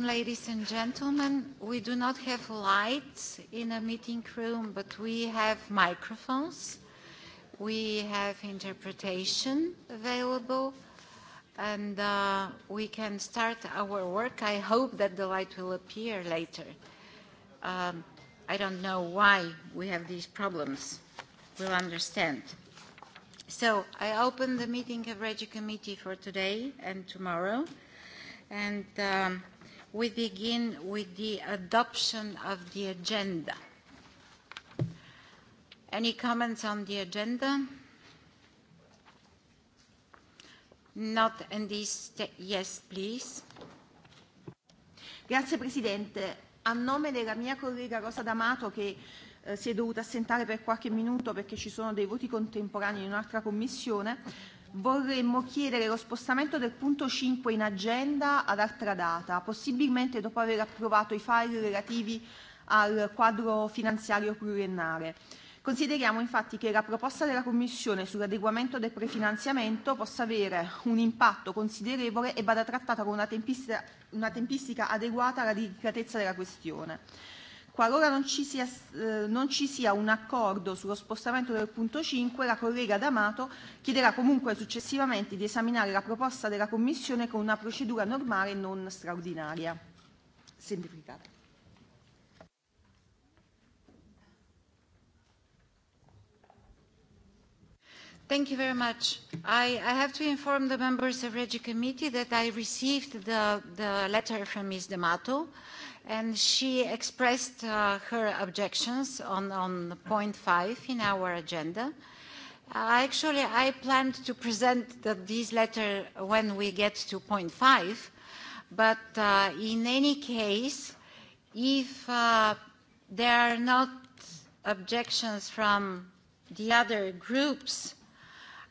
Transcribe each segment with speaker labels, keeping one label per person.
Speaker 1: Ladies and gentlemen, we do not have lights in a meeting room, but we have microphones. We have interpretation available, and uh, we can start our work. I hope that the light will appear later. Um, I don't know why we have these problems. We'll understand. So I open the meeting of Regi Committee for today and tomorrow, and um, we begin with the adoption of the agenda. Any comments on the agenda?
Speaker 2: Not in this. Yes, please. Grazie Presidente. A nome della mia collega Rosa D'Amato che eh, si è dovuta assentare per qualche minuto perché ci sono dei voti contemporanei in un'altra commissione, vorremmo chiedere lo spostamento del punto 5 in agenda ad altra data, possibilmente dopo aver approvato i file relativi al quadro finanziario pluriennale. Consideriamo infatti che la proposta della Commissione sull'adeguamento del prefinanziamento possa avere un impatto considerevole e vada trattata con una tempistica, una tempistica adeguata alla delicatezza della questione. Qualora non ci, sia, eh, non ci sia un accordo sullo spostamento del punto 5, la collega D'Amato chiederà comunque successivamente di esaminare la proposta della Commissione con una procedura normale e non straordinaria, semplificata.
Speaker 1: Thank you very much. I, I have to inform the members of Regi Committee that I received the, the letter from Ms. D'Amato. Uh, and she expressed uh, her objections on, on point five in our agenda. Uh, actually, I planned to present the, this letter when we get to point five, but uh, in any case, if uh, there are not objections from the other groups,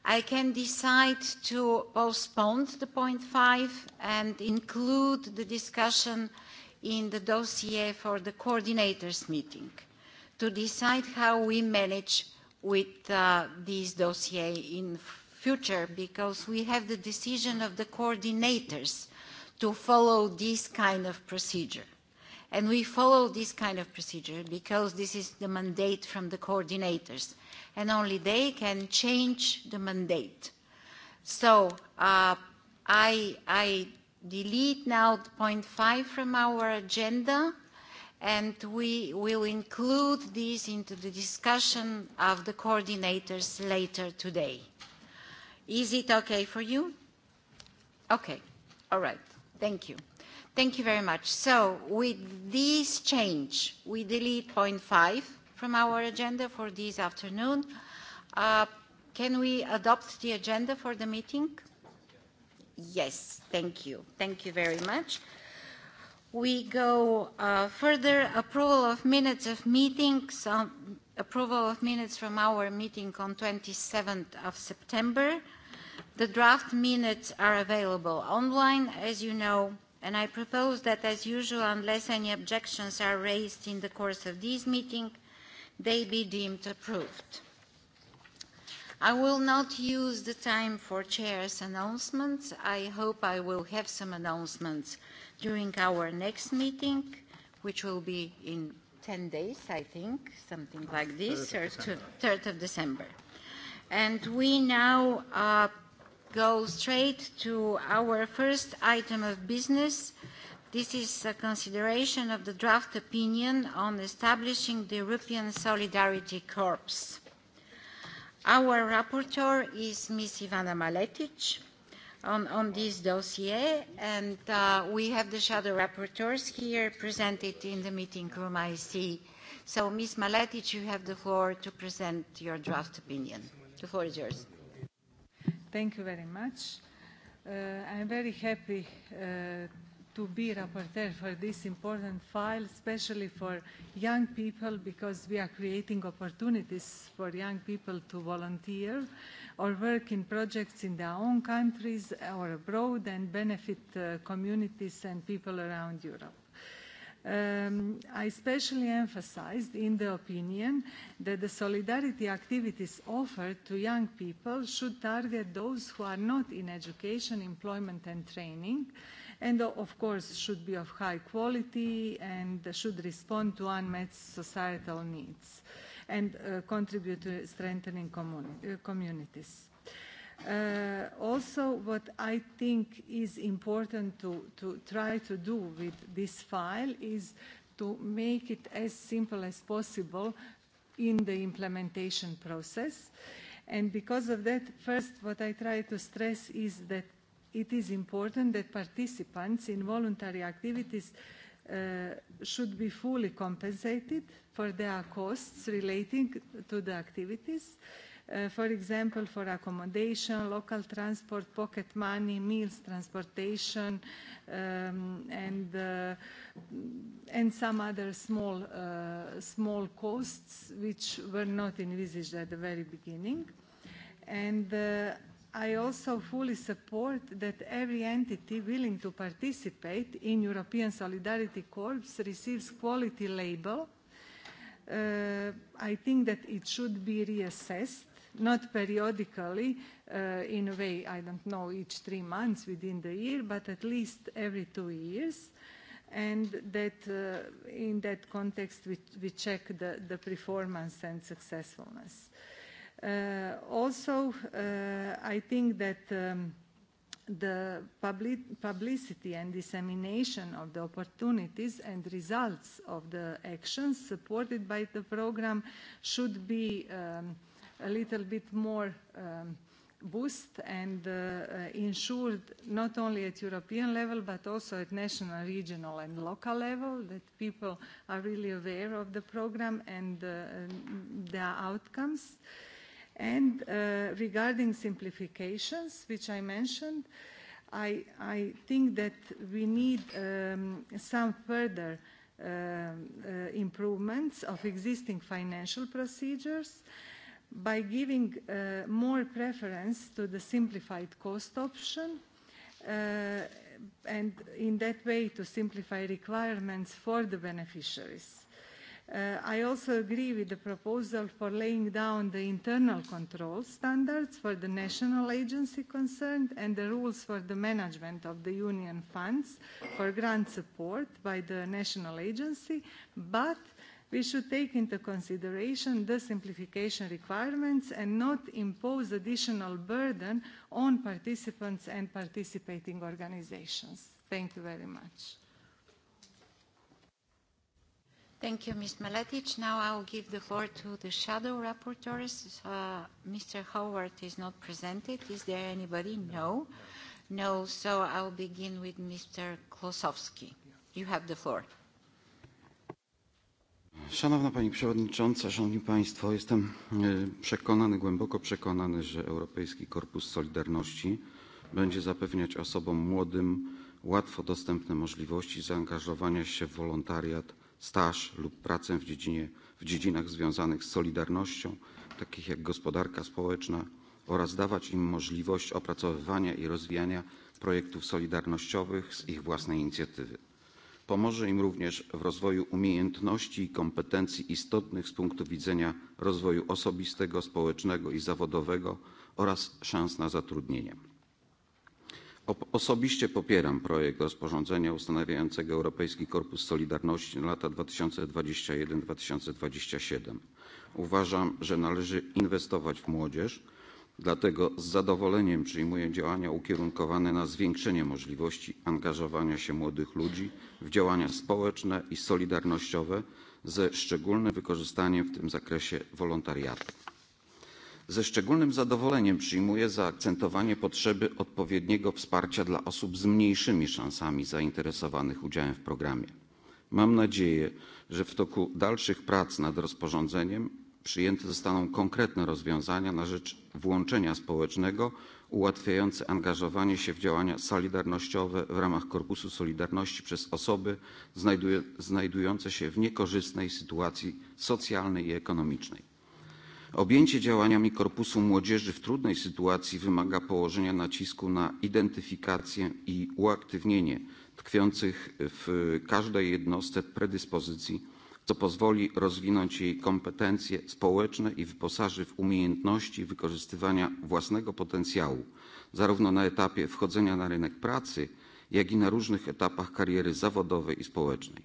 Speaker 1: I can decide to postpone the point five and include the discussion uh, in the dossier for the coordinators meeting to decide how we manage with uh, this dossier in future because we have the decision of the coordinators to follow this kind of procedure. And we follow this kind of procedure because this is the mandate from the coordinators and only they can change the mandate. So uh, I, I delete now point five from our agenda and we will include this into the discussion of the coordinators later today. Is it okay for you? Okay. All right. Thank you. Thank you very much. So with this change, we delete point five from our agenda for this afternoon. Uh, can we adopt the agenda for the meeting? Yes, thank you. Thank you very much. We go uh, further. Approval of minutes of meetings. Um, approval of minutes from our meeting on 27th of September. The draft minutes are available online, as you know, and I propose that, as usual, unless any objections are raised in the course of this meeting, they be deemed approved. I will not use the time for chair's announcements. I hope I will have some announcements during our next meeting, which will be in 10 days, I think, something like this, 3rd or 3rd of December. And we now uh, go straight to our first item of business. This is a consideration of the draft opinion on establishing the European Solidarity Corps. Our rapporteur is Ms. Ivana Maletic on, on this dossier, and uh, we have the shadow rapporteurs here presented in the meeting room I see. So, Ms. Maletic, you have the floor to present your draft opinion. The floor is yours. Thank you very
Speaker 3: much. Uh, I'm very happy uh, to be rapporteur for this important file, especially for young people, because we are creating opportunities for young people to volunteer or work in projects in their own countries or abroad and benefit uh, communities and people around Europe. Um, I especially emphasized in the opinion that the solidarity activities offered to young people should target those who are not in education, employment and training, uh, and of course should be of high quality and should respond to unmet societal needs and uh, contribute to strengthening communi- uh, communities. Uh, also, what I think is important to, to try to do with this file is to make it as simple as possible in the implementation process. And because of that, first, what I try to stress is that it is important that participants in voluntary activities uh, should be fully compensated for their costs relating to the activities, uh, for example, for accommodation, local transport, pocket money, meals, transportation, um, and, uh, and some other small, uh, small costs which were not envisaged at the very beginning. And uh, I also fully support that every entity willing to participate in European Solidarity Corps receives quality label. Uh, I think that it should be reassessed, not periodically, uh, in a way, I don't know, each three months within the year, but at least every two years. And that uh, in that context, we, we check the, the performance and successfulness. Uh, Uh, also, uh, I think that um, the public, publicity and dissemination of the opportunities and results of the actions supported by the program should be um, a little bit more um, boost and uh, uh, ensured not only at European level but also at national, regional and local level that people are really aware of the program and uh, their outcomes. Uh, And uh, regarding simplifications, which I mentioned, I, I think that we need um, some further uh, uh, improvements of existing financial procedures by giving uh, more preference to the simplified cost option uh, and in that way to simplify requirements for the beneficiaries. Uh, I also agree with the proposal for laying down the internal control standards for the national agency concerned and the rules for the management of the union funds for grant support by the national agency, but we should take into consideration the simplification requirements and not impose additional burden on participants and participating organizations. Thank you very much.
Speaker 1: Thank you, Ms. Maletic. Now I will give the floor to the shadow rapporteurs. Uh, Mr. Howard is not presented. Is there anybody? No. No, so I'll begin with Mr. Klosowski. You have the floor.
Speaker 4: Szanowna Pani Przewodnicząca, Szanowni Państwo, jestem e, przekonany, głęboko przekonany, że Europejski Korpus Solidarności będzie zapewniać osobom młodym łatwo dostępne możliwości zaangażowania się w wolontariat staż lub pracę w dziedzinach związanych z solidarnością, takich jak gospodarka społeczna, oraz dawać im możliwość opracowywania i rozwijania projektów solidarnościowych z ich własnej inicjatywy. Pomoże im również w rozwoju umiejętności i kompetencji istotnych z punktu widzenia rozwoju osobistego, społecznego i zawodowego oraz szans na zatrudnienie. Osobiście popieram projekt rozporządzenia ustanawiającego Europejski Korpus Solidarności na lata 2021-2027. Uważam, że należy inwestować w młodzież, dlatego z zadowoleniem przyjmuję działania ukierunkowane na zwiększenie możliwości angażowania się młodych ludzi w działania społeczne i solidarnościowe, ze szczególnym wykorzystaniem w tym zakresie wolontariatu ze szczególnym zadowoleniem przyjmuję zaakcentowanie potrzeby odpowiedniego wsparcia dla osób z mniejszymi szansami zainteresowanych udziałem w programie. Mam nadzieję, że w toku dalszych prac nad rozporządzeniem przyjęte zostaną konkretne rozwiązania na rzecz włączenia społecznego ułatwiające angażowanie się w działania solidarnościowe w ramach Korpusu Solidarności przez osoby znajdujące się w niekorzystnej sytuacji socjalnej i ekonomicznej. Objęcie działaniami Korpusu Młodzieży w trudnej sytuacji wymaga położenia nacisku na identyfikację i uaktywnienie tkwiących w każdej jednostce predyspozycji, co pozwoli rozwinąć jej kompetencje społeczne i wyposaży w umiejętności wykorzystywania własnego potencjału, zarówno na etapie wchodzenia na rynek pracy, jak i na różnych etapach kariery zawodowej i społecznej.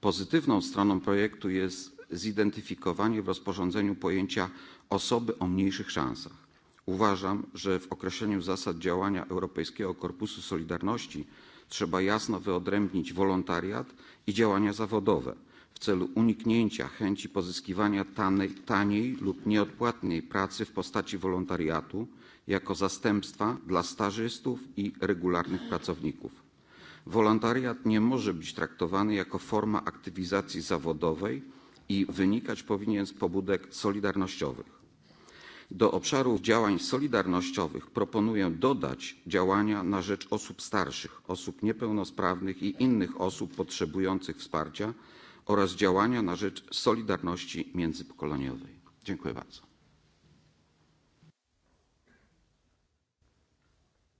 Speaker 4: Pozytywną stroną projektu jest zidentyfikowanie w rozporządzeniu pojęcia osoby o mniejszych szansach. Uważam, że w określeniu zasad działania Europejskiego Korpusu Solidarności trzeba jasno wyodrębnić wolontariat i działania zawodowe w celu uniknięcia chęci pozyskiwania tanej, taniej lub nieodpłatnej pracy w postaci wolontariatu jako zastępstwa dla stażystów i regularnych pracowników. Wolontariat nie może być traktowany jako forma aktywizacji zawodowej i wynikać powinien z pobudek solidarnościowych. Do obszarów działań solidarnościowych proponuję dodać działania na rzecz osób starszych, osób niepełnosprawnych i innych osób potrzebujących wsparcia oraz działania na rzecz solidarności międzypokoleniowej. Dziękuję bardzo.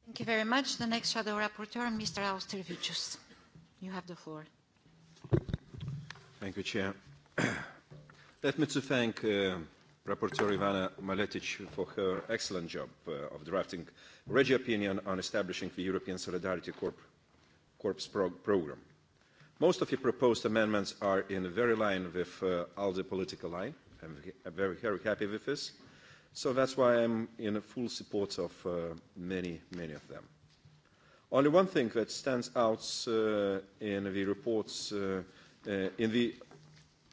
Speaker 1: Thank you very much. The next shadow rapporteur, Mr. Austervicius. You have the floor.
Speaker 5: Thank you, Chair. Let me to thank uh, Rapporteur Ivana Maletic for her excellent job uh, of drafting Regi opinion on establishing the European Solidarity Corp Corps prog program. Most of the proposed amendments are in very line with uh, ALDE political line. I'm, I'm very, very happy with this. So that's why I'm in full support of uh, many, many of them. Only one thing that stands out uh, in the reports, uh, uh, in the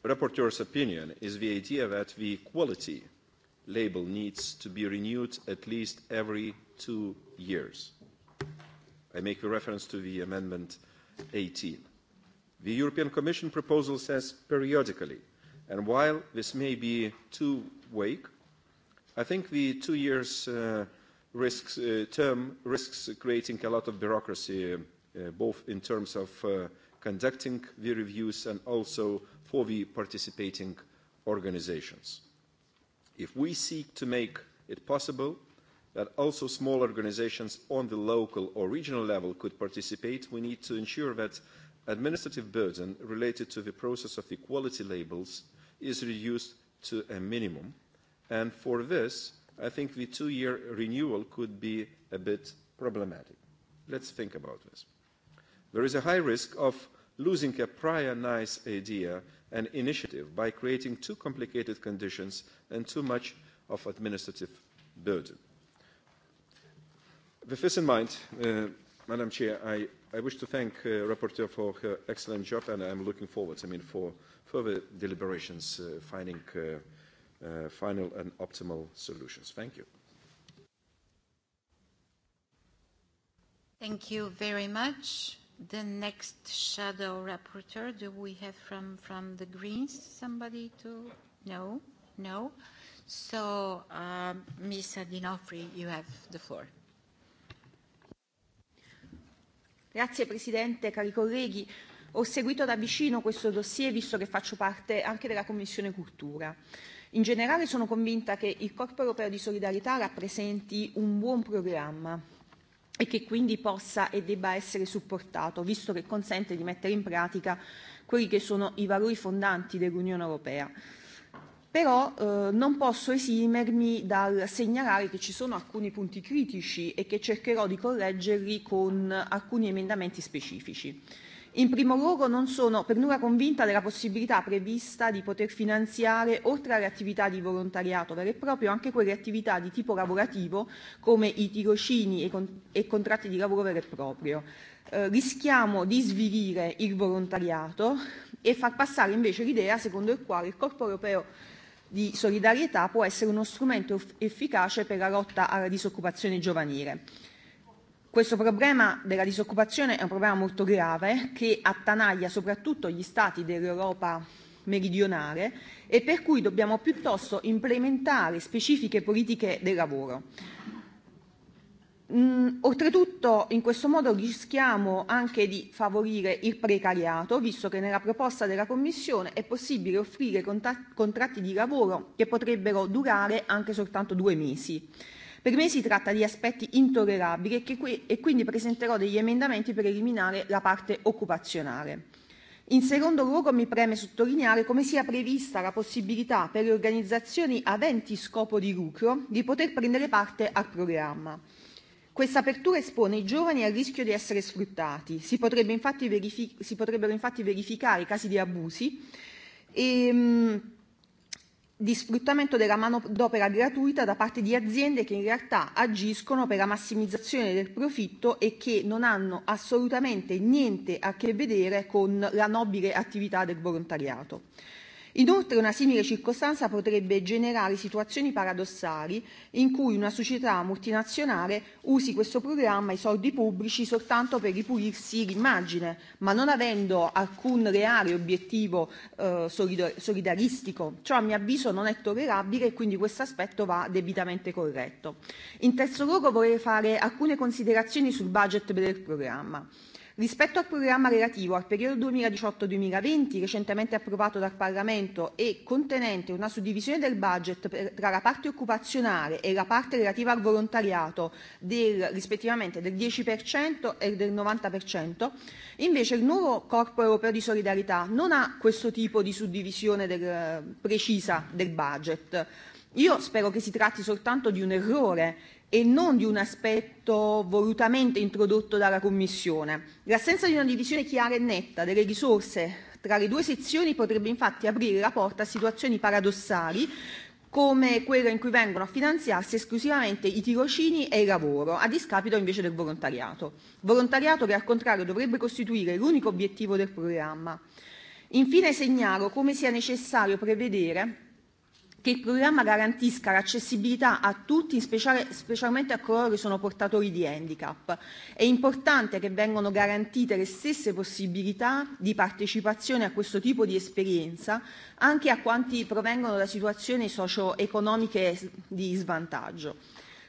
Speaker 5: rapporteur's opinion is the idea that the quality label needs to be renewed at least every two years. I make a reference to the Amendment 18. The European Commission proposal says periodically, and while this may be too vague, I think the two years uh, risks, uh, term risks creating a lot of bureaucracy, uh, both in terms of uh, conducting the reviews and also uh, for the participating organizations. If we seek to make it possible that also small organizations on the local or regional level could participate, we need to ensure that administrative burden related to the process of the quality labels is reduced to a minimum. And for this, I think the two-year renewal could be a bit problematic. Let's think about this. There is a high risk of losing a prior nice idea an initiative by creating too complicated conditions and too much of administrative burden. With this in mind, uh, Madam Chair, I, I wish to thank uh, Rapporteur for her excellent job and I'm looking forward, I mean, for further deliberations, uh, finding uh, uh, final and optimal solutions. Thank you.
Speaker 1: Thank you very much. The next shadow rapporteur, do we have from, from the Greens somebody to? No, no. So, um, Ms. Adinolfi, you have the floor.
Speaker 2: Grazie Presidente, cari colleghi. Ho seguito da vicino questo dossier visto che faccio parte anche della Commissione Cultura. In generale sono convinta che il Corpo Europeo di Solidarietà rappresenti un buon programma, e che quindi possa e debba essere supportato, visto che consente di mettere in pratica quelli che sono i valori fondanti dell'Unione Europea. Però eh, non posso esimermi dal segnalare che ci sono alcuni punti critici e che cercherò di correggerli con alcuni emendamenti specifici. In primo luogo non sono per nulla convinta della possibilità prevista di poter finanziare, oltre alle attività di volontariato vero e proprio, anche quelle attività di tipo lavorativo come i tirocini e, con- e contratti di lavoro vero e proprio. Eh, rischiamo di svilire il volontariato e far passare invece l'idea secondo il quale il corpo europeo di solidarietà può essere uno strumento efficace per la lotta alla disoccupazione giovanile. Questo problema della disoccupazione è un problema molto grave che attanaglia soprattutto gli Stati dell'Europa meridionale e per cui dobbiamo piuttosto implementare specifiche politiche del lavoro. Mm, oltretutto in questo modo rischiamo anche di favorire il precariato, visto che nella proposta della Commissione è possibile offrire contatti di lavoro che potrebbero durare anche soltanto due mesi. Per me si tratta di aspetti intollerabili e, che qui, e quindi presenterò degli emendamenti per eliminare la parte occupazionale. In secondo luogo mi preme sottolineare come sia prevista la possibilità per le organizzazioni aventi scopo di lucro di poter prendere parte al programma. Questa apertura espone i giovani al rischio di essere sfruttati, si, potrebbe infatti verific- si potrebbero infatti verificare casi di abusi e, ehm, mh, di sfruttamento della manodopera gratuita da parte di aziende che in realtà agiscono per la massimizzazione del profitto e che non hanno assolutamente niente a che vedere con la nobile attività del volontariato. Inoltre, una simile circostanza potrebbe generare situazioni paradossali in cui una società multinazionale usi questo programma e i soldi pubblici soltanto per ripulirsi l'immagine, ma non avendo alcun reale obiettivo eh, solidaristico. Ciò, a mio avviso, non è tollerabile e quindi questo aspetto va debitamente corretto. In terzo luogo vorrei fare alcune considerazioni sul budget del programma. Rispetto al programma relativo al periodo 2018-2020, recentemente approvato dal Parlamento e contenente una suddivisione del budget tra la parte occupazionale e la parte relativa al volontariato del, rispettivamente del 10% e del 90%, invece il nuovo Corpo europeo di solidarietà non ha questo tipo di suddivisione del, precisa del budget. Io spero che si tratti soltanto di un errore e non di un aspetto volutamente introdotto dalla Commissione. L'assenza di una divisione chiara e netta delle risorse tra le due sezioni potrebbe infatti aprire la porta a situazioni paradossali come quella in cui vengono a finanziarsi esclusivamente i tirocini e il lavoro, a discapito invece del volontariato. Volontariato che al contrario dovrebbe costituire l'unico obiettivo del programma. Infine segnalo come sia necessario prevedere che il programma garantisca l'accessibilità a tutti, in speciale, specialmente a coloro che sono portatori di handicap. È importante che vengano garantite le stesse possibilità di partecipazione a questo tipo di esperienza anche a quanti provengono da situazioni socio-economiche di svantaggio.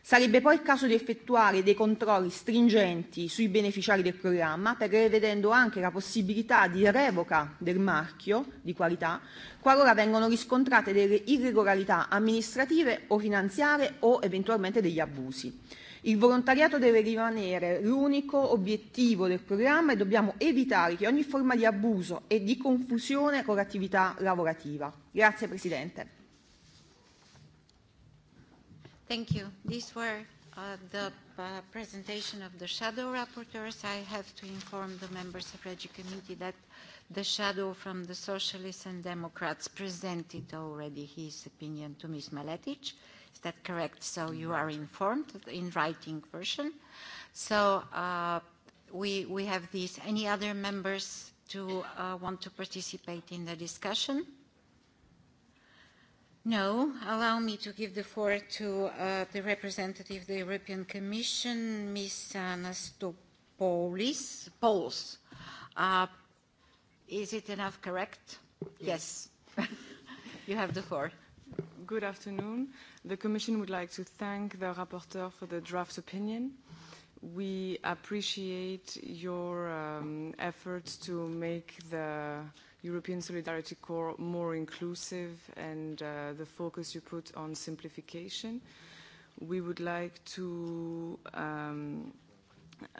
Speaker 2: Sarebbe poi il caso di effettuare dei controlli stringenti sui beneficiari del programma, prevedendo anche la possibilità di revoca del marchio di qualità qualora vengano riscontrate delle irregolarità amministrative o finanziarie o eventualmente degli abusi. Il volontariato deve rimanere l'unico obiettivo del programma e dobbiamo evitare che ogni forma di abuso e di confusione con l'attività lavorativa. Grazie Presidente.
Speaker 1: Thank you. These were uh, the uh, presentation of the shadow rapporteurs. I have to inform the members of Regi Committee that the shadow from the Socialists and Democrats presented already his opinion to Ms. Maletic. Is that correct? So you are informed in writing version. So uh, we, we have these. Any other members to uh, want to participate in the discussion? No. Allow me to give the floor to uh, the representative of the European Commission, Ms. Anastopoulos. Poles. Uh, is it enough correct?
Speaker 6: Yes. yes. you have the floor. Good afternoon. The Commission would like to thank the rapporteur for the draft opinion. We appreciate your um, efforts to make the European Solidarity Corps more inclusive and uh, the focus you put on simplification. We would like to um,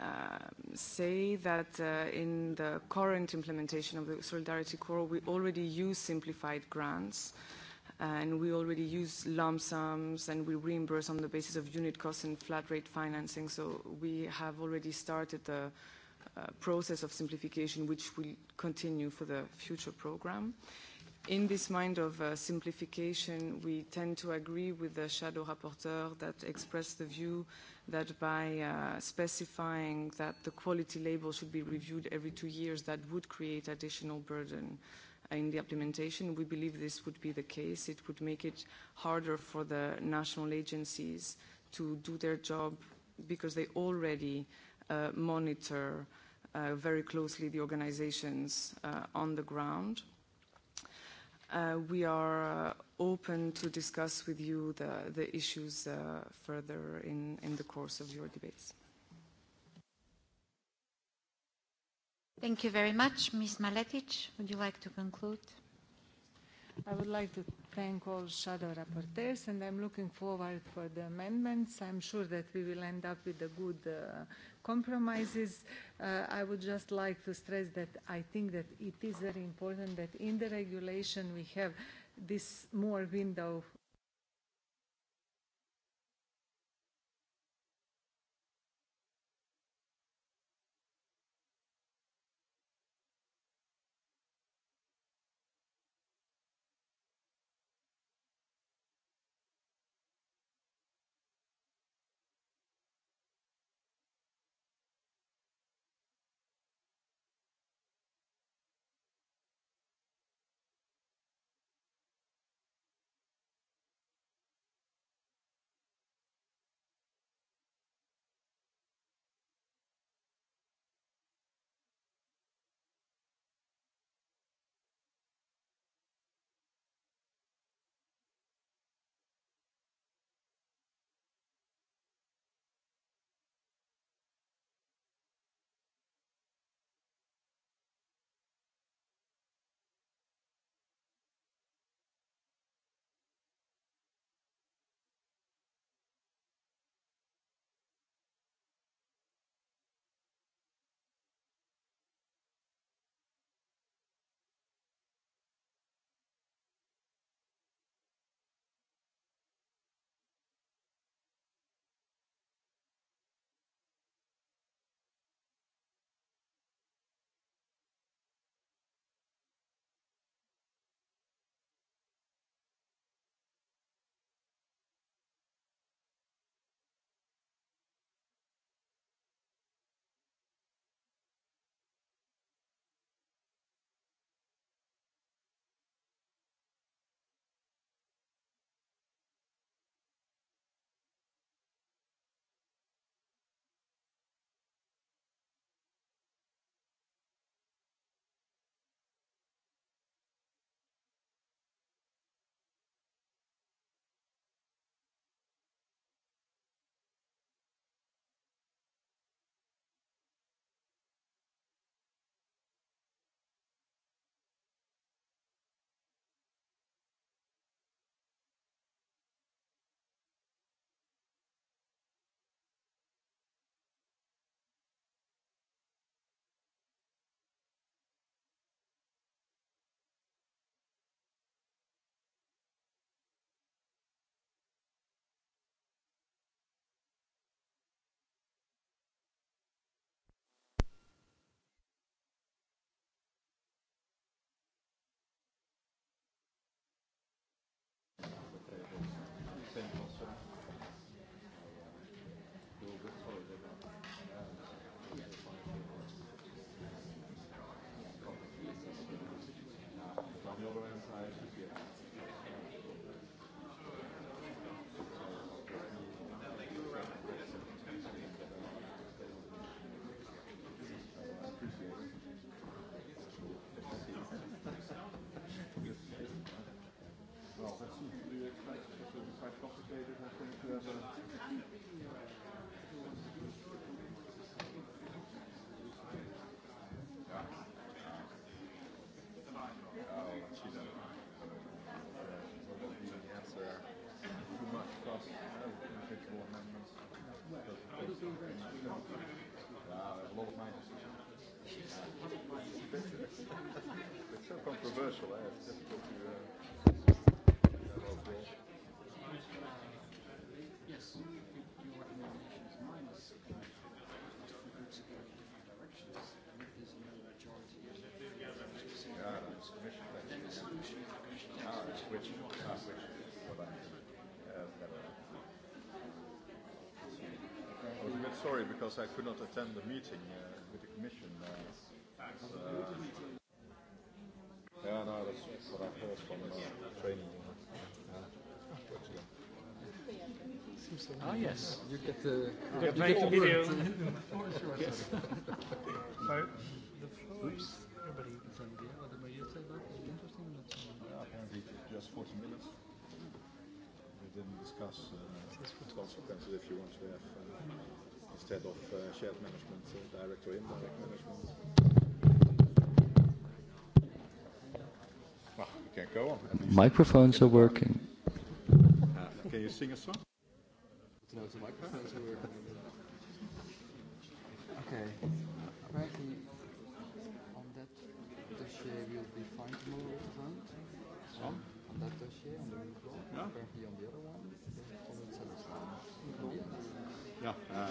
Speaker 6: uh, say that uh, in the current implementation of the Solidarity Corps, we already use simplified grants uh, and we already use lump sums and we reimburse on the basis of unit costs and flat rate financing. So we have already started the uh, uh, process of simplification, which will continue for the future program. In this mind of uh, simplification, we tend to agree with the shadow rapporteur that expressed the view that by uh, specifying that the quality label should be reviewed every two years, that would create additional burden in the implementation. We believe this would be the case. It would make it harder for the national agencies to do their job because they already uh, uh, monitor uh, very closely the organizations uh, on the ground. Uh, we are uh, open to discuss with you the, the issues uh, further in, in the course of your debates.
Speaker 1: Thank you very much. Ms. Maletic, would you like to conclude? I would like to thank all shadow rapporteurs,
Speaker 3: and I'm looking forward for the amendments. I'm sure that we will end up with a good uh, compromises. Uh, I would just like to stress that I think that it is very important that in the regulation we have this more window
Speaker 7: because I could not attend the meeting uh, with the Commission. Uh, uh,
Speaker 5: yeah, no, that's what I heard from uh, training.
Speaker 7: Uh,
Speaker 8: Simpson. Ah, yes. You get the, you get make the video. yes. so, the floor Oops. is everybody is on the other way.
Speaker 9: You say that is interesting or not? Yeah,
Speaker 7: apparently just 40 minutes. We didn't discuss uh, consequences if you want to have uh, instead of uh, shared management uh, direct or indirect management. Well, we can go on.
Speaker 9: Microphones are working.
Speaker 7: Uh, can you sing a song? No, the microphones are working.
Speaker 4: Okay. Apparently, on that dossier will be fine tomorrow at the hunt. On, on that dossier, on the report, yeah. apparently on the other one, on the Celestine.
Speaker 7: Yeah. Uh,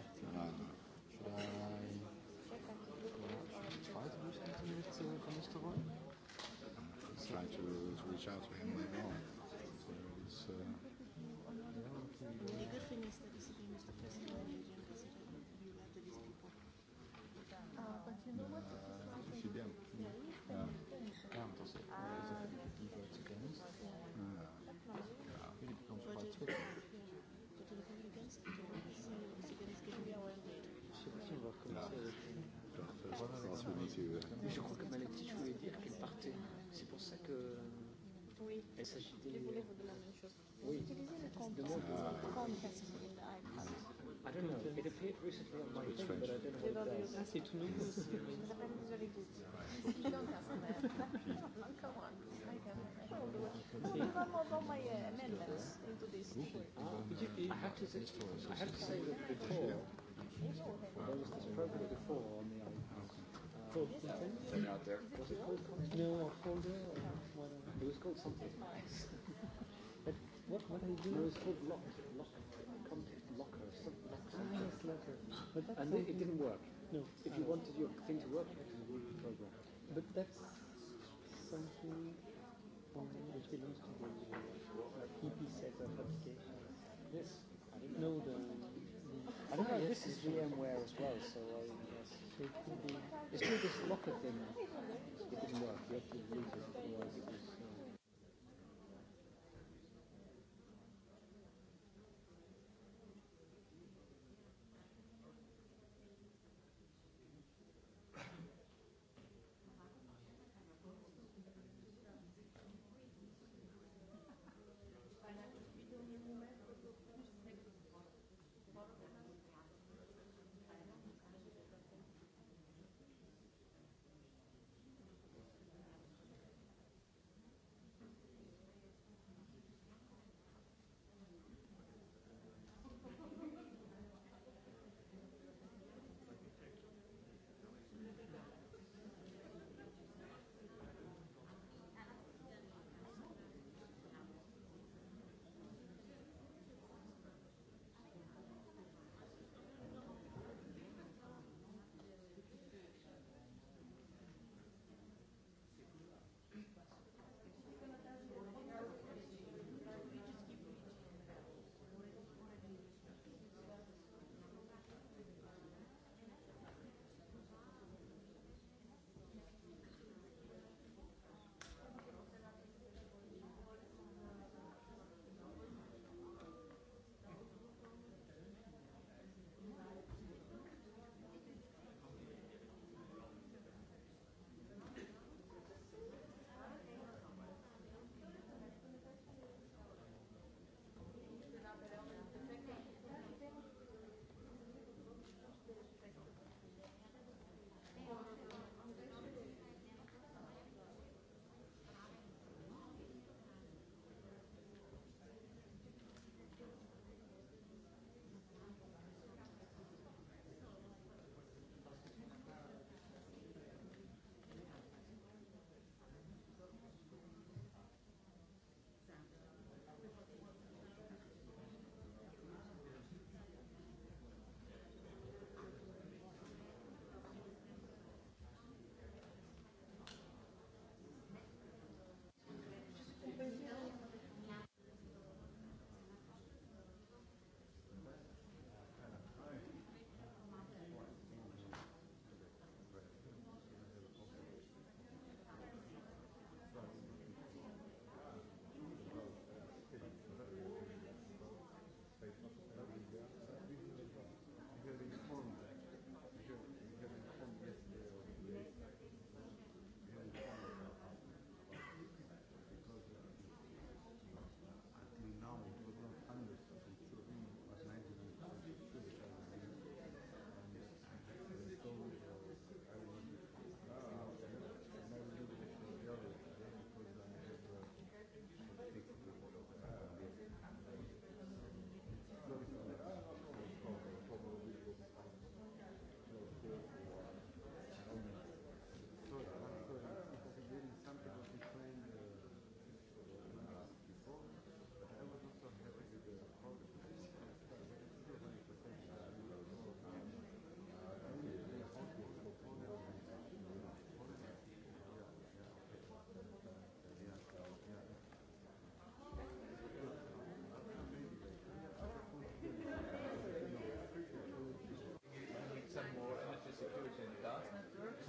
Speaker 10: Oui,
Speaker 11: il s'agit de... Je voulais
Speaker 10: vous dire la même chose. Oui. Vous
Speaker 6: utilisez le compte context in the iPad. I don't know. It appeared recently on my thing, but I don't know what it does. Ah, c'est tout nouveau. Je vous appelle Désolé Google. You don't have to
Speaker 12: laugh. Come on. I can. No, one of my uh, amendments into this. Ah, could you be... I have to say, I
Speaker 11: have to say that before,
Speaker 12: there was this program before on the iPad called something? They're out there. Was it called
Speaker 11: something? No, Holder or whatever. It was called something. but what what I do? It was called lock lock contact locker something. Lock, something. Ah, yes, locker. But that's and it, it didn't work. No. If you wanted
Speaker 9: your thing to work, you had to program. But that's something which belongs to the uh, EP
Speaker 6: set of applications. Yes. No, the. the I don't know. This is VMware as well, so I it could be, it's still this locker thing. It didn't
Speaker 8: work. You have to use it, otherwise it was.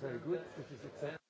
Speaker 1: very good. It is excellent.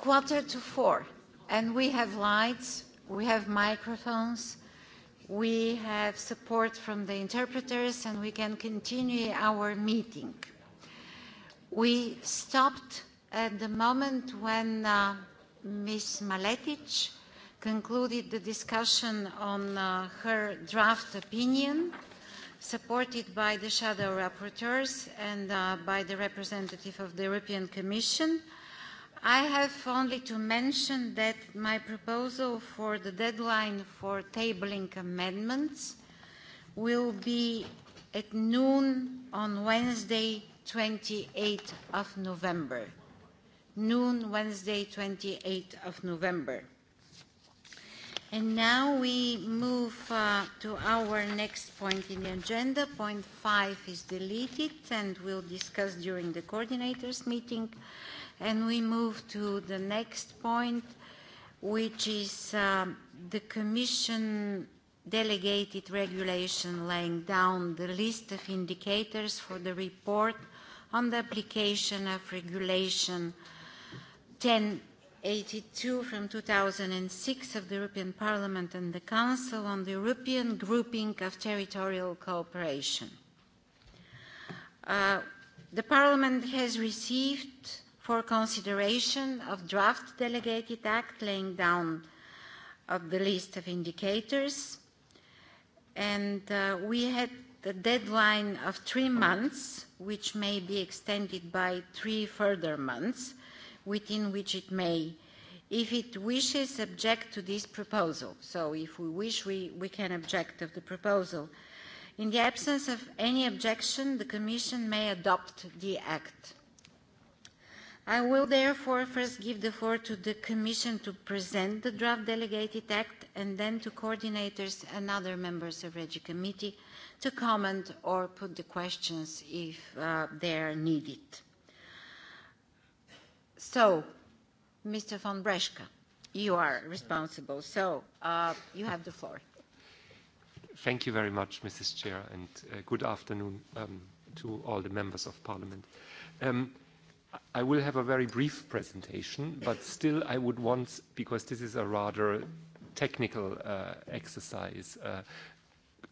Speaker 1: quarter to four, and we have lights, we have microphones, we have support from the interpreters, and we can continue our meeting. We stopped at the moment when uh, Ms. Maletic concluded the discussion on uh, her draft opinion, supported by the shadow rapporteurs and uh, by the representative of the European Commission. Uh, I have only to mention that my proposal for the deadline for tabling amendments will be at noon on Wednesday, 28th of November. Noon, Wednesday, 28th of November. And now we move uh, to our next point in the agenda. Point five is deleted and we'll discuss during the coordinators meeting. Uh, And we move to the next point, which is um, the Commission delegated regulation laying down the list of indicators for the report on the application of Regulation 1082 from 2006 of the European Parliament and the Council on the European grouping of territorial cooperation. Uh, the Parliament has received for consideration of draft delegated act laying down of the list of indicators. And uh, we had the deadline of three months, which may be extended by three further months, within which it may, if it wishes, object to this proposal. So if we wish, we, we can object of the proposal. In the absence of any objection, the Commission may adopt the Act. I will therefore first give the floor to the Commission to present the draft delegated act and then to coordinators and other members of Regi Committee to comment or put the questions if uh, they are needed. So, Mr. von Breschke, you are responsible, so uh, you have the
Speaker 12: floor.
Speaker 9: Thank you very much, Mrs. Chair, and uh, good afternoon um, to all the members of Parliament. Um, I will have a very brief presentation, but still I would want, because this is a rather technical uh, exercise, uh,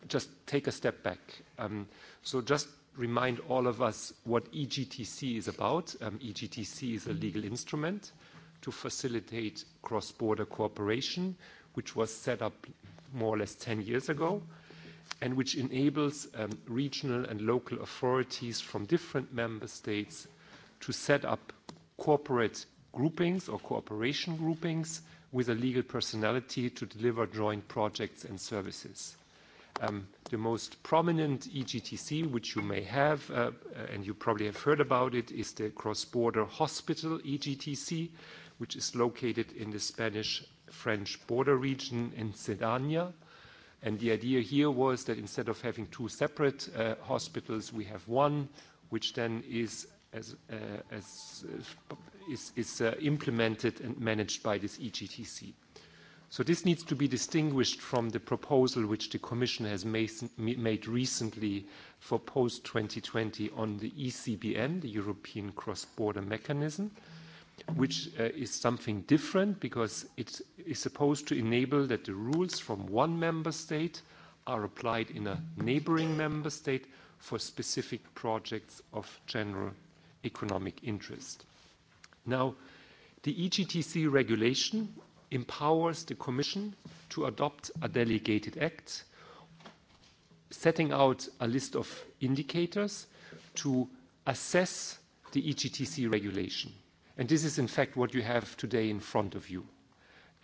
Speaker 9: just take a step back. Um, so just remind all of us what EGTC is about. Um, EGTC is a legal instrument to facilitate cross-border cooperation, which was set up more or less 10 years ago, and which enables um, regional and local authorities from different member states to set up corporate groupings or cooperation groupings with a legal personality to deliver joint projects and services. Um, the most prominent EGTC, which you may have, uh, uh, and you probably have heard about it, is the cross-border hospital EGTC, which is located in the Spanish-French border region in Cerdanya. And the idea here was that instead of having two separate uh, hospitals, we have one, which then is as, uh, as uh, is, is uh, implemented and managed by this EGTC. So this needs to be distinguished from the proposal which the Commission has made, made recently for post-2020 on the ECBM, the European Cross-Border Mechanism, which uh, is something different because it is supposed to enable that the rules from one member state are applied in a neighboring member state for specific projects of general economic interest. Now, the EGTC regulation empowers the Commission to adopt a delegated act, setting out a list of indicators to assess the EGTC regulation. And this is, in fact, what you have today in front of you,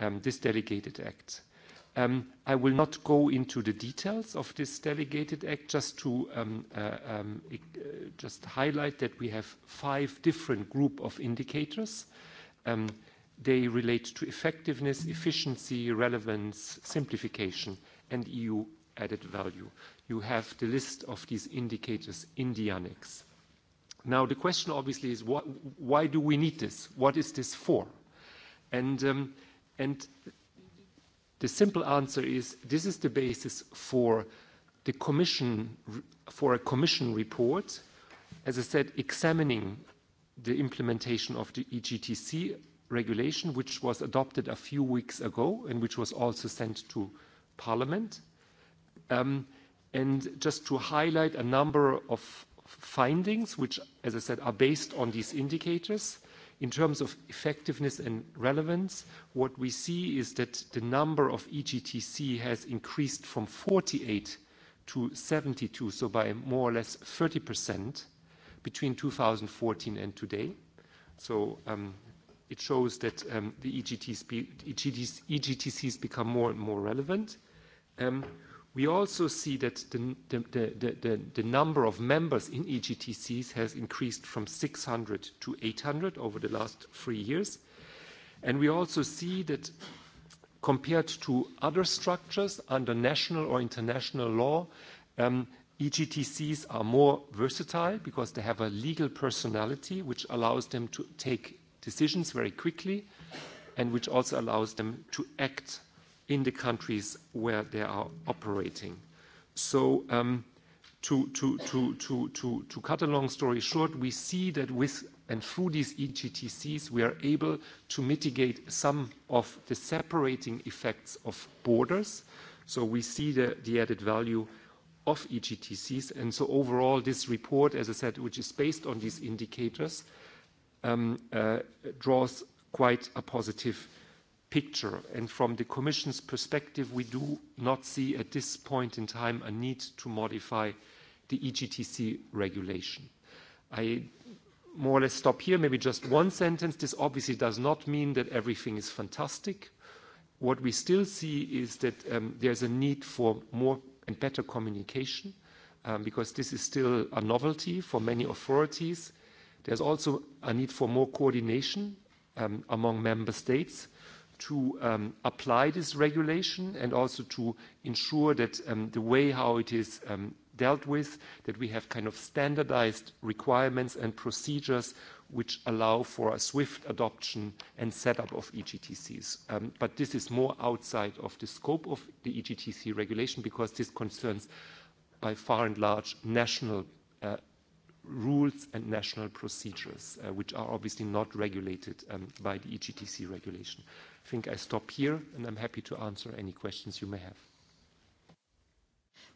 Speaker 9: um, this delegated act. Uh, Um, I will not go into the details of this delegated act, just to um, uh, um, e, uh, just highlight that we have five different group of indicators. Um, they relate to effectiveness, efficiency, relevance, simplification, and EU added value. You have the list of these indicators in the annex. Now, the question obviously is wh why do we need this? What is this for? And, um, and The simple answer is this is the basis for the commission for a commission report, as I said, examining the implementation of the EGTC regulation, which was adopted a few weeks ago and which was also sent to Parliament. Um, and just to highlight a number of findings, which, as I said, are based on these indicators. In terms of effectiveness and relevance, what we see is that the number of EGTC has increased from 48 to 72, so by more or less 30% between 2014 and today. So, um, it shows that um, the EGTCs, e e EGTCs become more and more relevant. Um, we also see that the, the, the, the number of members in EGTCs has increased from 600 to 800 over the last three years. And we also see that compared to other structures under national or international law, um, EGTCs are more versatile because they have a legal personality, which allows them to take decisions very quickly and which also allows them to act in the countries where they are operating. So, um, to, to, to, to cut a long story short, we see that with and through these EGTCs, we are able to mitigate some of the separating effects of borders. So we see the, the added value of EGTCs. And so overall, this report, as I said, which is based on these indicators, um, uh, draws quite a positive picture. And from the Commission's perspective, we do not see at this point in time a need to modify the EGTC regulation. I more or less stop here, maybe just one sentence. This obviously does not mean that everything is fantastic. What we still see is that um, there's a need for more and better communication, um, because this is still a novelty for many authorities. There's also a need for more coordination um, among member states to um, apply this regulation and also to ensure that um, the way how it is um, dealt with, that we have kind of standardized requirements and procedures which allow for a swift adoption and setup of EGTCs. Um, but this is more outside of the scope of the EGTC regulation because this concerns by far and large national uh, rules and national procedures, uh, which are obviously not regulated um, by the EGTC regulation. Uh, I think I stop here, and I'm happy to answer any questions you may have.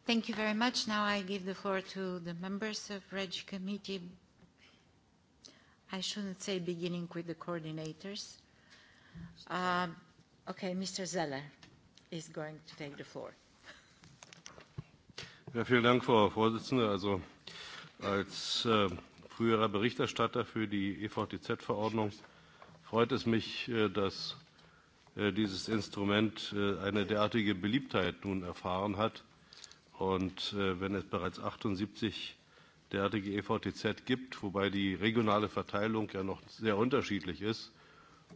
Speaker 1: Thank you very much. Now I give the floor to the members of REGI committee. I shouldn't say beginning with the coordinators. Uh, okay, Mr. Zeller is going to take the floor.
Speaker 13: Ja, vielen Dank, Frau Vorsitzende. Also als äh, früherer Berichterstatter für die EVTZ-Verordnung freut es mich, äh, dass Äh, dieses Instrument äh, eine derartige Beliebtheit nun erfahren hat. Und äh, wenn es bereits 78 derartige EVTZ gibt, wobei die regionale Verteilung ja noch sehr unterschiedlich ist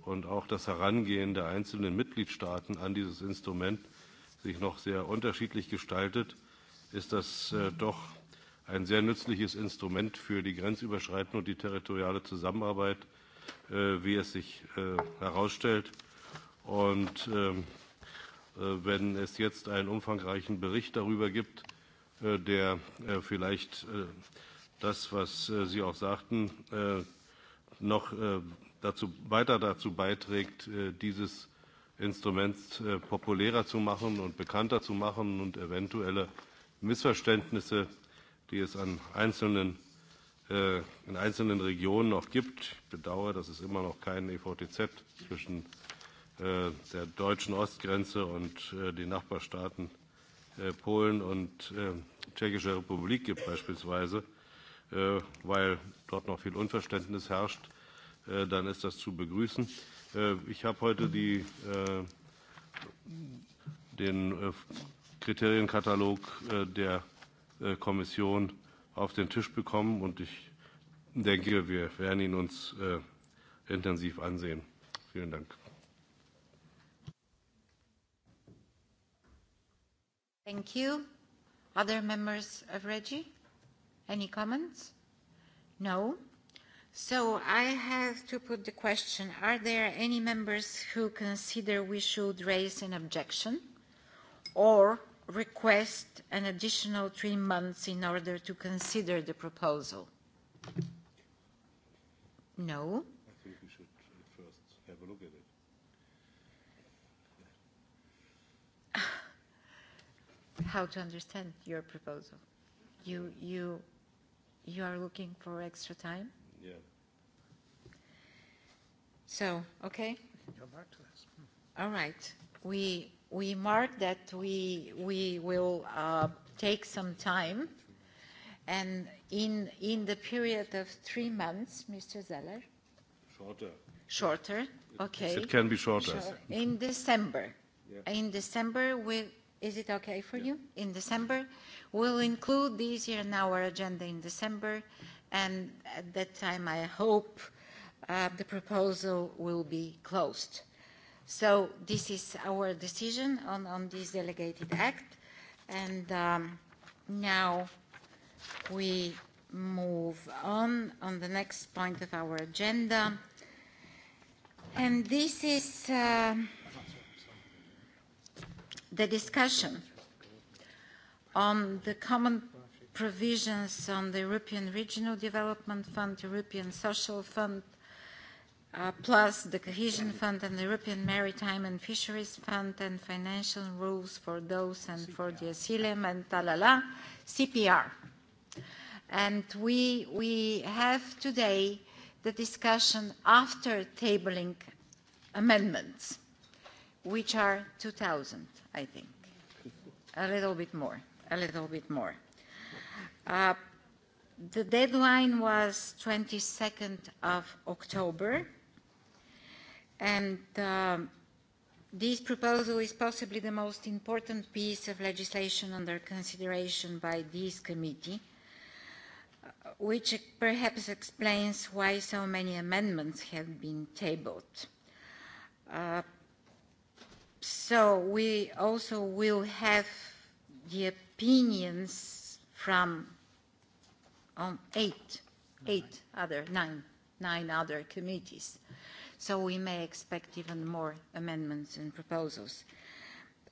Speaker 13: und auch das Herangehen der einzelnen Mitgliedstaaten an dieses Instrument sich noch sehr unterschiedlich gestaltet, ist das doch ein sehr nützliches Instrument für die grenzüberschreitende und die territoriale Zusammenarbeit, wie es sich herausstellt. Und ähm, äh, wenn es jetzt einen umfangreichen Bericht darüber gibt, äh, der äh, vielleicht äh, das, was äh, Sie auch sagten, äh, noch äh, dazu, weiter dazu beiträgt, äh, dieses Instrument äh, populärer zu machen und bekannter zu machen und eventuelle Missverständnisse, die es an einzelnen, äh, in einzelnen Regionen noch gibt. Ich bedauere, dass es immer noch keinen EVTZ zwischen äh, der deutschen Ostgrenze und äh, die Nachbarstaaten äh, Polen und äh, Tschechische Republik gibt beispielsweise, äh, weil dort noch viel Unverständnis herrscht, äh, dann ist das zu begrüßen. Äh, ich habe heute die, äh, den äh, Kriterienkatalog äh, der äh, Kommission auf den Tisch bekommen und ich denke, wir werden ihn uns äh, intensiv ansehen. Vielen Dank.
Speaker 1: Thank you. Other members of Reggie? Any comments? No. So I have to put the question, are there any members who consider we should raise an objection or request an additional three months in order to consider the proposal? No.
Speaker 13: I think we should first have a look at it.
Speaker 1: how to understand your proposal. You, you, you are looking for extra time? Yeah. So, okay.
Speaker 11: Come back to this.
Speaker 1: Hmm. All right. We, we mark that we, we will uh, take some time. And in, in the period of three months, Mr. Zeller? Shorter. Shorter, okay. It can be shorter. Short. In December. Yeah. In December, we Is it okay for yeah. you? In December, we'll include these here in our agenda in December, and at that time, I hope uh, the proposal will be closed. So this is our decision on, on this delegated act, and um, now we move on on the next point of our agenda, and this is. Uh, um, The discussion on the common provisions on the European Regional Development Fund, European Social Fund, uh, plus the Cohesion Fund and the European Maritime and Fisheries Fund and financial rules for those and CPR. for the asylum and talala, CPR. And we, we have today the discussion after tabling amendments which are 2,000, I think. A little bit more, a little bit more. Uh, the deadline was 22nd of October, and uh, this proposal is possibly the most important piece of legislation under consideration by this committee, uh, which perhaps explains why so many amendments have been tabled. Uh, So we also will have the opinions from on um, eight, eight other, nine, nine other committees. So we may expect even more amendments and proposals.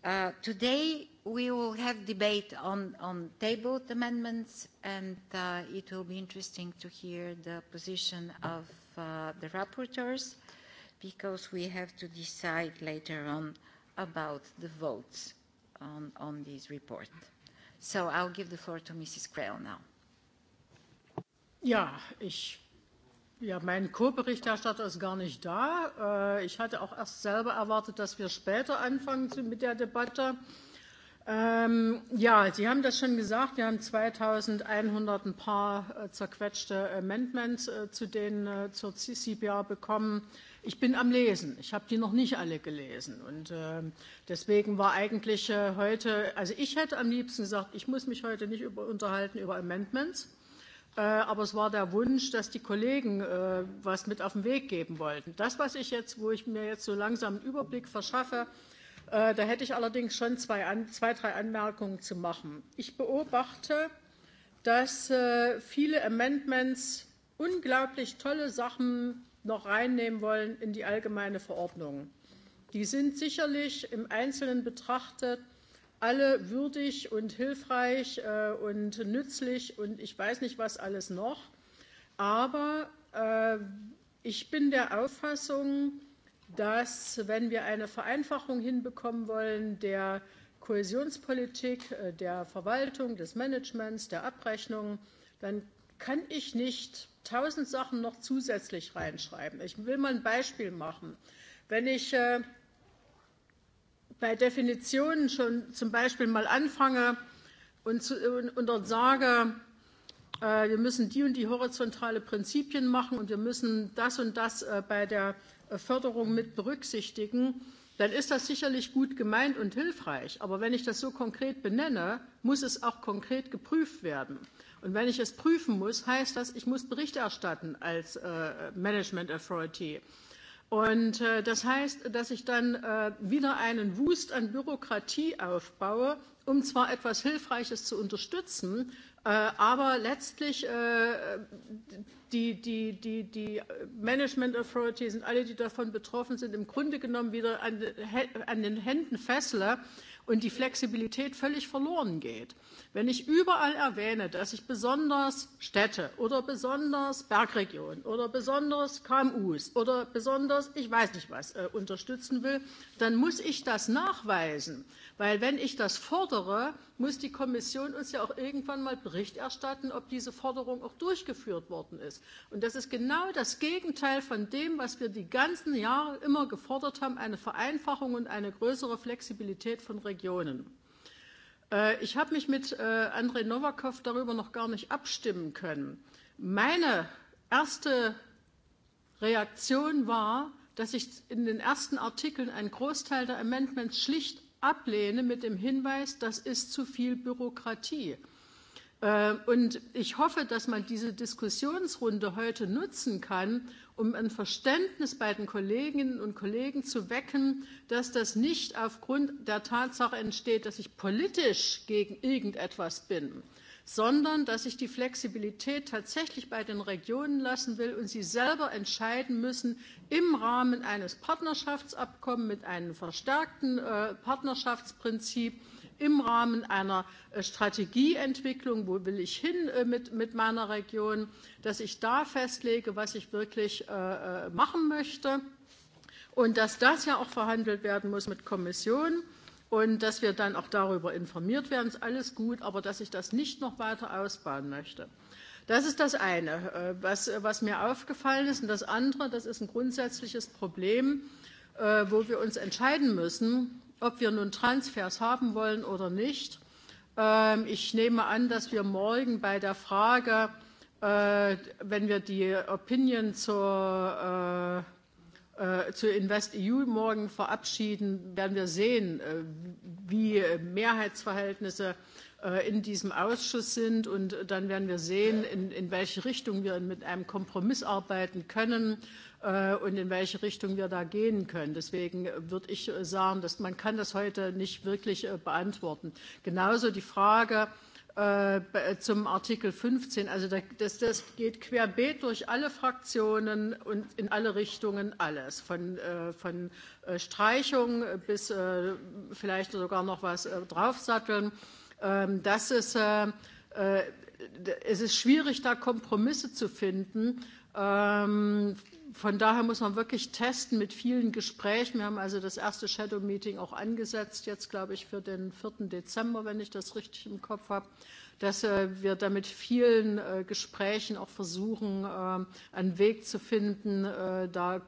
Speaker 1: Uh, today we will have debate on, on tabled amendments and uh, it will be interesting to hear the position of uh, the rapporteurs because we have to decide later on uh, about the votes on, on this report. So I'll give the floor to Mrs. Krell now.
Speaker 14: Ja, ich, ja, mein Co-Berichterstatter ist gar nicht da. Äh, ich hatte auch erst selber erwartet, dass wir später anfangen zu, mit der Debatte. Ähm, ja, Sie haben das schon gesagt. Wir haben 2100 ein paar äh, zerquetschte Amendments äh, zu den, äh, zur CCBR bekommen. Äh, Ich bin am Lesen. Ich habe die noch nicht alle gelesen. Und äh, deswegen war eigentlich äh, heute, also ich hätte am liebsten gesagt, ich muss mich heute nicht über, unterhalten über Amendments. Äh, aber es war der Wunsch, dass die Kollegen äh, was mit auf den Weg geben wollten. Das, was ich jetzt, wo ich mir jetzt so langsam einen Überblick verschaffe, äh, da hätte ich allerdings schon zwei, an, zwei, drei Anmerkungen zu machen. Ich beobachte, dass äh, viele Amendments unglaublich tolle Sachen noch reinnehmen wollen in die allgemeine Verordnung. Die sind sicherlich im Einzelnen betrachtet alle würdig und hilfreich äh, und nützlich und ich weiß nicht was alles noch. Aber äh, ich bin der Auffassung, dass wenn wir eine Vereinfachung hinbekommen wollen der Kohäsionspolitik, äh, der Verwaltung, des Managements, der Abrechnung, dann kann ich nicht tausend Sachen noch zusätzlich reinschreiben. Ich will mal ein Beispiel machen. Wenn ich äh, bei Definitionen schon zum Beispiel mal anfange und, zu, und, und dort sage, äh, wir müssen die und die horizontale Prinzipien machen und wir müssen das und das äh, bei der äh, Förderung mit berücksichtigen, dann ist das sicherlich gut gemeint und hilfreich. Aber wenn ich das so konkret benenne, muss es auch konkret geprüft werden. Und wenn ich es prüfen muss, heißt das, ich muss Bericht erstatten als äh, Management Authority. Und äh, das heißt, dass ich dann äh, wieder einen Wust an Bürokratie aufbaue, um zwar etwas Hilfreiches zu unterstützen, äh, aber letztlich äh, die, die, die, die Management Authority sind alle, die davon betroffen sind, im Grunde genommen wieder an, an den Händen fessle, äh, und die Flexibilität völlig verloren geht. Wenn ich überall erwähne, dass ich besonders Städte oder besonders Bergregionen oder besonders KMUs oder besonders ich weiß nicht was äh, unterstützen will, dann muss ich das nachweisen. Weil wenn ich das fordere, muss die Kommission uns ja auch irgendwann mal Bericht erstatten, ob diese Forderung auch durchgeführt worden ist. Und das ist genau das Gegenteil von dem, was wir die ganzen Jahre immer gefordert haben, eine Vereinfachung und eine größere Flexibilität von Regionen. Äh, ich habe mich mit äh, Andrei Nowakow darüber noch gar nicht abstimmen können. Meine erste Reaktion war, dass ich in den ersten Artikeln einen Großteil der Amendments schlicht ablehne mit dem Hinweis, das ist zu viel Bürokratie. Äh, und ich hoffe, dass man diese Diskussionsrunde heute nutzen kann, um ein Verständnis bei den Kolleginnen und Kollegen zu wecken, dass das nicht aufgrund der Tatsache entsteht, dass ich politisch gegen irgendetwas bin, sondern dass ich die Flexibilität tatsächlich bei den Regionen lassen will und sie selber entscheiden müssen im Rahmen eines Partnerschaftsabkommens mit einem verstärkten äh, Partnerschaftsprinzip, im Rahmen einer äh, Strategieentwicklung, wo will ich hin äh, mit, mit meiner Region, dass ich da festlege, was ich wirklich äh, äh, machen möchte und dass das ja auch verhandelt werden muss mit Kommission und dass wir dann auch darüber informiert werden, ist alles gut, aber dass ich das nicht noch weiter ausbauen möchte. Das ist das eine, äh, was, was mir aufgefallen ist. Und das andere, das ist ein grundsätzliches Problem, äh, wo wir uns entscheiden müssen, ob wir nun Transfers haben wollen oder nicht. Ähm, ich nehme an, dass wir morgen bei der Frage, äh, wenn wir die Opinion zur Äh, zu InvestEU morgen verabschieden, werden wir sehen, äh, wie Mehrheitsverhältnisse äh, in diesem Ausschuss sind. Und dann werden wir sehen, in, in welche Richtung wir mit einem Kompromiss arbeiten können äh, und in welche Richtung wir da gehen können. Deswegen würde ich sagen, dass man kann das heute nicht wirklich äh, beantworten. Genauso die Frage, äh, Äh, zum Artikel 15. Also da, das, das geht querbeet durch alle Fraktionen und in alle Richtungen alles, von, äh, von äh, Streichung bis äh, vielleicht sogar noch was äh, draufsatteln. Ähm, das ist, äh, äh, es ist schwierig, da Kompromisse zu finden. Ähm, von daher muss man wirklich testen mit vielen Gesprächen. Wir haben also das erste Shadow Meeting auch angesetzt, jetzt glaube ich für den 4. Dezember, wenn ich das richtig im Kopf habe dass äh, wir damit vielen äh, Gesprächen auch versuchen, ähm, einen Weg zu finden, äh, da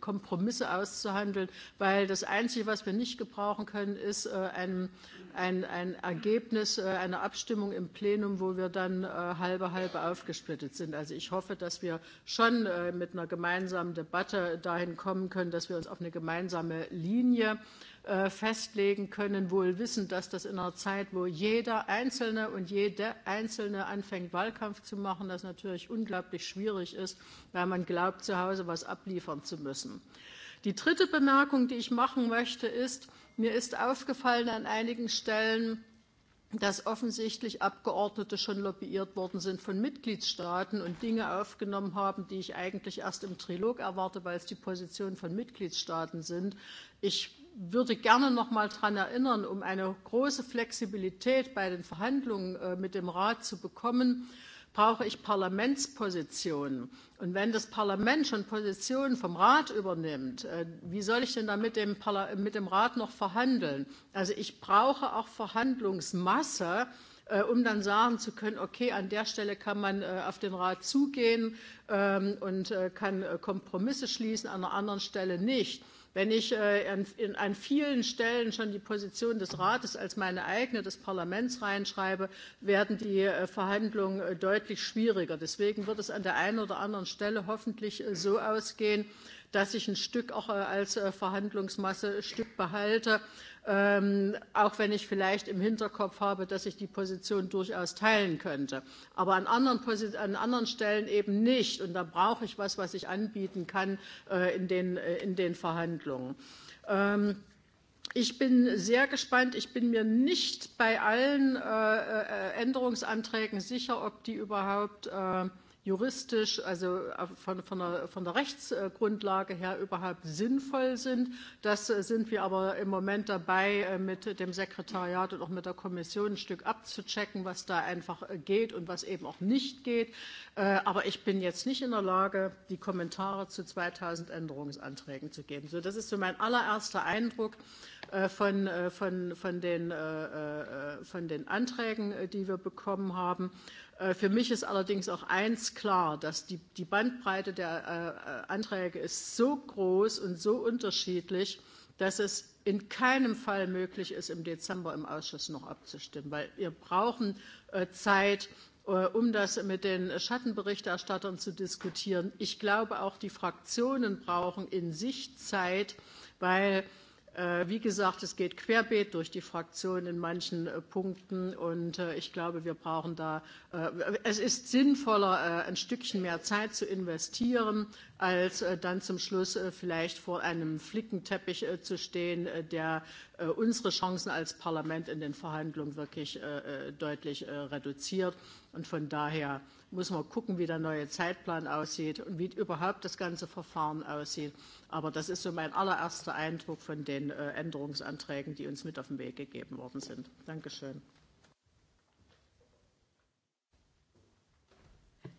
Speaker 14: Kompromisse auszuhandeln, weil das Einzige, was wir nicht gebrauchen können, ist ein, ein, ein Ergebnis einer Abstimmung im Plenum, wo wir dann halbe halbe aufgesplittet sind. Also ich hoffe, dass wir schon mit einer gemeinsamen Debatte dahin kommen können, dass wir uns auf eine gemeinsame Linie äh, festlegen können, wohl wissend, dass das in einer Zeit, wo jeder Einzelne und jede Einzelne anfängt, Wahlkampf zu machen, das natürlich unglaublich schwierig ist, weil man glaubt, zu Hause was abliefern zu müssen. Die dritte Bemerkung, die ich machen möchte, ist, mir ist aufgefallen an einigen Stellen, dass offensichtlich Abgeordnete schon lobbyiert worden sind von Mitgliedstaaten und Dinge aufgenommen haben, die ich eigentlich erst im Trilog erwarte, weil es die Positionen von Mitgliedstaaten sind. Ich würde gerne noch mal daran erinnern, um eine große Flexibilität bei den Verhandlungen äh, mit dem Rat zu bekommen, brauche ich Parlamentspositionen. Und wenn das Parlament schon Positionen vom Rat übernimmt, äh, wie soll ich denn da mit dem, Parla mit dem Rat noch verhandeln? Also ich brauche auch Verhandlungsmasse, äh, um dann sagen zu können, okay, an der Stelle kann man äh, auf den Rat zugehen ähm, und äh, kann äh, Kompromisse schließen, an einer anderen Stelle nicht. Wenn ich äh, an, in, an vielen Stellen schon die Position des Rates als meine eigene des Parlaments reinschreibe, werden die äh, Verhandlungen äh, deutlich schwieriger. Deswegen wird es an der einen oder anderen Stelle hoffentlich äh, so ausgehen, dass ich ein Stück auch äh, als äh, Verhandlungsmasse Stück behalte, ähm, auch wenn ich vielleicht im Hinterkopf habe, dass ich die Position durchaus teilen könnte. Aber an anderen, Posit an anderen Stellen eben nicht. Und da brauche ich was, was ich anbieten kann äh, in, den, äh, in den Verhandlungen. Ähm, Ich bin sehr gespannt. Ich bin mir nicht bei allen äh, äh Änderungsanträgen sicher, ob die überhaupt äh, juristisch, also äh, von, von, der, von der Rechtsgrundlage her überhaupt sinnvoll sind. Das äh, sind wir aber im Moment dabei, äh, mit dem Sekretariat und auch mit der Kommission ein Stück abzuchecken, was da einfach geht und was eben auch nicht geht. Aber ich bin jetzt nicht in der Lage, die Kommentare zu 2000 Änderungsanträgen zu geben. So, das ist so mein allererster Eindruck von, von, von, den, von den Anträgen, die wir bekommen haben. Äh, für mich ist allerdings auch eins klar, dass die, die Bandbreite der äh, äh, Anträge ist so groß und so unterschiedlich, dass es in keinem Fall möglich ist, im Dezember im Ausschuss noch abzustimmen, weil wir brauchen äh, Zeit, äh, um das mit den Schattenberichterstattern zu diskutieren. Ich glaube, auch die Fraktionen brauchen in sich Zeit, weil äh, Äh, wie gesagt, es geht querbeet durch die Fraktion in manchen äh, Punkten und äh, ich glaube, wir brauchen da, es ist sinnvoller, ein Stückchen mehr Zeit zu investieren, als dann zum Schluss vielleicht vor einem Flickenteppich zu stehen, der unsere Chancen als Parlament in den Verhandlungen wirklich deutlich reduziert. Und von daher muss man gucken, wie der neue Zeitplan aussieht und wie überhaupt das ganze Verfahren aussieht. Aber das ist so mein allererster Eindruck von den äh, Änderungsanträgen, die uns mit auf den Weg gegeben worden sind. Dankeschön.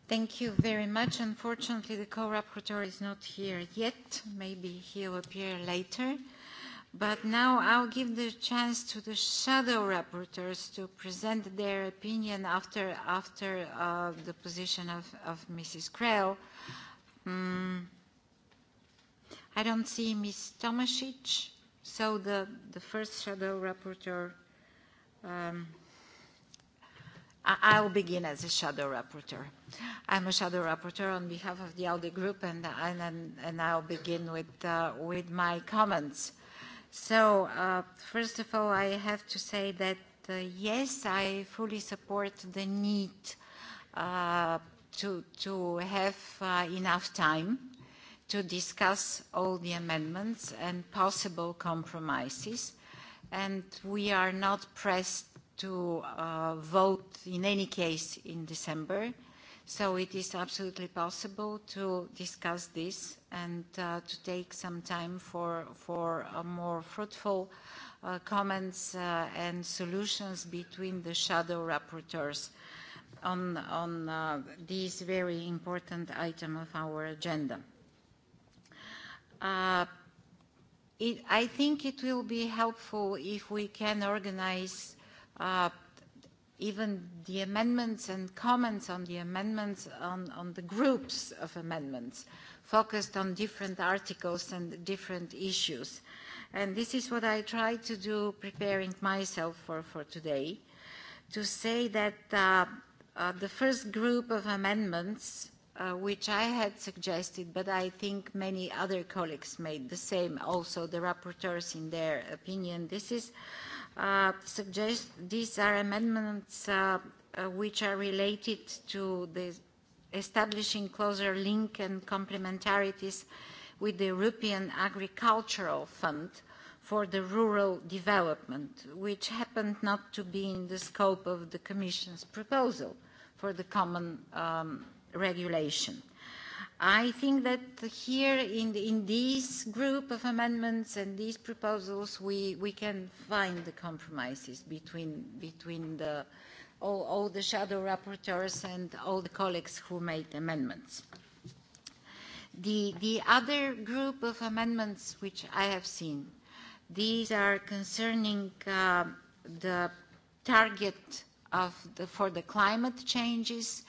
Speaker 1: Thank you very much. Unfortunately, the co-rapporteur is not here yet. Maybe he'll appear later. But now I'll give the chance to the shadow rapporteurs to present their opinion after, after uh, the position of, of Mrs. Krell. Um, I don't see Ms. Tomasic, so the, the first shadow rapporteur. Um, I'll begin as a shadow rapporteur. I'm a shadow rapporteur on behalf of the ALDE group, and, and, and I'll begin with, uh, with my comments. Uh, So, uh, first of all, I have to say that uh, yes, I fully support the need uh, to, to have uh, enough time to discuss all the amendments and possible compromises. And we are not pressed to uh, vote in any case in December. Uh, So it is absolutely possible to discuss this and uh, to take some time for, for a uh, more fruitful uh, comments uh, and solutions between the shadow rapporteurs on, on uh, this very important item of our agenda. Uh, it, I think it will be helpful if we can organize uh, even the amendments and comments on the amendments on, on the groups of amendments focused on different articles and different issues. And this is what I tried to do preparing myself for, for today, to say that uh, uh, the first group of amendments uh, which I had suggested, but I think many other colleagues made the same, also the rapporteurs in their opinion, this is uh, uh, suggest these are amendments uh, uh, which are related to the establishing closer link and complementarities with the European Agricultural Fund for the rural development, which happened not to be in the scope of the Commission's proposal for the common um, regulation. I think that here in, the, in this group of amendments and these proposals, we, we can find the compromises between, between the, all, all the shadow rapporteurs and all the colleagues who made amendments. The, the other group of amendments which I have seen, these are concerning uh, the target of the, for the climate changes.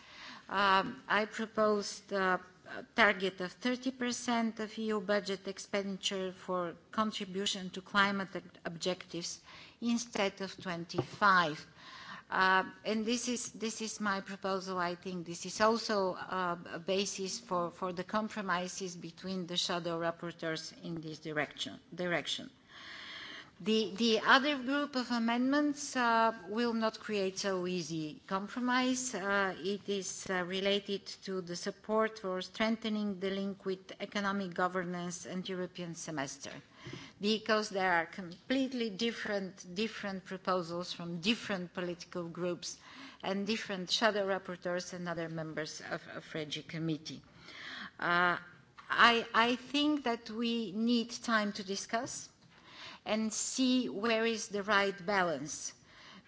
Speaker 1: Um, I proposed uh, target of 30% of EU budget expenditure for contribution to climate objectives instead of 25. Uh, and this is, this is my proposal. I think this is also uh, a basis for, for the compromises between the shadow rapporteurs in this direction. direction. The, the other group of amendments uh, will not create so easy compromise. Uh, it is uh, related to the support for strengthening the link with economic governance and European semester, because there are completely different, different proposals from different political groups and different shadow rapporteurs and other members of, of Regi committee. Uh, I, I think that we need time to discuss and see where is the right balance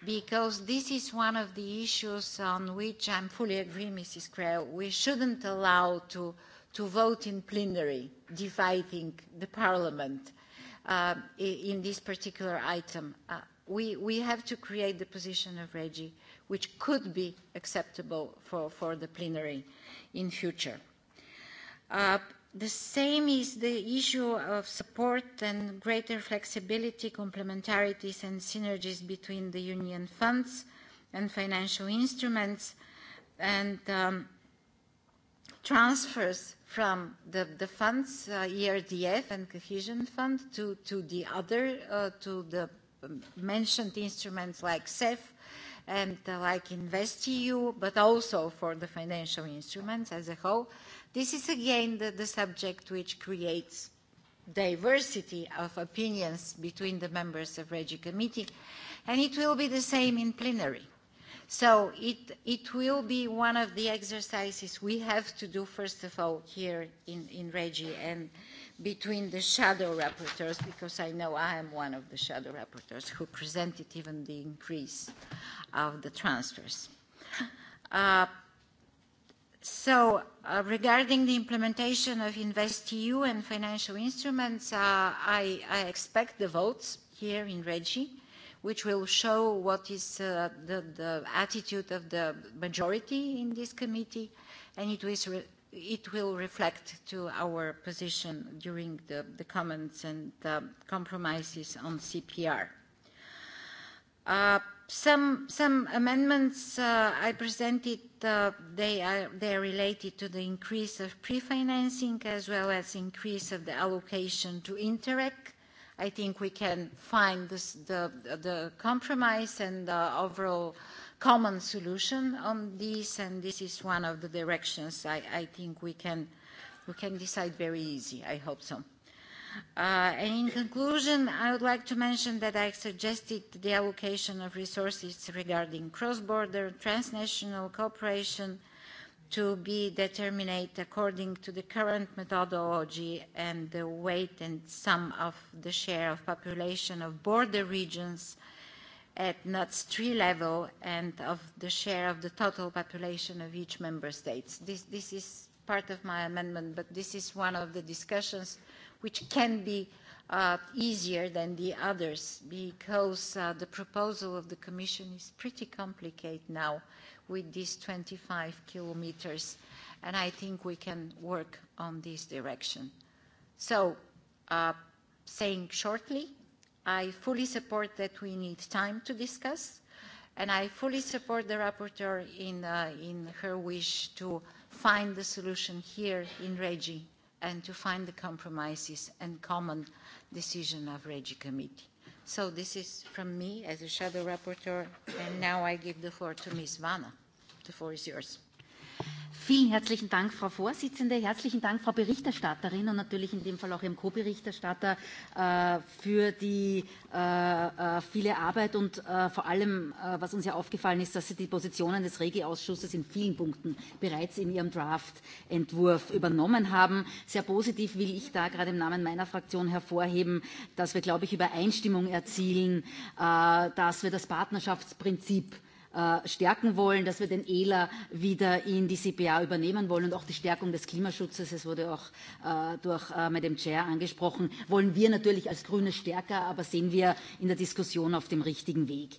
Speaker 1: because this is one of the issues on which I'm fully agree, Mrs. Creel. We shouldn't allow to, to vote in plenary, dividing the parliament uh, in this particular item. Uh, we, we have to create the position of Reggie, which could be acceptable for, for the plenary in future. Uh, The same is the issue of support and greater flexibility, complementarities and synergies between the Union funds and financial instruments and um, transfers from the, the funds, uh, ERDF and Cohesion Fund, to, to the other, uh, to the um, mentioned instruments like CEF and uh, like InvestEU, but also for the financial instruments as a whole. This is again the, the subject which creates diversity of opinions between the members of Regi Committee, and it will be the same in plenary. So it, it will be one of the exercises we have to do, first of all, here in, in Regi and uh, between the shadow rapporteurs, because I know I am one of the shadow rapporteurs who presented even the increase of the transfers. Uh, so, uh, regarding the implementation of InvestEU and financial instruments, uh, I, I expect the votes here in Regi, which will show what is uh, the, the attitude of the majority in this committee, and it, is re it will reflect to our position during the, the comments and uh, compromises on CPR. Uh, some, some amendments uh, I presented, uh, they, are, they are related to the increase of pre-financing as well as increase of the allocation to Interreg. I think we can find this, the, the compromise and the overall uh, common solution on this, and this is one of the directions I, I think we can, we can decide very easy. I hope so. Uh, and in conclusion, I would like to mention that I suggested the allocation of resources regarding cross-border transnational cooperation to be determined according to the current methodology and the weight and sum of the share of population of border regions uh, at NUTS 3 level and of the share of the total population of each member state. This, this is part of my amendment, but this is one of the discussions which can be uh, easier than the others because uh, the proposal of the Commission is pretty complicated now with these 25 kilometers, and I think we can work on this direction. So, uh, saying shortly, I fully support that we need time to discuss, and I fully support the rapporteur in, uh, in her wish to find the solution here in REGI and to find the compromises and common decision of REGI committee. So this is from me as a shadow rapporteur, and now I give the floor to Ms. Vanna. The floor is yours.
Speaker 15: Vielen herzlichen Dank, Frau Vorsitzende. Herzlichen Dank, Frau Berichterstatterin und natürlich in dem Fall auch Ihrem Co-Berichterstatter äh, für die äh, äh, viele Arbeit und äh, vor allem, äh, was uns ja aufgefallen ist, dass Sie die Positionen des Regieausschusses in vielen Punkten bereits in Ihrem Draft-Entwurf übernommen haben. Sehr positiv will ich da gerade im Namen meiner Fraktion hervorheben, dass wir, glaube ich, Übereinstimmung erzielen, äh, dass wir das Partnerschaftsprinzip äh, Äh, stärken wollen, dass wir den ELA wieder in die CPA übernehmen wollen und auch die Stärkung des Klimaschutzes, es wurde auch äh, durch äh, Madame Chair angesprochen, wollen wir natürlich als Grüne stärker, aber sehen wir in der Diskussion auf dem richtigen Weg.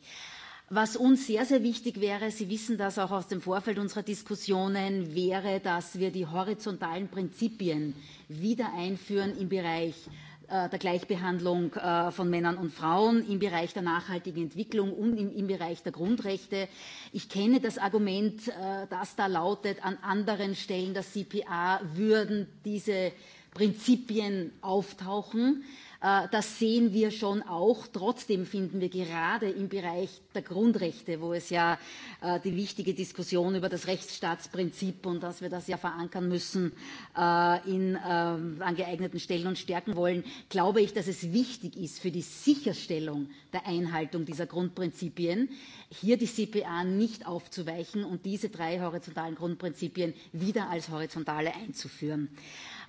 Speaker 15: Was uns sehr, sehr wichtig wäre, Sie wissen das auch aus dem Vorfeld unserer Diskussionen, wäre, dass wir die horizontalen Prinzipien wieder einführen im Bereich äh, Äh, der Gleichbehandlung äh, von Männern und Frauen, im Bereich der nachhaltigen Entwicklung und im, im Bereich der Grundrechte. Ich kenne das Argument, äh, das da lautet, an anderen Stellen der CPA würden diese Prinzipien auftauchen. Äh, Äh, das sehen wir schon auch. Trotzdem finden wir gerade im Bereich der Grundrechte, wo es ja äh, die wichtige Diskussion über das Rechtsstaatsprinzip und dass wir das ja verankern müssen, äh, in, an geeigneten Stellen und stärken wollen, glaube ich, dass es wichtig ist für die Sicherstellung der Einhaltung dieser Grundprinzipien, hier die CPA nicht aufzuweichen und diese drei horizontalen Grundprinzipien wieder als horizontale einzuführen.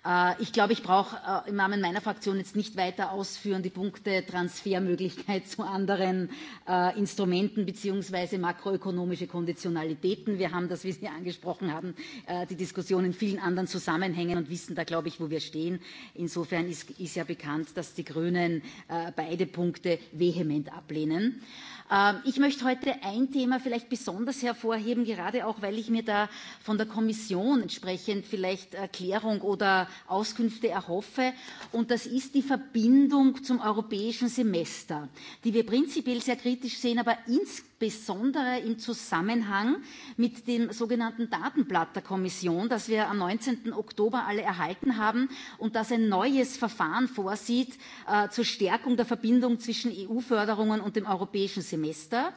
Speaker 15: Äh, ich glaube, ich brauche äh, im Namen meiner Fraktion jetzt nicht weiter ausführen die Punkte Transfermöglichkeit zu anderen äh, Instrumenten beziehungsweise makroökonomische Konditionalitäten. Wir haben das, wie Sie angesprochen haben, äh, die Diskussion in vielen anderen Zusammenhängen und wissen da, glaube ich, wo wir stehen. Insofern ist, ist ja bekannt, dass die Grünen äh, beide Punkte vehement ablehnen. Ähm, ich möchte heute ein Thema vielleicht besonders hervorheben, gerade auch, weil ich mir da von der Kommission entsprechend vielleicht Erklärung oder Auskünfte erhoffe. Und das ist die Verbindung zum europäischen Semester, die wir prinzipiell sehr kritisch sehen, aber insgesamt insbesondere im Zusammenhang mit dem sogenannten Datenblatt der Kommission, das wir am 19. Oktober alle erhalten haben und das ein neues Verfahren vorsieht äh, zur Stärkung der Verbindung zwischen EU-Förderungen und dem europäischen Semester.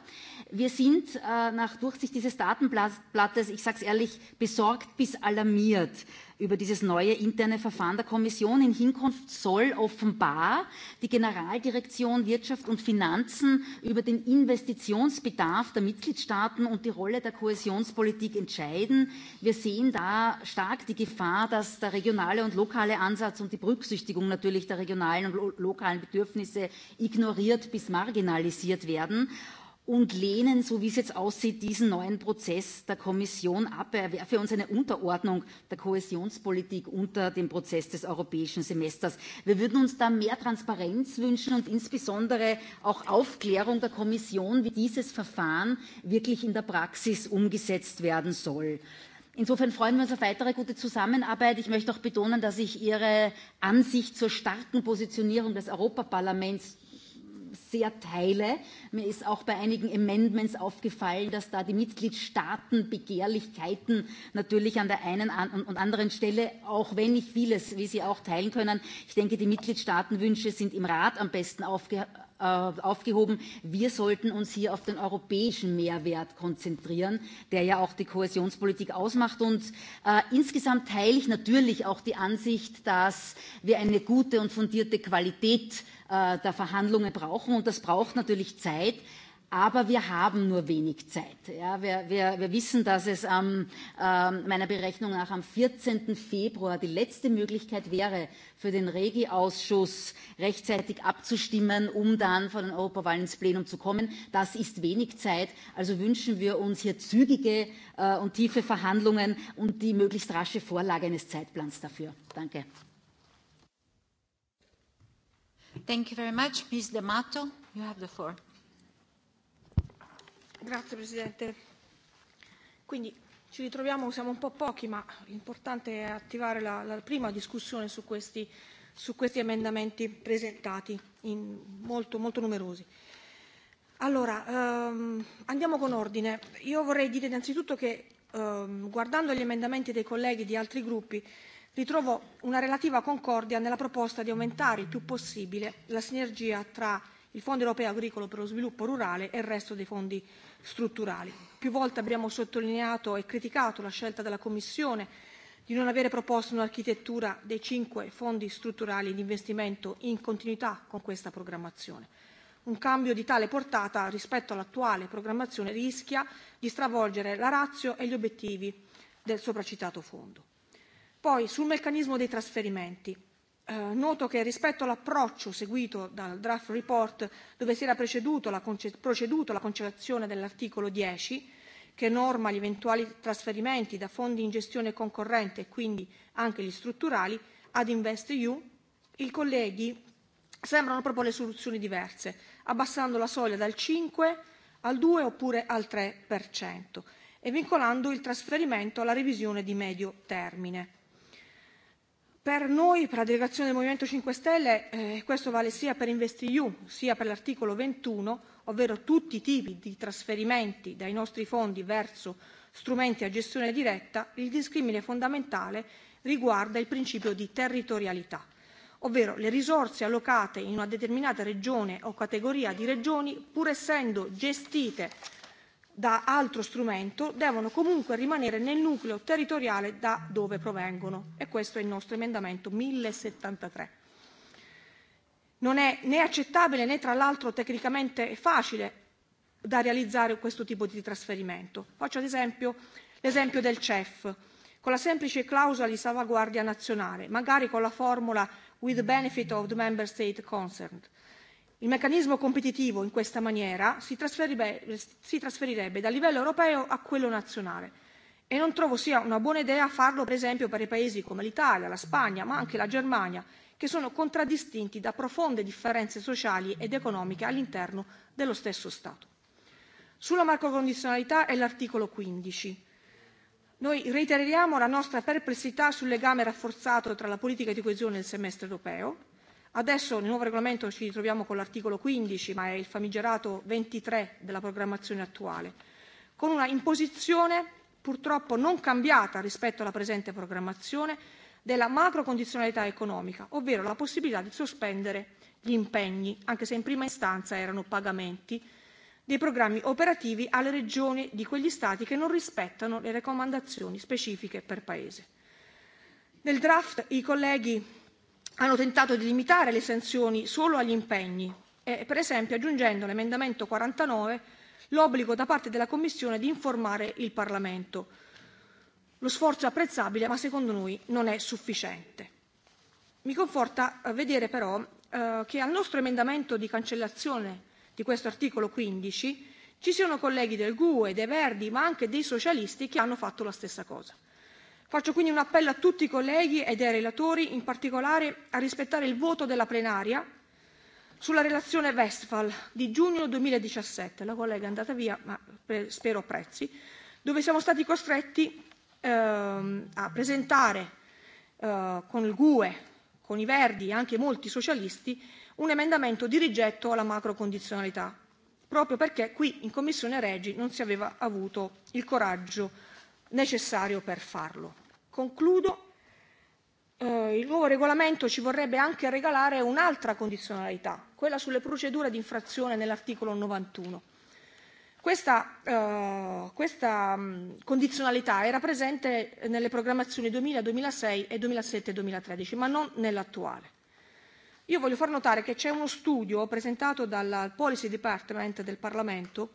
Speaker 15: Wir sind äh, nach Durchsicht dieses Datenblattes, ich sage es ehrlich, besorgt bis alarmiert über dieses neue interne Verfahren der Kommission. In Hinkunft soll offenbar die Generaldirektion Wirtschaft und Finanzen über den Investitionsbeginn Bedarf der Mitgliedstaaten und die Rolle der Kohäsionspolitik entscheiden. Wir sehen da stark die Gefahr, dass der regionale und lokale Ansatz und die Berücksichtigung natürlich der regionalen und lokalen Bedürfnisse ignoriert bis marginalisiert werden und lehnen, so wie es jetzt aussieht, diesen neuen Prozess der Kommission ab. Er wäre für uns eine Unterordnung der Kohäsionspolitik unter dem Prozess des europäischen Semesters. Wir würden uns da mehr Transparenz wünschen und insbesondere auch Aufklärung der Kommission, wie dieses Verfahren wirklich in der Praxis umgesetzt werden soll. Insofern freuen wir uns auf weitere gute Zusammenarbeit. Ich möchte auch betonen, dass ich Ihre Ansicht zur starken Positionierung des Europaparlaments sehr teile. Mir ist auch bei einigen Amendments aufgefallen, dass da die Mitgliedstaaten Begehrlichkeiten natürlich an der einen und anderen Stelle, auch wenn ich vieles, wie Sie auch teilen können, ich denke, die Mitgliedstaatenwünsche sind im Rat am besten aufge, äh, aufgehoben. Wir sollten uns hier auf den europäischen Mehrwert konzentrieren, der ja auch die Kohäsionspolitik ausmacht. Und äh, insgesamt teile ich natürlich auch die Ansicht, dass wir eine gute und fundierte Qualität äh, äh, der Verhandlungen brauchen. Und das braucht natürlich Zeit. Aber wir haben nur wenig Zeit. Ja, wir, wir, wir wissen, dass es am, ähm, meiner Berechnung nach am 14. Februar die letzte Möglichkeit wäre, für den Regi-Ausschuss rechtzeitig abzustimmen, um dann vor den Europawahlen ins Plenum zu kommen. Das ist wenig Zeit. Also wünschen wir uns hier zügige äh, und tiefe Verhandlungen und die möglichst rasche Vorlage
Speaker 1: eines Zeitplans dafür. Danke. Thank you very much. Ms. D'Amato, you have the floor. Grazie
Speaker 10: Presidente. Quindi ci ritroviamo, siamo un po' pochi, ma l'importante è attivare la, la prima discussione su questi, su questi emendamenti presentati, in molto, molto numerosi. Allora, ehm, andiamo con ordine. Io vorrei dire innanzitutto che ehm, guardando gli emendamenti dei colleghi di altri gruppi, ritrovo una relativa concordia nella proposta di aumentare il più possibile la sinergia tra il Fondo europeo agricolo per lo sviluppo rurale e il resto dei fondi strutturali. Più volte abbiamo sottolineato e criticato la scelta della Commissione di non avere proposto un'architettura dei cinque fondi strutturali di investimento in continuità con questa programmazione. Un cambio di tale portata rispetto all'attuale programmazione rischia di stravolgere la ratio e gli obiettivi del sopracitato fondo. Poi sul meccanismo dei trasferimenti. Eh, noto che rispetto all'approccio seguito dal draft report dove si era preceduto la proceduto alla cancellazione dell'articolo 10 che norma gli eventuali trasferimenti da fondi in gestione concorrente e quindi anche gli strutturali ad InvestEU, i colleghi sembrano proporre soluzioni diverse, abbassando la soglia dal 5 al 2 oppure al 3% e vincolando il trasferimento alla revisione di medio termine. Per noi, per la delegazione del Movimento 5 Stelle, eh, questo vale sia per InvestEU sia per l'articolo 21, ovvero tutti i tipi di trasferimenti dai nostri fondi verso strumenti a gestione diretta, il discrimine fondamentale riguarda il principio di territorialità, ovvero le risorse allocate in una determinata regione o categoria di regioni, pur essendo gestite da altro strumento devono comunque rimanere nel nucleo territoriale da dove provengono e questo è il nostro emendamento 1073. Non è né accettabile né tra l'altro tecnicamente facile da realizzare questo tipo di trasferimento. Faccio ad esempio l'esempio del CEF con la semplice clausola di salvaguardia nazionale, magari con la formula with benefit of the member state concerned. Il meccanismo competitivo in questa maniera si trasferirebbe, si trasferirebbe dal livello europeo a quello nazionale e non trovo sia una buona idea farlo per esempio per i paesi come l'Italia, la Spagna ma anche la Germania che sono contraddistinti da profonde differenze sociali ed economiche all'interno dello stesso Stato. Sulla macrocondizionalità è l'articolo 15. Noi reiteriamo la nostra perplessità sul legame rafforzato tra la politica di coesione e il semestre europeo Adesso nel nuovo regolamento ci ritroviamo con l'articolo 15, ma è il famigerato 23 della programmazione attuale, con una imposizione purtroppo non cambiata rispetto alla presente programmazione della macrocondizionalità economica, ovvero la possibilità di sospendere gli impegni, anche se in prima istanza erano pagamenti, dei programmi operativi alle regioni di quegli Stati che non rispettano le raccomandazioni specifiche per Paese. Nel draft i colleghi hanno tentato di limitare le sanzioni solo agli impegni, e, per esempio aggiungendo all'emendamento 49 l'obbligo da parte della Commissione di informare il Parlamento. Lo sforzo è apprezzabile, ma secondo noi non è sufficiente. Mi conforta eh, vedere però eh, che al nostro emendamento di cancellazione di questo articolo 15 ci siano colleghi del GUE, dei Verdi, ma anche dei socialisti che hanno fatto la stessa cosa. Faccio quindi un appello a tutti i colleghi ed ai relatori, in particolare a rispettare il voto della plenaria sulla relazione Westphal di giugno 2017, la collega è andata via, ma spero apprezzi, dove siamo stati costretti ehm, a presentare eh, con il GUE, con i Verdi e anche molti socialisti un emendamento di rigetto alla macrocondizionalità, proprio perché qui in Commissione Regi non si aveva avuto il coraggio necessario per farlo. Concludo. Eh, il nuovo regolamento ci vorrebbe anche regalare un'altra condizionalità, quella sulle procedure di infrazione nell'articolo 91. Questa, eh, questa mh, condizionalità era presente nelle programmazioni 2000, 2006 e 2007 2013, ma non nell'attuale. Io voglio far notare che c'è uno studio presentato dal Policy Department del Parlamento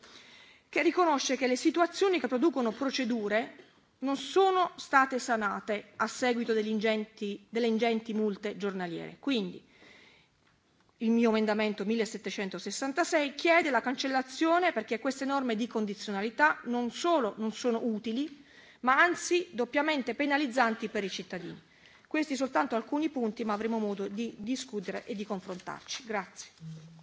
Speaker 10: che riconosce che le situazioni che producono procedure non sono state sanate a seguito degli ingenti, delle ingenti multe giornaliere. Quindi il mio emendamento 1766 chiede la cancellazione perché queste norme di condizionalità non solo non sono utili, ma anzi doppiamente penalizzanti per i cittadini. Questi soltanto alcuni punti, ma avremo modo di discutere e di confrontarci. Grazie.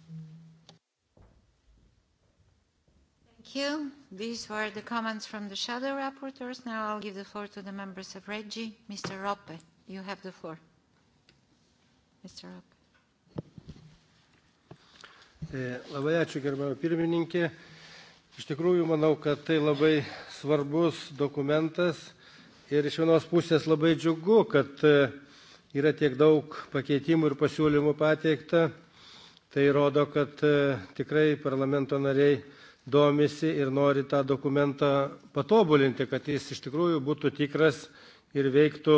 Speaker 10: Thank you.
Speaker 1: These were the comments from the shadow rapporteurs. Now I'll give the floor to the members of REGI. Mr. Roppe, you have the floor. Mr. Roppe.
Speaker 8: E, labai ačiū, gerbama pirmininkė. Iš tikrųjų, manau, kad tai labai svarbus dokumentas ir iš vienos pusės labai džiugu, kad e, yra tiek daug pakeitimų ir pasiūlymų pateikta. Tai rodo, kad e, tikrai parlamento nariai domisi ir nori tą dokumentą patobulinti, kad jis iš tikrųjų būtų tikras ir veiktų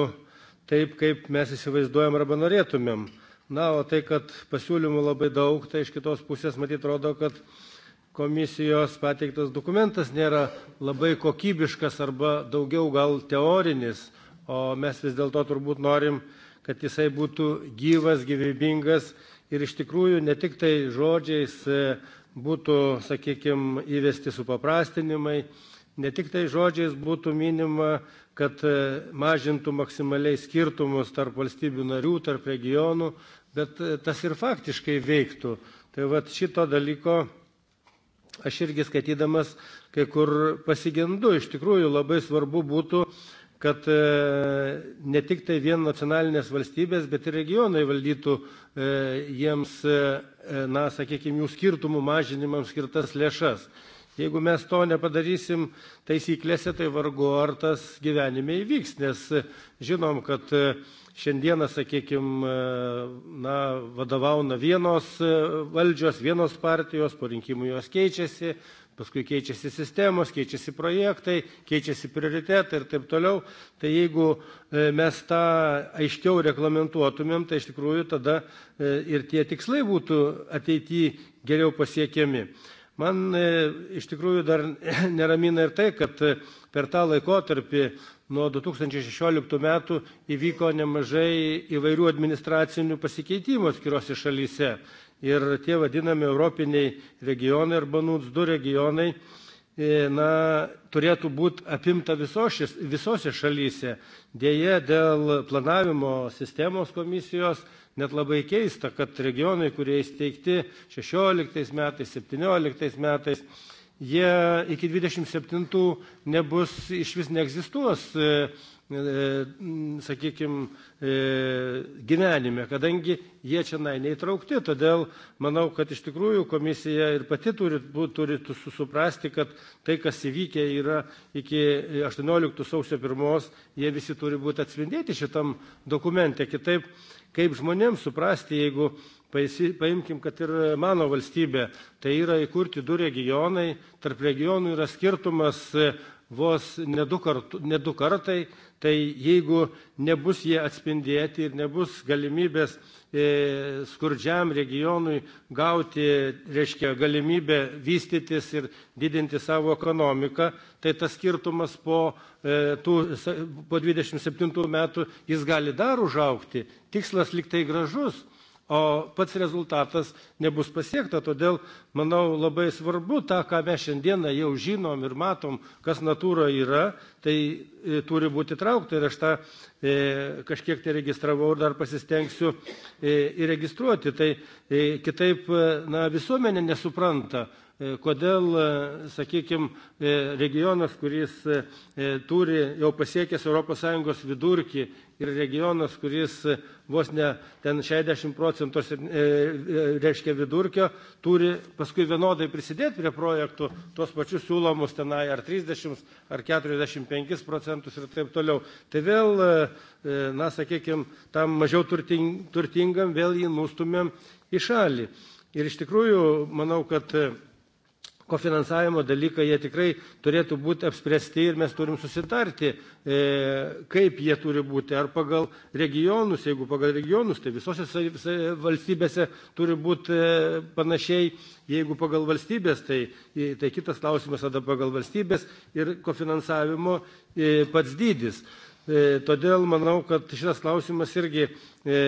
Speaker 8: taip, kaip mes įsivaizduojam arba norėtumėm. Na, o tai, kad pasiūlymų labai daug, tai iš kitos pusės matyt rodo, kad komisijos pateiktas dokumentas nėra labai kokybiškas arba daugiau gal teorinis, o mes vis dėlto turbūt norim, kad jisai būtų gyvas, gyvybingas ir iš tikrųjų ne tik tai žodžiais būtų, sakykime, įvesti supaprastinimai, ne tik tai žodžiais būtų minima, kad e, mažintų maksimaliai skirtumus tarp valstybių narių, tarp regionų, bet e, tas ir faktiškai veiktų. Tai vat šito dalyko aš irgi skaitydamas kai kur pasigendu. Iš tikrųjų labai svarbu būtų kad e, ne tik tai vien nacionalinės valstybės, bet ir regionai valdytų e, jiems, e, na, sakykime, jų skirtumų mažinimams skirtas lėšas. Jeigu mes to nepadarysim taisyklėse, tai vargu ar tas gyvenime įvyks, nes žinom, kad šiandieną, sakykime, na, vadovauna vienos valdžios, vienos partijos, po rinkimų jos keičiasi, paskui keičiasi sistemos, keičiasi projektai, keičiasi prioritetai ir taip toliau. Tai jeigu e, mes tą aiškiau reglamentuotumėm, tai iš tikrųjų tada e, ir tie tikslai būtų ateityje geriau pasiekiami. Man e, iš tikrųjų dar neramina ir tai, kad per tą laikotarpį nuo 2016 metų įvyko nemažai įvairių administracinių pasikeitimų atskirose šalyse ir tie vadinami europiniai regionai arba NUTS 2 regionai e, na, turėtų būti apimta visose, visose šalyse. Dėje dėl planavimo sistemos komisijos net labai keista, kad regionai, kurie įsteigti 16 metais, 17 metais, jie iki 27 nebus, iš vis neegzistuos e, sakykime, gyvenime, kadangi jie čia neįtraukti. Todėl manau, kad iš tikrųjų komisija ir pati turi, turi suprasti, kad tai, kas įvykė yra iki 18 sausio 1, jie visi turi būti atspindėti šitam dokumente. Kitaip, kaip žmonėms suprasti, jeigu paimkim, kad ir mano valstybė, tai yra įkurti du regionai, tarp regionų yra skirtumas vos ne du, kartu, ne du kartai, tai jeigu nebus jie atspindėti ir nebus galimybės e, skurdžiam regionui gauti, reiškia, galimybę vystytis ir didinti savo ekonomiką, tai tas skirtumas po, e, tų, po 27 metų jis gali dar užaukti. Tikslas liktai gražus o pats rezultatas nebus pasiekta. Todėl, manau, labai svarbu tą, ką mes šiandieną jau žinom ir matom, kas natūra yra, tai e, turi būti traukta. Ir aš tą e, kažkiek tai registravau ir dar pasistengsiu e, įregistruoti. Tai e, kitaip e, na, visuomenė nesupranta, E, kodėl, e, sakykime, regionas, kuris e, turi jau pasiekęs ES vidurkį ir regionas, kuris vos ne ten 60 procentų reiškia vidurkio, turi paskui vienodai prisidėti prie projektų, tuos pačius siūlomus tenai ar 30, ar 45 procentus ir taip toliau. Tai vėl, na, sakykime, tam mažiau turtingam vėl jį nustumėm į šalį. Ir iš tikrųjų, manau, kad kofinansavimo dalykai, jie tikrai turėtų būti apspręsti ir mes turim susitarti, e, kaip jie turi būti. Ar pagal regionus, jeigu pagal regionus, tai visose valstybėse turi būti e, panašiai, jeigu pagal valstybės, tai, e, tai kitas klausimas tada pagal valstybės ir kofinansavimo pats dydis. E, todėl manau, kad šitas klausimas irgi e,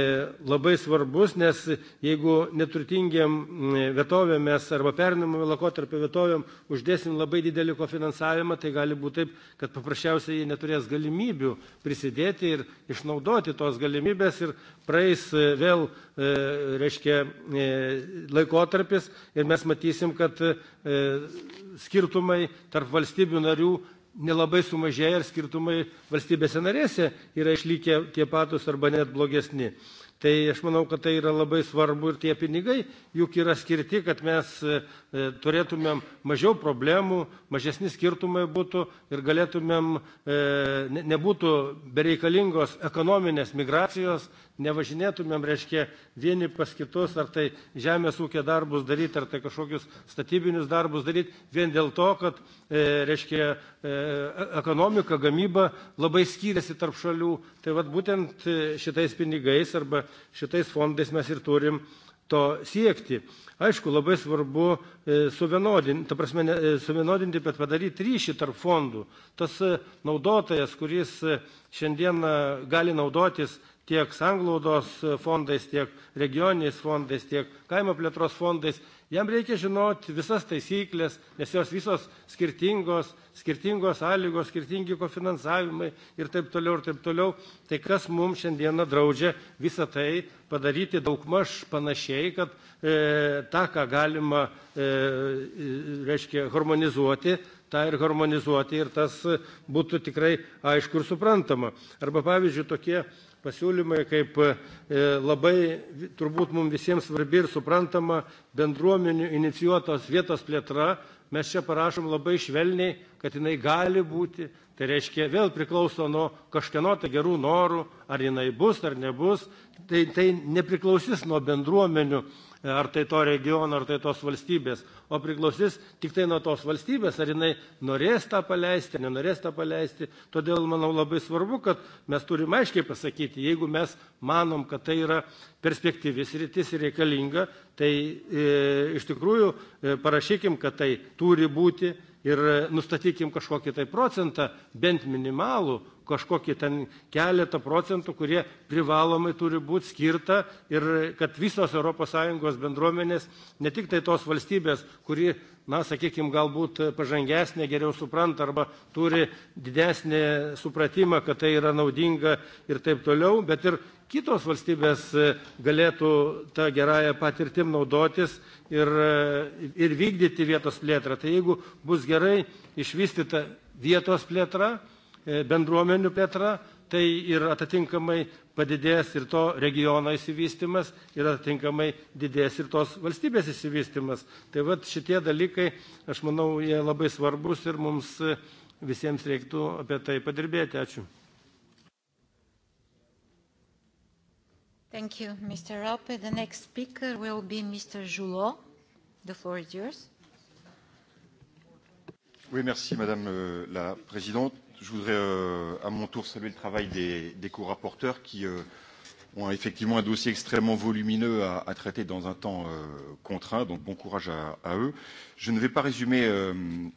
Speaker 8: labai svarbus, nes jeigu neturtingiam e, vietovėm mes arba perinamą laikotarpio vietovėm uždėsim labai didelį kofinansavimą, tai gali būti taip, kad paprasčiausiai jie neturės galimybių prisidėti ir išnaudoti tos galimybės ir praeis vėl, reiškia, laikotarpis ir mes matysim, kad skirtumai tarp valstybių narių nelabai sumažėję ir skirtumai valstybėse narėse yra išlikę tie patys arba net blogesni Tai aš manau, kad tai yra labai svarbu ir tie pinigai juk yra skirti, kad mes e, e, turėtumėm mažiau problemų, mažesni skirtumai būtų ir galėtumėm, e, nebūtų bereikalingos ekonominės migracijos, nevažinėtumėm, reiškia, vieni pas kitus, ar tai žemės ūkio darbus daryti, ar tai kažkokius statybinius darbus daryti, vien dėl to, kad, reiškia, ekonomika, gamyba labai skiriasi tarp šalių. Tai vad būtent šitais pinigais arba šitais fondais mes ir turim to siekti. Aišku, labai svarbu e, suvienodinti, ta prasme, e, suvienodinti, bet padaryti ryšį tarp fondų. Tas e, naudotojas, kuris šiandien gali naudotis tiek sanglaudos fondais, tiek regioniniais fondais, tiek kaimo plėtros fondais. Jam reikia žinoti visas taisyklės, nes jos visos skirtingos, skirtingos sąlygos, skirtingi kofinansavimai ir taip toliau ir taip toliau. Tai kas mums šiandieną draudžia visą tai padaryti daugmaž panašiai, kad e, tą, ką galima, e, reiškia, harmonizuoti, tą ir harmonizuoti ir tas būtų tikrai aišku ir suprantama. Arba pavyzdžiui, tokie pasiūlymai kaip e, labai turbūt mums visiems svarbi ir suprantama bendruomenių inicijuotos vietos plėtra. Mes čia parašom labai švelniai, kad jinai gali būti. Tai reiškia, vėl priklauso nuo kažkieno tai gerų norų, ar jinai bus ar nebus. Tai, tai nepriklausys nuo bendruomenių ar tai to regiono, ar tai tos valstybės, o priklausys tik tai nuo tos valstybės, ar jinai norės tą paleisti, nenorės tą paleisti. Todėl, manau, labai svarbu, kad mes turime aiškiai pasakyti, jeigu mes manom, kad tai yra perspektyvis rytis ir reikalinga, tai e, iš tikrųjų e, parašykim, kad tai turi būti ir nustatykim kažkokį tai procentą, bent minimalų, kažkokį ten keletą procentų, kurie privalomai turi būti skirta ir kad visos ES bendruomenės, ne tik tai tos valstybės, kuri, na, sakykime, galbūt pažangesnė, geriau supranta arba turi didesnį supratimą, kad tai yra naudinga ir taip toliau, bet ir kitos valstybės galėtų tą gerąją patirtim naudotis ir, ir vykdyti vietos plėtrą. Tai jeigu bus gerai išvystyta vietos plėtra, E, bendruomenių plėtra, tai ir atitinkamai padidės ir to regiono įsivystimas, ir atitinkamai didės ir tos valstybės įsivystimas. Tai vat šitie dalykai, aš manau, jie labai svarbus ir mums visiems reiktų apie tai padirbėti. Ačiū.
Speaker 1: Thank you, Mr. Rope. The next speaker will be Mr. Joulot. The floor is yours.
Speaker 16: Oui, merci, Madame euh, la Présidente. Je voudrais euh, à mon tour saluer le travail des, des co-rapporteurs qui euh, ont effectivement un dossier extrêmement volumineux à, à traiter dans un temps euh, contraint, donc bon courage à, à eux. Je ne vais pas résumer euh,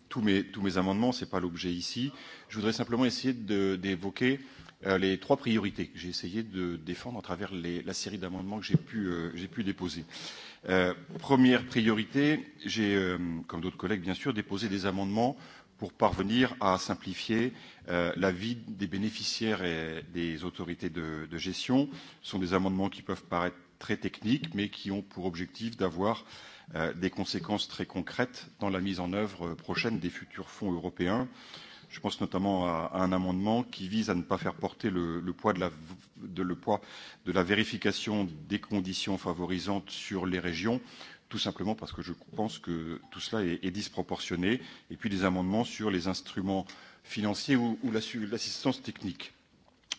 Speaker 16: tous, mes, tous mes amendements, ce n'est pas l'objet ici. Je voudrais simplement essayer d'évoquer euh, les trois priorités que j'ai essayé de défendre à travers les, la série d'amendements que j'ai pu, euh, pu déposer. Euh, première priorité, j'ai, euh, comme d'autres collègues bien sûr, déposé des amendements euh, pour parvenir à simplifier euh, la vie des bénéficiaires et des autorités de, de gestion. Ce sont des amendements qui peuvent paraître très techniques, mais qui ont pour objectif d'avoir euh, des conséquences très concrètes dans la mise en œuvre prochaine des futurs fonds européens. Je pense notamment à, à un amendement qui vise à ne pas faire porter le, le, poids de la, de, le poids de la vérification des conditions favorisantes sur les régions, tout simplement parce que je pense que tout cela est, est disproportionné, et puis des amendements sur les instruments financiers ou, ou l'assistance technique.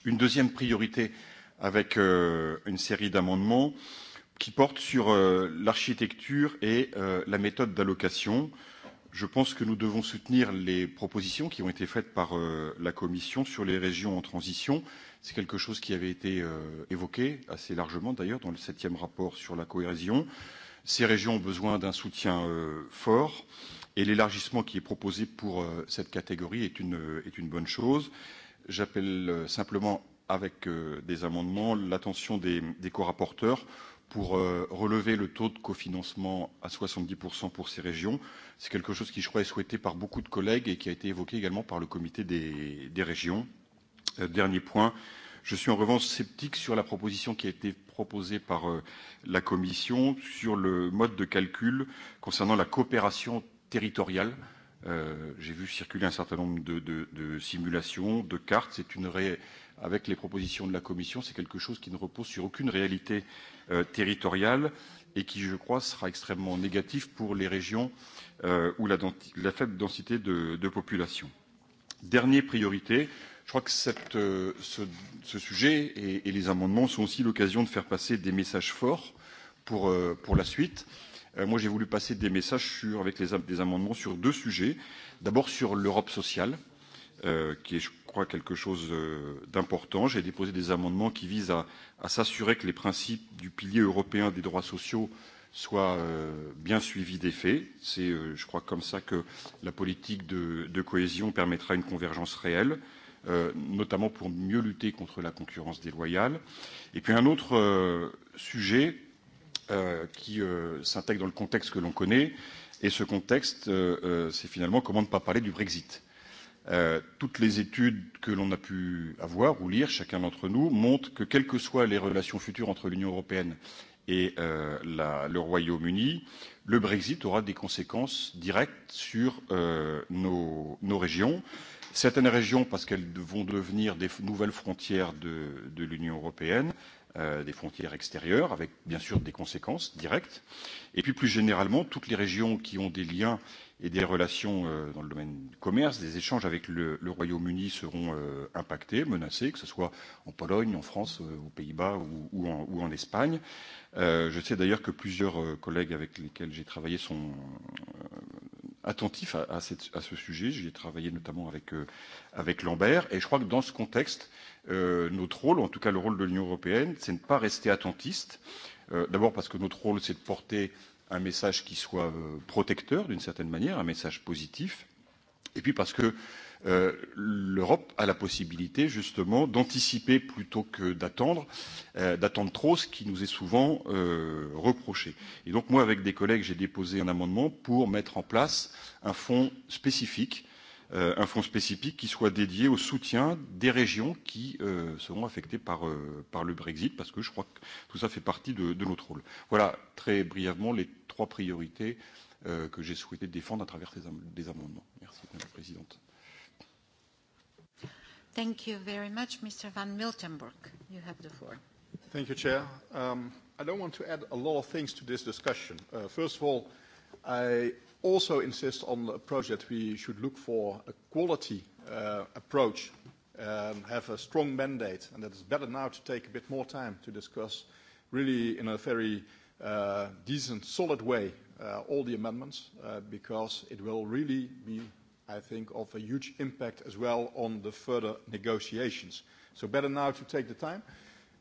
Speaker 16: Une deuxième priorité avec euh, une série d'amendements qui portent sur euh, l'architecture et euh, la méthode d'allocation. Je pense que nous devons soutenir les propositions qui ont été faites par euh, la Commission sur les régions en transition. C'est quelque chose qui avait été euh, évoqué assez largement d'ailleurs dans le septième rapport sur la cohésion. Euh, Ces régions ont besoin d'un soutien euh, fort et l'élargissement qui est proposé pour euh, cette catégorie est une, est une bonne chose. J'appelle euh, simplement avec euh, des amendements l'attention des, des co-rapporteurs pour euh, relever le taux de cofinancement à 70% pour ces régions. C'est quelque chose qui, je crois, est souhaité par beaucoup de collègues et qui a été évoqué également par le comité des, des régions. Euh, dernier point, euh, Je suis en revanche sceptique sur la proposition qui a été proposée par euh, la Commission sur le mode de calcul concernant la coopération territoriale. Euh, J'ai vu circuler un certain nombre de, de, de simulations, de cartes. C'est une ré... avec les propositions de la Commission, c'est quelque chose qui ne repose sur aucune réalité euh, territoriale et qui, je crois, sera extrêmement négatif pour les régions euh, où la, la faible densité de, de population. Dernière priorité, euh, Je crois que cette, euh, ce, ce sujet et, et les amendements sont aussi l'occasion de faire passer des messages forts pour, euh, pour la suite. Euh, moi, j'ai voulu passer des messages sur, avec les, des amendements sur deux sujets. D'abord sur l'Europe sociale, euh, qui est, je crois, quelque chose euh, d'important. J'ai déposé des amendements qui visent à, à s'assurer que les principes du pilier européen des droits sociaux soit euh, bien suivi des faits. C'est, euh, je crois, comme ça que la politique de, de cohésion permettra une convergence réelle. Euh, euh, notamment pour mieux lutter contre la concurrence déloyale. Et puis un autre euh, sujet euh, qui euh, s'intègre dans le contexte que l'on connaît, et ce contexte, euh, euh, c'est finalement comment ne pas parler du Brexit. Euh, toutes les études que l'on a pu avoir ou lire, chacun d'entre nous, montrent que quelles que soient les relations futures entre l'Union européenne et euh, la, le Royaume-Uni, le Brexit aura des conséquences directes sur euh, nos, nos régions. Euh, certaines régions parce qu'elles vont devenir des nouvelles frontières de, de l'Union européenne, euh, des frontières extérieures, avec bien sûr des conséquences directes, et puis plus généralement toutes les régions qui ont des liens et des relations euh, dans le domaine du commerce, des échanges avec le, le Royaume-Uni seront euh, impactés, menacés, que ce soit en Pologne, en France, euh, aux Pays-Bas ou, ou, en, ou en Espagne. Euh, je sais d'ailleurs que plusieurs euh, collègues avec lesquels j'ai travaillé sont euh, attentifs à, à, cette, à ce sujet. J'y ai travaillé notamment avec, euh, avec Lambert. Et je crois que dans ce contexte, euh, notre rôle, en tout cas le rôle de l'Union européenne, c'est ne pas rester attentiste. Euh, D'abord parce que notre rôle, c'est de porter euh, un message qui soit euh, protecteur d'une certaine manière, un message positif, et puis parce que euh, l'Europe a la possibilité justement d'anticiper plutôt que d'attendre, euh, d'attendre trop, ce qui nous est souvent euh, reproché. Et donc moi, avec des collègues, j'ai déposé un amendement pour mettre en place un fonds spécifique euh, un fonds spécifique qui soit dédié au soutien des régions qui euh, seront affectées par, euh, par le Brexit, parce que je crois que tout ça fait partie de, de notre rôle. Voilà très brièvement les trois priorités euh, que j'ai souhaité défendre à travers ces am des amendements. Merci, Madame la Présidente.
Speaker 1: Thank you very much, Mr. Van Miltenburg. You have the floor.
Speaker 7: Thank you, Chair. Um, I don't want to add a lot of things to this discussion. Uh, first of all, uh, I also insist on the approach that we should look for a quality uh, approach, um, have a strong mandate, and that it's better now to take a bit more time to discuss really in a very uh, decent, solid way uh, all the amendments, uh, because it will really be, I think, of a huge impact as well on the further negotiations. So better now to take the time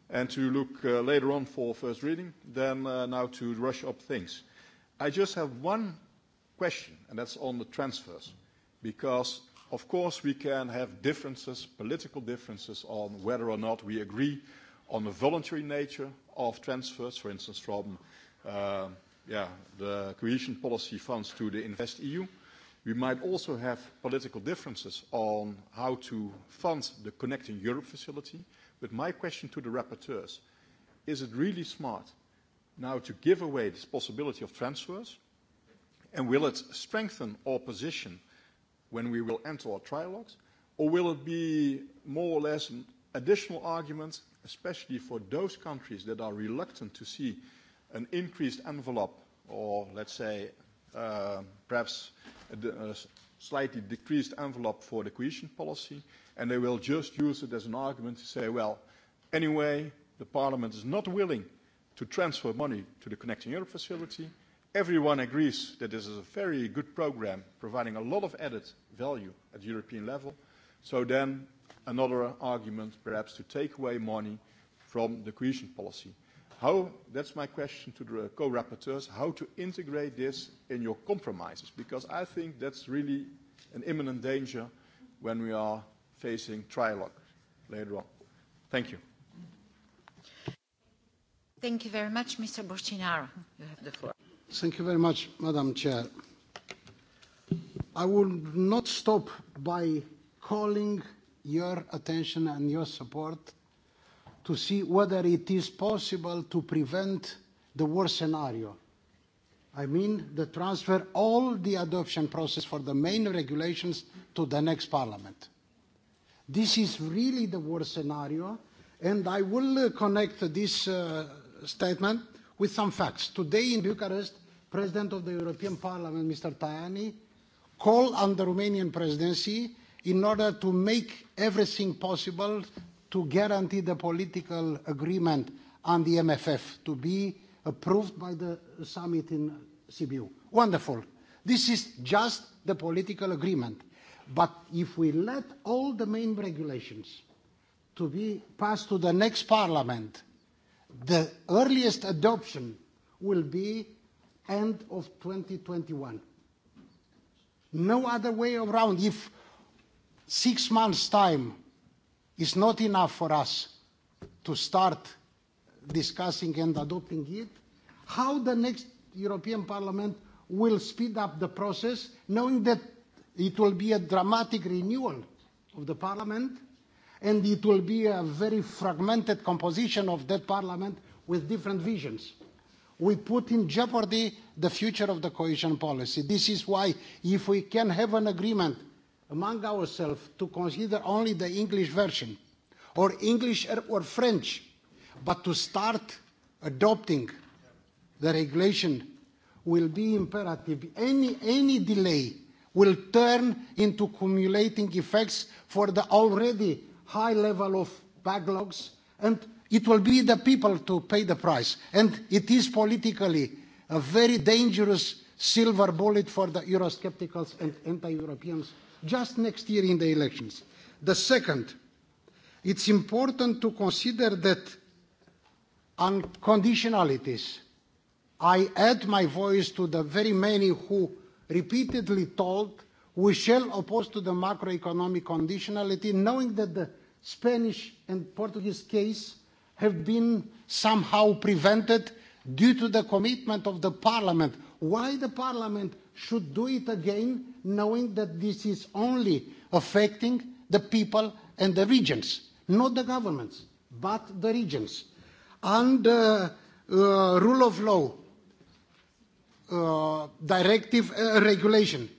Speaker 7: and to look uh, later on for first reading than uh, now to rush up things. Uh, I just have one question, and that's on the transfers, because of course we can have differences, political differences on whether or not we agree on the voluntary nature of transfers, for instance, from uh, yeah, the cohesion policy funds to the InvestEU. We might also have political differences on how to fund the Connecting Europe facility. But my question to the rapporteurs, is it really smart now to give away this possibility of transfers? And will it strengthen our position when we will enter our trilogues? Or will it be more or less an additional argument, especially for those countries that are reluctant to see an increased envelope or, let's say, uh, perhaps a, a slightly decreased envelope for the cohesion policy, and they will just use it as an argument to say, well, anyway, the parliament is not willing to transfer money to the Connecting Europe facility. Everyone agrees that this is a very good program, providing a lot of added value at European level. So then another argument, perhaps, to take away money from the cohesion policy. How, that's my question to the co-rapporteurs, how to integrate this in your compromises? Because I think that's really an imminent danger when we are facing trilogue later on. Thank you.
Speaker 1: Thank you very much, Mr. Boștinaru.
Speaker 11: You have the floor. Thank you very much, Madam Chair. I will not stop by calling your attention and your support to see whether it is possible to prevent the worst scenario. I mean, the transfer all the adoption process for the main regulations to the next parliament. This is really the worst scenario, and I will uh, connect this uh, statement with some facts. Today in Bucharest, President of the European Parliament, Mr. Tajani, called on the Romanian presidency in order to make everything possible to guarantee the political agreement on the MFF to be approved by the summit in Sibiu. Wonderful. This is just the political agreement. But if we let all the main regulations to be passed to the next parliament The earliest adoption will be end of 2021. No other way around. If six months' time is not enough for us to start discussing and adopting it, how the next European Parliament will speed up the process, knowing that it will be a dramatic renewal of the Parliament and it will be a very fragmented composition of that parliament with different visions. We put in jeopardy the future of the cohesion policy. This is why if we can have an agreement among ourselves to consider only the English version or English er, or French, but to start adopting the regulation will be imperative. Any, any delay will turn into cumulating effects for the already high level of backlogs, and it will be the people to pay the price. And it is politically a very dangerous silver bullet for the Eurosceptics and anti-Europeans just next year in the elections. The second, it's important to consider that unconditionalities. I add my voice to the very many who repeatedly told we shall oppose to the macroeconomic conditionality, knowing that the Spanish and Portuguese case have been somehow prevented due to the commitment of the parliament. Why the parliament should do it again, knowing that this is only affecting the people and the regions, not the governments, but the regions. And uh, uh, rule of law, uh, directive uh, regulation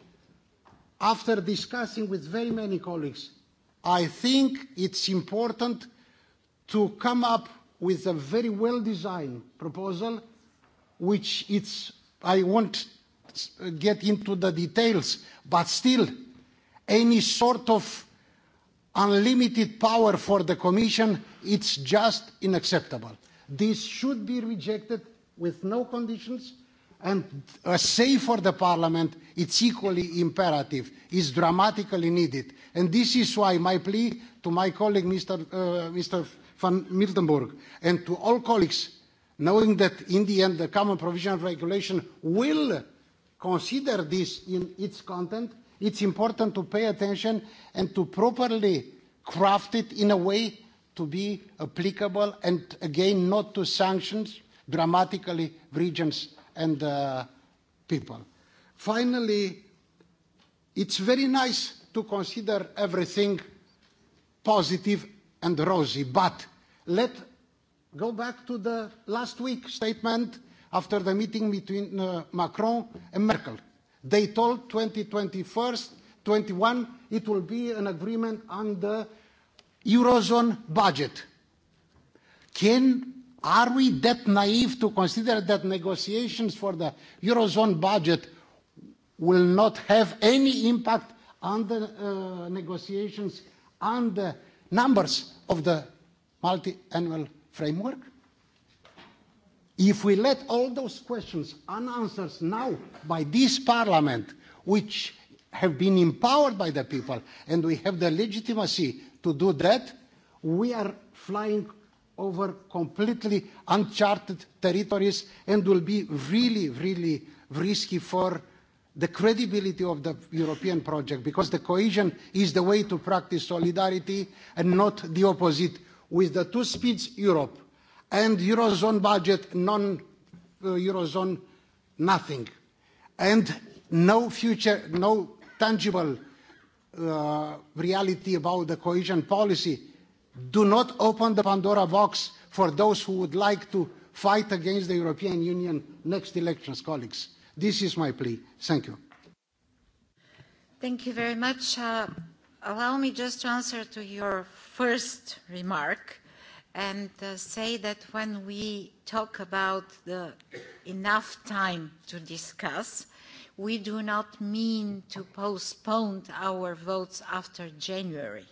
Speaker 11: after discussing with very many colleagues, I think it's important to come up with a very well-designed proposal, which it's, I won't get into the details, but still, any sort of unlimited power for the Commission, it's just unacceptable. This should be rejected with no conditions, and a say for the Parliament, it's equally imperative, is dramatically needed. And this is why my plea to my colleague, Mr. Uh, Mr. van Miltenburg, and to all colleagues, knowing that in the end the Common Provisional Regulation will consider this in its content, it's important to pay attention and to properly craft it in a way to be applicable and again not to sanctions dramatically regions and uh, people. Finally, it's very nice to consider everything positive and rosy, but let go back to the last week statement after the meeting between uh, Macron and Merkel. They told 2021 21, it will be an agreement on the Eurozone budget. Can Are we that naive to consider that negotiations for the Eurozone budget will not have any impact on the uh, negotiations on the numbers of the multi-annual framework? If we let all those questions unanswered now by this parliament, which have been empowered by the people, and we have the legitimacy to do that, we are flying over completely uncharted territories and will be really, really risky for the credibility of the European project because the cohesion is the way to practice solidarity and not the opposite. With the two speeds Europe and Eurozone budget, non-Eurozone uh, nothing. And no future, no tangible uh, reality about the cohesion policy Do not open the Pandora box for those who would like to fight against the European Union next elections, colleagues. This is my plea. Thank you.
Speaker 1: Thank you very much. Uh, allow me just to answer to your first remark and uh, say that when we talk about the enough time to discuss, we do not mean to postpone our votes after January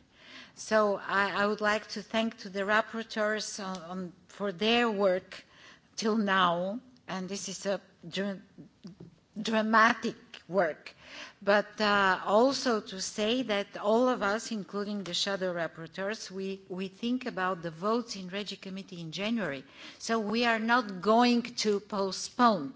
Speaker 1: So I, I would like to thank to the rapporteurs on, on, for their work till now, and this is a dr dramatic work, but uh, also to say that all of us, including the shadow rapporteurs, we, we think about the votes in Regi Committee in January. So we are not going to postpone,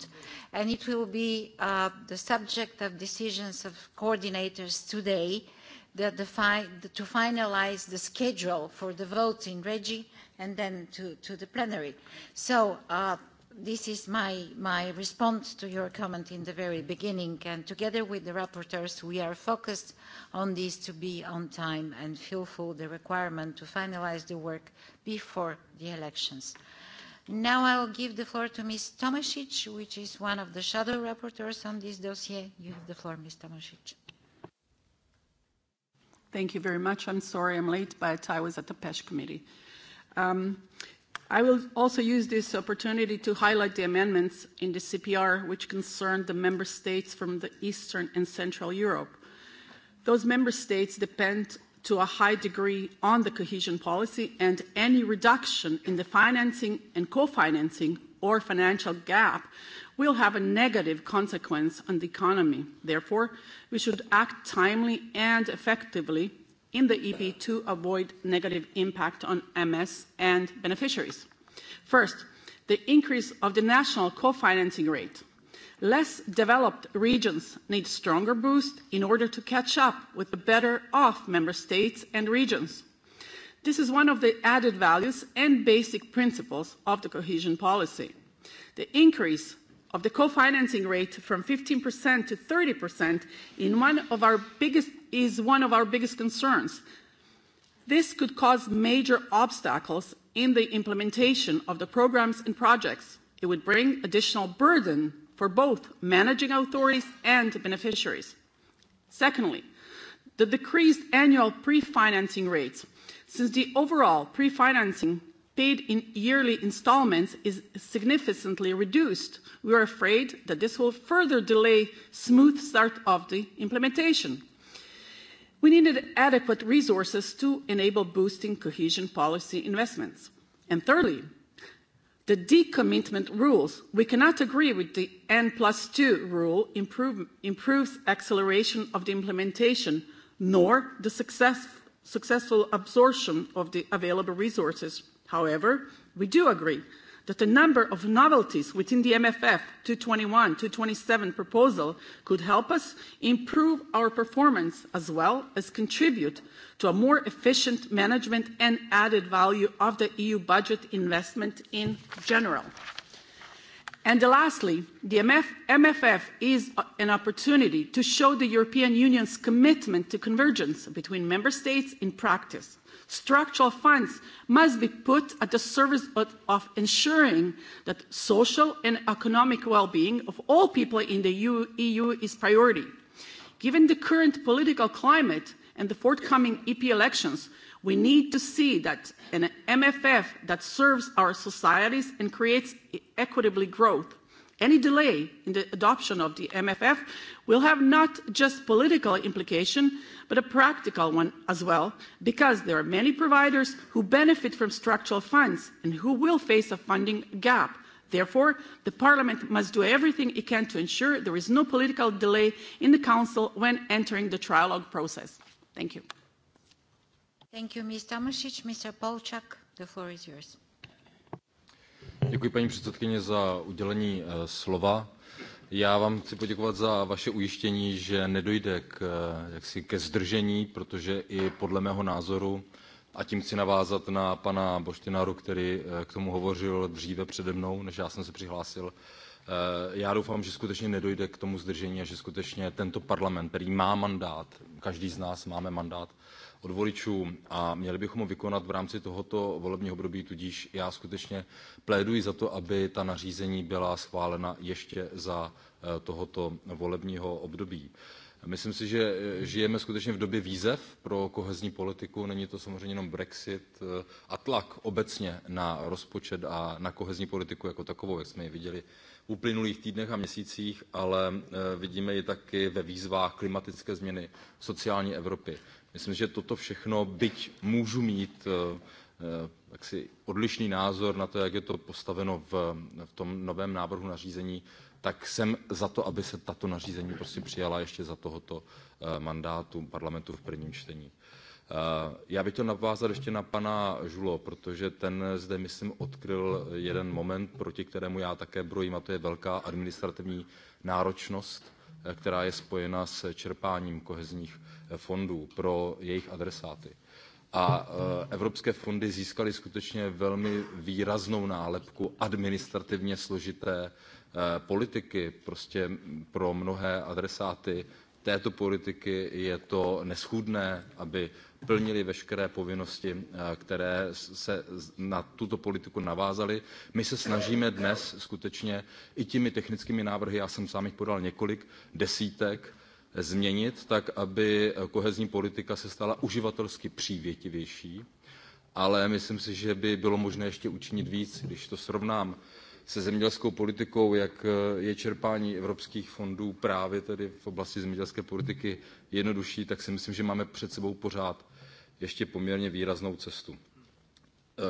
Speaker 1: and it will be uh, the subject of decisions of coordinators today, uh, the, the fi to finalize the schedule for the vote in Regi and then to, to the plenary. So uh, this is my, my response to your comment in the very beginning. And together with the rapporteurs, we are focused on this to be on time and fulfill the requirement to finalize the work before the elections. Now I will give the floor to Ms. Tomasic, which is one of the shadow rapporteurs on this dossier. You have the floor, Ms. Tomasic.
Speaker 12: Thank you very much. I'm sorry I'm late, but I was at the PESH committee. Um, I will also use this opportunity to highlight the amendments in the CPR which concern the member states from the Eastern and Central Europe. Those member states depend to a high degree on the cohesion policy and any reduction in the financing and co-financing or financial gap will have a negative consequence on the economy. Therefore, we should act timely and effectively in the EP to avoid negative impact on MS and beneficiaries. First, the increase of the national co-financing rate. Less developed regions need stronger boost in order to catch up with the better off member states and regions. This is one of the added values and basic principles of the cohesion policy. The increase of the co-financing rate from 15% to 30% in one of our biggest, is one of our biggest concerns. This could cause major obstacles in the implementation of the programs and projects. It would bring additional burden for both managing authorities and beneficiaries. Secondly, the decreased annual pre-financing rates. Since the overall pre-financing paid in yearly installments is significantly reduced, we are afraid that this will further delay smooth start of the implementation. We needed adequate resources to enable boosting cohesion policy investments. And thirdly, the decommitment rules. We cannot agree with the N plus 2 rule improve, improves acceleration of the implementation, nor the success, successful absorption of the available resources. However, we do agree that the number of novelties within the MFF 2021-2027 proposal could help us improve our performance as well as contribute to a more efficient management and added value of the EU budget investment in general. And lastly, the MF, MFF is an opportunity to show the European Union's commitment to convergence between member states in practice structural funds must be put at the service of, of ensuring that social and economic well-being of all people in the EU, EU is priority. Given the current political climate and the forthcoming EP elections, we need to see that an MFF that serves our societies and creates equitably growth Any delay in the adoption of the MFF will have not just political implication, but a practical one as well, because there are many providers who benefit from structural funds and who will face a funding gap. Therefore, the Parliament must do everything it can to ensure there is no political delay in the Council when entering the trialogue process. Thank you.
Speaker 1: Thank you, Ms. Tomasic. Mr. Polchak, the floor is yours.
Speaker 17: Děkuji paní předsedkyně za udělení eh, slova. Já vám chci poděkovat za vaše ujištění, že nedojde k, eh, jaksi ke zdržení, protože i podle mého názoru, a tím chci navázat na pana Boštinaru, který eh, k tomu hovořil dříve přede mnou, než já jsem se přihlásil, já doufám, že skutečně nedojde k tomu zdržení a že skutečně tento parlament, který má mandát, každý z nás máme mandát, od voličů a měli bychom ho vykonat v rámci tohoto volebního období tudíž já skutečně pléduji za to aby ta nařízení byla schválena ještě za eh, tohoto volebního období. myslím si že eh, žijeme skutečně v době výzev pro kohezní politiku není to samozřejmě jenom brexit eh, a tlak obecně na rozpočet a na kohezní politiku jako takovou jak jsme ji viděli v uplynulých týdnech a měsících ale vidíme ji taky ve výzvách klimatické změny sociální evropy myslím že toto všechno byť můžu mít eh, eh, jaksi odlišný názor na to jak je to postaveno v tom novém návrhu nařízení tak jsem za to aby se tato nařízení prostě přijala ještě za tohoto eh, mandátu parlamentu v prvním čtení. já bych chtěl navázat ještě na pana žulu protože ten zde myslím odkryl jeden moment proti kterému já také brojím a to je velká administrativní náročnost která je spojena s čerpáním kohezních fondů pro jejich adresáty. A e, evropské fondy získaly skutečně velmi výraznou nálepku administrativně složité e, politiky. Prostě pro mnohé adresáty této politiky je to neschůdné aby plnili veškeré povinnosti e, které se na tuto politiku navázaly. my se snažíme dnes skutečně i těmi technickými návrhy já jsem sám jich podal několik desítek změnit tak aby kohezní politika se stala uživatelsky přívětivější ale myslím si že by bylo možné ještě učinit víc když to srovnám se zemědělskou politikou jak je čerpání evropských fondů právě tedy v oblasti zemědělské politiky jednodušší tak si myslím že máme před sebou pořád ještě poměrně výraznou cestu.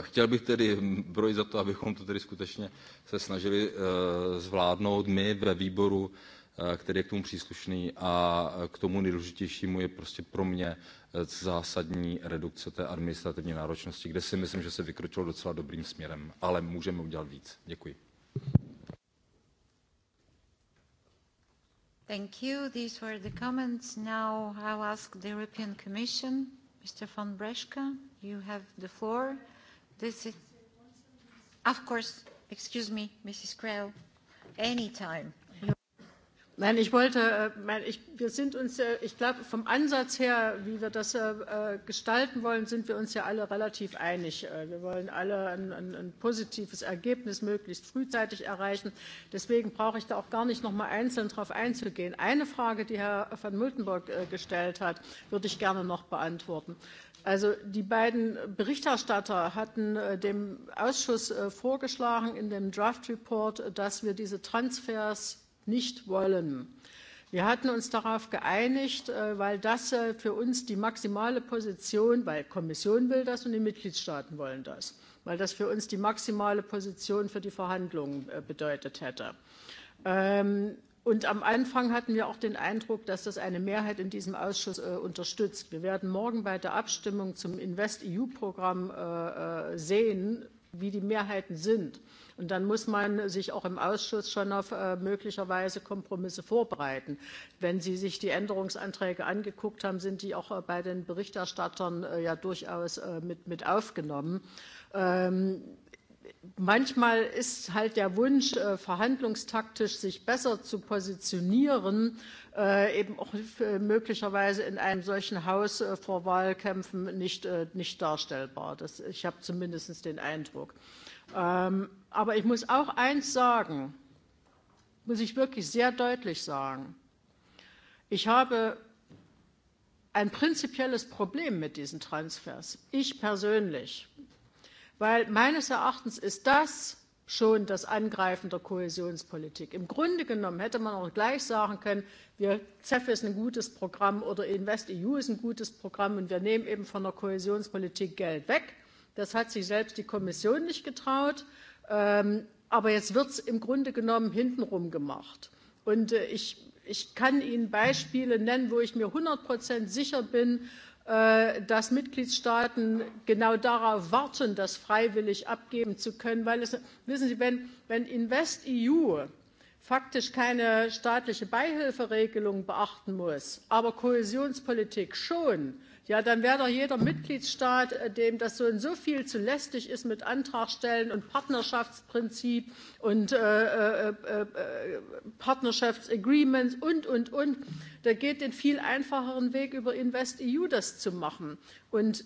Speaker 17: Chtěl bych tedy brojit za to, abychom to tedy skutečně se snažili eh, zvládnout my ve výboru Eh, který je k tomu příslušný a eh, k tomu nejdůležitějšímu je prostě pro mě eh, zásadní redukce té administrativní náročnosti kde si myslím že se vykročilo docela dobrým směrem ale můžeme udělat víc. děkuji.
Speaker 1: Thank you. These were the comments. Now I'll ask the European Commission. Mr. von Breschke, you have the floor. This is, of course, excuse me, Mrs. Krell, any time.
Speaker 14: Nein, ich wollte, äh, mein, ich, wir sind uns, ich glaube, vom Ansatz her, wie wir das äh, gestalten wollen, sind wir uns ja alle relativ einig. Äh, wir wollen alle ein, ein, ein positives Ergebnis möglichst frühzeitig erreichen. Deswegen brauche ich da auch gar nicht nochmal einzeln darauf einzugehen. Eine Frage, die Herr van Miltenburg gestellt hat, würde ich gerne noch beantworten. Also die beiden Berichterstatter hatten dem Ausschuss vorgeschlagen in dem Draft Report, dass wir diese Transfers nicht wollen. Wir hatten uns darauf geeinigt, äh, weil das äh, für uns die maximale Position, weil die Kommission will das und die Mitgliedstaaten wollen das, weil das für uns die maximale Position für die Verhandlungen äh, bedeutet hätte. Ähm, und am Anfang hatten wir auch den Eindruck, dass das eine Mehrheit in diesem Ausschuss unterstützt. Wir werden morgen bei der Abstimmung zum InvestEU-Programm sehen, wie die Mehrheiten sind. Und dann muss man sich auch im Ausschuss schon auf äh, möglicherweise Kompromisse vorbereiten. Wenn Sie sich die Änderungsanträge angeguckt haben, sind die auch äh, bei den Berichterstattern äh, ja durchaus äh, mit, mit aufgenommen. Ähm, manchmal ist halt der Wunsch, äh, verhandlungstaktisch sich besser zu positionieren, äh, eben auch äh, möglicherweise in einem solchen Haus äh, vor Wahlkämpfen nicht, äh, nicht darstellbar. Das, ich habe zumindest den Eindruck. Ähm, Aber ich muss auch eins sagen, muss ich wirklich sehr deutlich sagen. Ich habe ein prinzipielles Problem mit diesen Transfers, ich persönlich, weil meines Erachtens ist das schon das Angreifen der Kohäsionspolitik. Im Grunde genommen hätte man auch gleich sagen können, wir CEF ist ein gutes Programm oder InvestEU ist ein gutes Programm und wir nehmen eben von der Kohäsionspolitik Geld weg. Das hat sich selbst die Kommission nicht getraut. Ähm, aber jetzt wird es im Grunde genommen hintenrum gemacht. Und äh, ich, ich kann Ihnen Beispiele nennen, wo ich mir 100 Prozent sicher bin, äh, dass Mitgliedstaaten genau darauf warten, das freiwillig abgeben zu können. Weil es, wissen Sie, wenn, wenn InvestEU faktisch keine staatliche Beihilferegelung beachten muss, aber Kohäsionspolitik schon, Ja, dann wäre doch jeder Mitgliedstaat, äh, dem das so in so viel zu lästig ist mit Antragstellen und Partnerschaftsprinzip und äh, äh, äh, äh Partnerschaftsagreements und, und, und, da geht den viel einfacheren Weg über InvestEU das zu machen. Und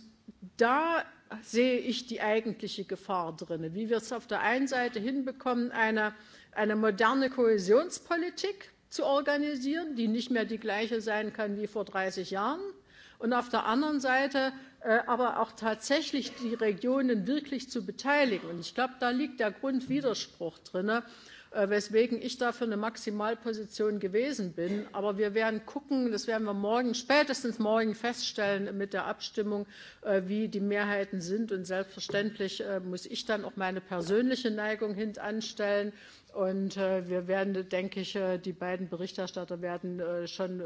Speaker 14: da sehe ich die eigentliche Gefahr drin, wie wir es auf der einen Seite hinbekommen, eine, eine moderne Kohäsionspolitik zu organisieren, die nicht mehr die gleiche sein kann wie vor 30 Jahren – und auf der anderen Seite äh, aber auch tatsächlich die Regionen wirklich zu beteiligen. Und ich glaube, da liegt der Grundwiderspruch drin, äh, weswegen ich da für eine Maximalposition gewesen bin. Aber wir werden gucken, das werden wir morgen, spätestens morgen feststellen mit der Abstimmung, äh, wie die Mehrheiten sind. Und selbstverständlich äh, muss ich dann auch meine persönliche Neigung hintanstellen. anstellen Und äh, wir werden, denke ich, äh, die beiden Berichterstatter werden äh, schon äh,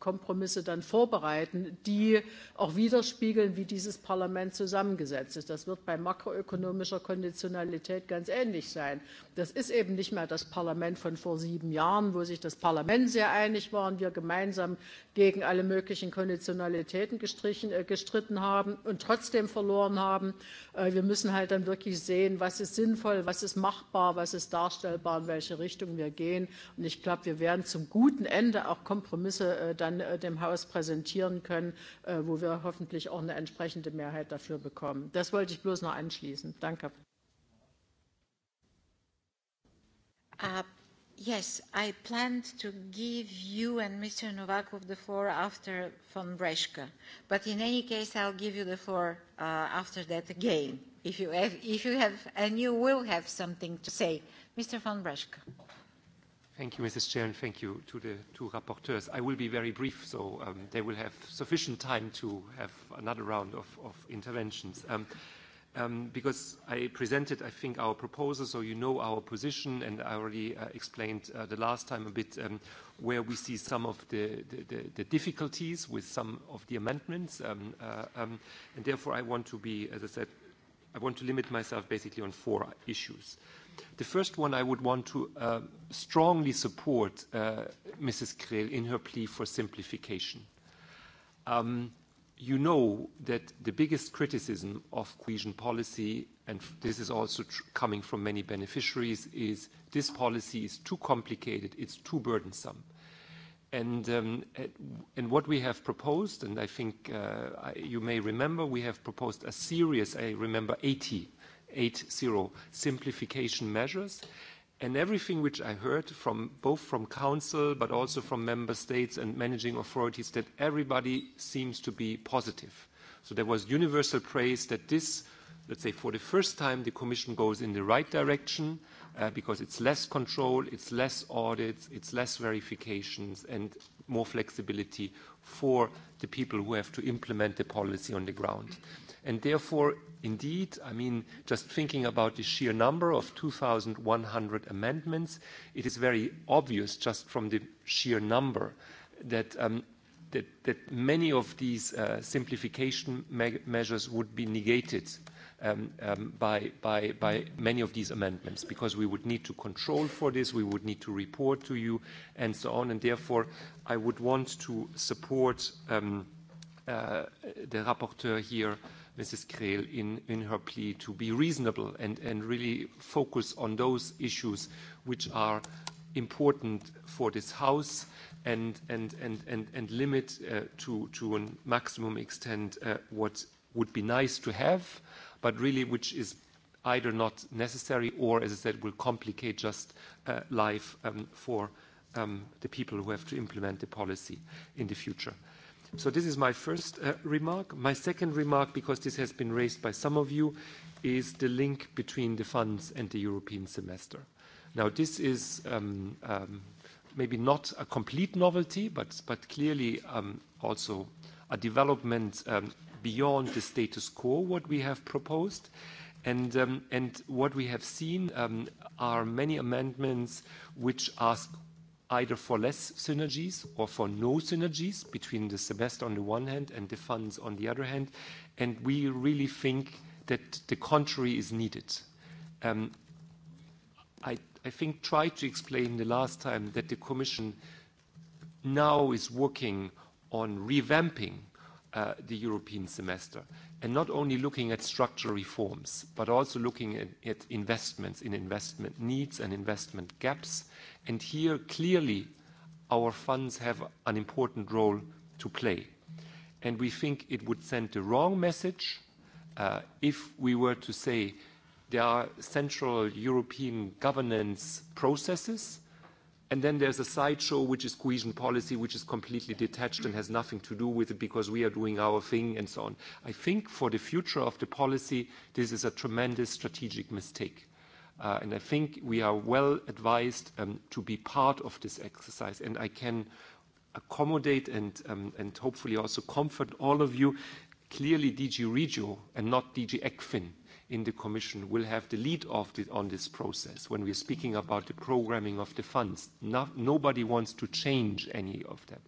Speaker 14: Kompromisse dann vorbereiten, die auch widerspiegeln, wie dieses Parlament zusammengesetzt ist. Das wird bei makroökonomischer Konditionalität ganz ähnlich sein. Das ist eben nicht mehr das Parlament von vor sieben Jahren, wo sich das Parlament sehr einig war und wir gemeinsam gegen alle möglichen Konditionalitäten gestrichen, äh, gestritten haben und trotzdem verloren haben. Äh, wir müssen halt dann wirklich sehen, was ist sinnvoll, was ist machbar, was ist darstellbar vereinbaren, in welche Richtung wir gehen. Und ich glaube, wir werden zum guten Ende auch Kompromisse äh, dann äh, dem Haus präsentieren können, äh, wo wir hoffentlich auch eine entsprechende Mehrheit dafür bekommen. Das wollte ich bloß noch anschließen. Danke.
Speaker 1: Uh, yes, I planned to give you and Mr. Novakov the floor after von Breshka, but in any case, I'll give you the floor uh, after that again. If you have, if you have, and you will have something to say Mr. Van Breschke.
Speaker 9: Thank you, Mrs. Chair, and thank you to the two rapporteurs. I will be very brief, so um, they will have sufficient time to have another round of, of interventions. Um, um, because I presented, I think, our proposal, so you know our position, and I already uh, explained uh, the last time a bit um, where we see some of the, the, the difficulties with some of the amendments. Um, uh, um, and therefore, I want to be, as I said, I want to limit myself basically on four issues. Uh, The first one, I would want to uh, strongly support uh, Mrs. Krehl in her plea for simplification. Um, you know that the biggest criticism of cohesion policy, and this is also tr- coming from many beneficiaries, is this policy is too complicated, it's too burdensome. And, um, and what we have proposed, and I think uh, I, you may remember, we have proposed a series, I remember 80 80 simplification measures. And everything which I heard from both from council but also from member states and managing authorities that everybody seems to be positive. So there was universal praise that this, let's say for the first time, the Commission goes in the right direction uh, because it's less control, it's less audits, it's less verifications and more flexibility for the people who have to implement the policy on the ground. And therefore, indeed, I mean, just thinking about the sheer number of 2,100 amendments, it is very obvious just from the sheer number that, um, that, that many of these uh, simplification me measures would be negated uh, um, um, by, by, by many of these amendments, because we would need to control for this, we would need to report to you, and so on. And therefore, I would want to support um, uh, the rapporteur here, Mrs. Krehl, in, in her plea to be reasonable and, and really focus on those issues which are important for this House and, and, and, and limit uh, to, to a maximum extent uh, what would be nice to have but really which is either not necessary or, as I said, will complicate just uh, life um, for um, the people who have to implement the policy in the future. So this is my first uh, remark. My second remark, because this has been raised by some of you, is the link between the funds and the European semester. Now, this is um, um, maybe not a complete novelty, but, but clearly um, also a development um, beyond the status quo, what we have proposed. And, um, and what we have seen um, are many amendments which ask either for less synergies or for no synergies between the semester on the one hand and the funds on the other hand. And we really think that the contrary is needed. Um, I, I think tried to explain the last time that the Commission now is working on revamping uh, the European semester, and not only looking at structural reforms, but also looking at, at investments in investment needs and investment gaps. And here, clearly, our funds have an important role to play. And we think it would send the wrong message uh, if we were to say there are central European governance processes And then there's a sideshow, which is cohesion policy, which is completely detached and has nothing to do with it because we are doing our thing and so on. I think for the future of the policy, this is a tremendous strategic mistake. Uh, and I think we are well advised um, to be part of this exercise. And I can accommodate and, um, and hopefully also comfort all of you. Clearly, DG Regio and not DG ECFIN in the Commission will have the lead off the, on this process when we're speaking about the programming of the funds. No, nobody wants to change any of that.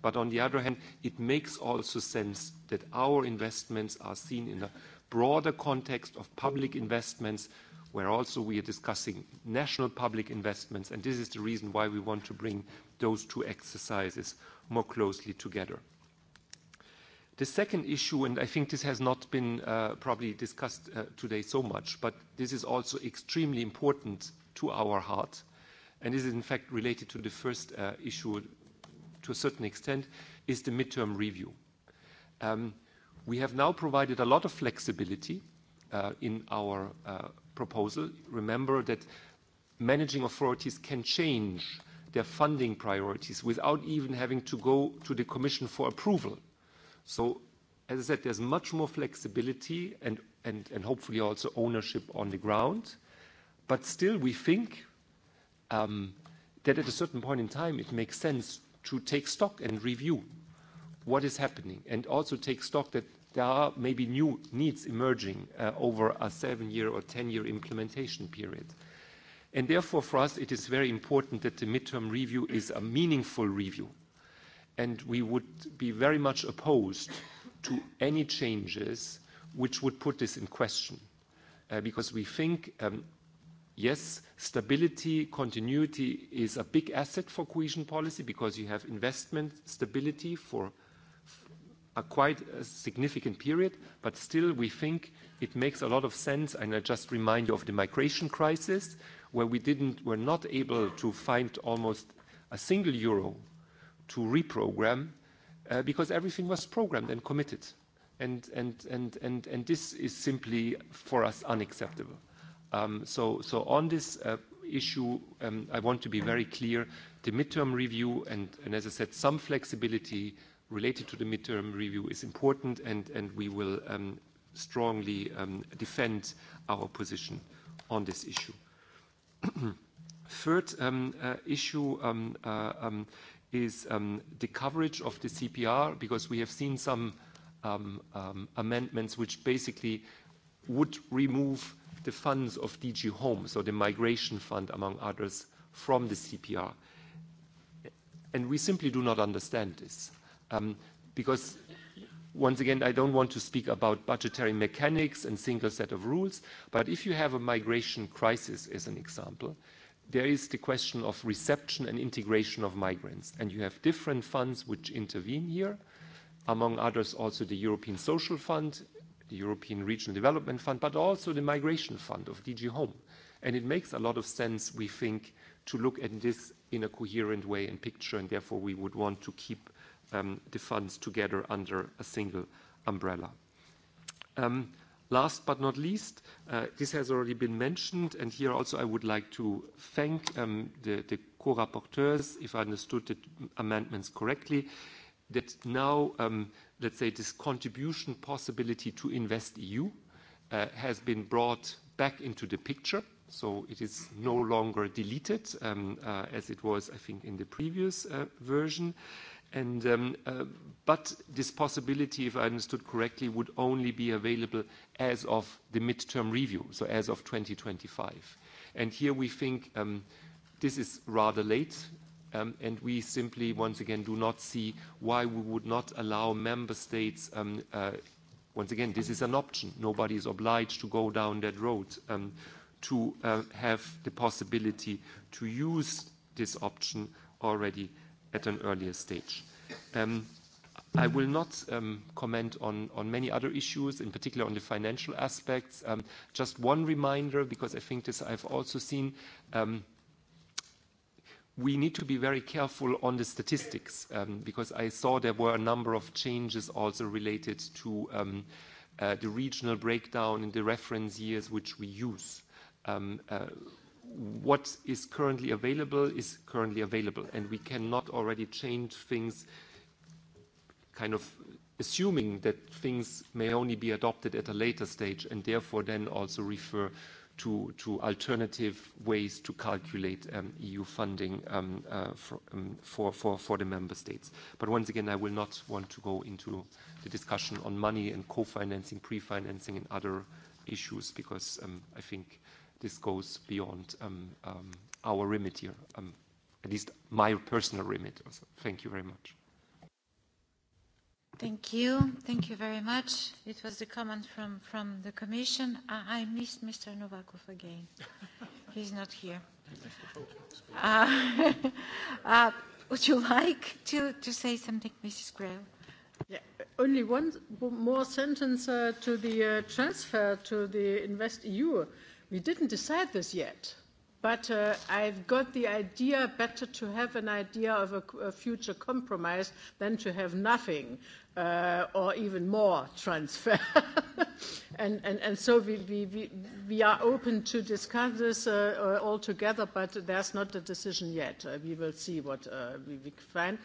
Speaker 9: But on the other hand, it makes also sense that our investments are seen in a broader context of public investments, where also we are discussing national public investments, and this is the reason why we want to bring those two exercises more closely together. The second issue, and I think this has not been uh, probably discussed uh, today so much, but this is also extremely important to our heart, and is in fact related to the first uh, issue to a certain extent, is the midterm review. Um, we have now provided a lot of flexibility uh, in our uh, proposal. Remember that managing authorities can change their funding priorities without even having to go to the Commission for approval. So as I said, there's much more flexibility and, and, and hopefully also ownership on the ground. But still, we think um, that at a certain point in time, it makes sense to take stock and review what is happening, and also take stock that there are maybe new needs emerging uh, over a seven-year or 10-year implementation period. And therefore, for us, it is very important that the midterm review is a meaningful review and we would be very much opposed to any changes which would put this in question. Uh, because we think, um, yes, stability, continuity is a big asset for cohesion policy because you have investment stability for a quite a uh, significant period, but still we think it makes a lot of sense, and I just remind you of the migration crisis, where we didn't, were not able to find almost a single euro to reprogram uh, because everything was programmed and committed. And, and, and, and, and this is simply, for us, unacceptable. Um, so, so on this uh, issue, um, I want to be very clear. The midterm review and, and, as I said, some flexibility related to the midterm review is important, and, and we will um, strongly um, defend our position on this issue. Third um, uh, issue, um, uh, um, is um, the coverage of the CPR, because we have seen some um, um, amendments which basically would remove the funds of DG Home, so the migration fund, among others, from the CPR. And we simply do not understand this. Um, because once again, I don't want to speak about budgetary mechanics and single set of rules, but if you have a migration crisis as an example, uh, there is the question of reception and integration of migrants. And you have different funds which intervene here, among others also the European Social Fund, the European Regional Development Fund, but also the Migration Fund of DG Home. And it makes a lot of sense, we think, to look at this in a coherent way and picture, and therefore we would want to keep um, the funds together under a single umbrella. Um, Last but not least, uh, this has already been mentioned, and here also I would like to thank um, the, the co-rapporteurs, if I understood the amendments correctly, that now, um, let's say, this contribution possibility to InvestEU uh, has been brought back into the picture. So it is no longer deleted, um, uh, as it was, I think, in the previous uh, version. And, um, uh, but this possibility, if I understood correctly, would only be available as of the midterm review, so as of 2025. And here we think um, this is rather late, um, and we simply, once again, do not see why we would not allow member states. Um, uh, once again, this is an option. Nobody is obliged to go down that road um, to uh, have the possibility to use this option already at an earlier stage. Um, I will not um, comment on, on many other issues, in particular on the financial aspects. Um, just one reminder, because I think this I've also seen, um, we need to be very careful on the statistics, um, because I saw there were a number of changes also related to um, uh, the regional breakdown in the reference years which we use. Um, uh, what is currently available is currently available, and we cannot already change things kind of assuming that things may only be adopted at a later stage and therefore then also refer to, to alternative ways to calculate um, EU funding um, uh, for, um, for, for, for the member states. But once again, I will not want to go into the discussion on money and co-financing, pre-financing and other issues because um, I think this goes beyond um, um, our remit here, um, at least my personal remit. Also. Thank you very much.
Speaker 1: Thank you. Thank you very much. It was the comment from, from the Commission. I, I missed Mr. Novakov again. He's not here. Uh, uh, would you like to, to say something, Mrs. Grail? Yeah, uh, only one more sentence
Speaker 14: uh, to the uh, transfer to the InvestEU. Uh, We didn't decide this yet, but uh, I've got the idea better to have an idea of a, a future compromise than to have nothing uh, or even more transfer. and, and, and so we, we, we, we are open to discuss this uh, uh, all together, but there's not a decision yet. Uh, we will see what uh, we, we find.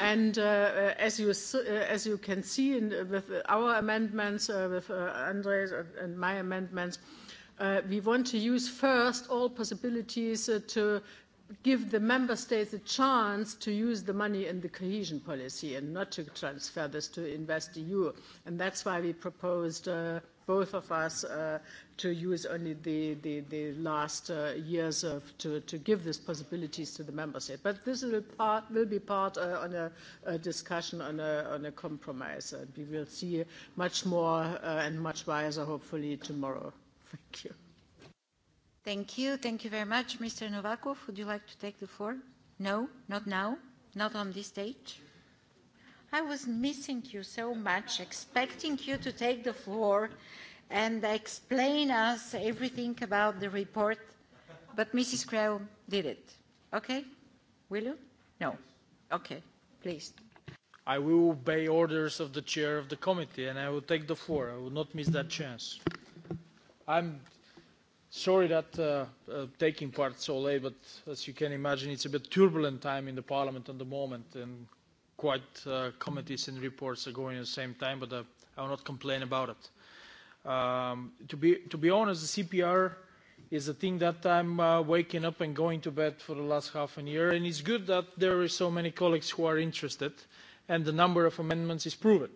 Speaker 14: And uh, uh as, you, uh, as you can see in, with our amendments, uh, with uh, Andres uh, and my amendments, uh, Uh, we want to use first all possibilities uh, to give the member states a chance to use the money in the cohesion policy and not to transfer this to InvestEU. And that's why we proposed, uh, both of us, uh, to use only the, the, the last uh, years of, to, to give these possibilities to the member state. But this will, part, will be part uh, on a, a discussion on a, on a compromise. And we will see much more uh, and much wiser, hopefully, tomorrow. Thank you.
Speaker 1: Thank you. Thank you very much. Mr. Novakov, would you like to take the floor? No, not now, not on this stage. I was missing you so much, expecting you to take the floor and explain us everything about the report, but Mrs. Creel did it. Okay? Will you? No. Okay, please.
Speaker 18: I will obey orders of the chair of the committee and I will take the floor. I will not miss that chance. I'm sorry that uh, uh, taking part so late, but as you can imagine, it's a bit turbulent time in the Parliament at the moment, and quite uh, committees and reports are going at the same time, but uh, I will not complain about it. Um, to, be, to be honest, the CPR is a thing that I'm uh, waking up and going to bed for the last half a year, and it's good that there are so many colleagues who are interested, and the number of amendments is proven.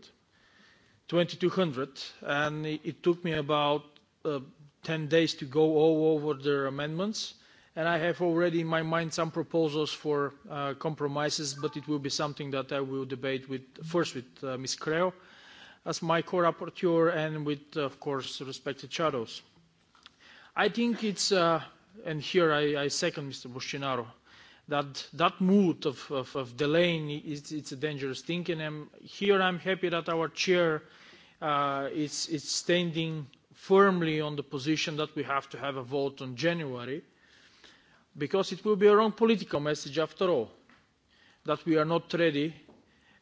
Speaker 18: 2200, and it, it took me about uh, 10 days to go all over their amendments. And I have already in my mind some proposals for uh, compromises, but it will be something that I will debate with, first with uh, Ms. Creo as my co-rapporteur and with, uh, of course, respected shadows. I think it's, uh, and here I, I second Mr. Buscinaro, that that mood of, of, of delaying is it's a dangerous thing. And I'm, here I'm happy that our chair uh, is, is standing firmly on the position that we have to have a vote on January, because it will be a wrong political message after all, that we are not ready,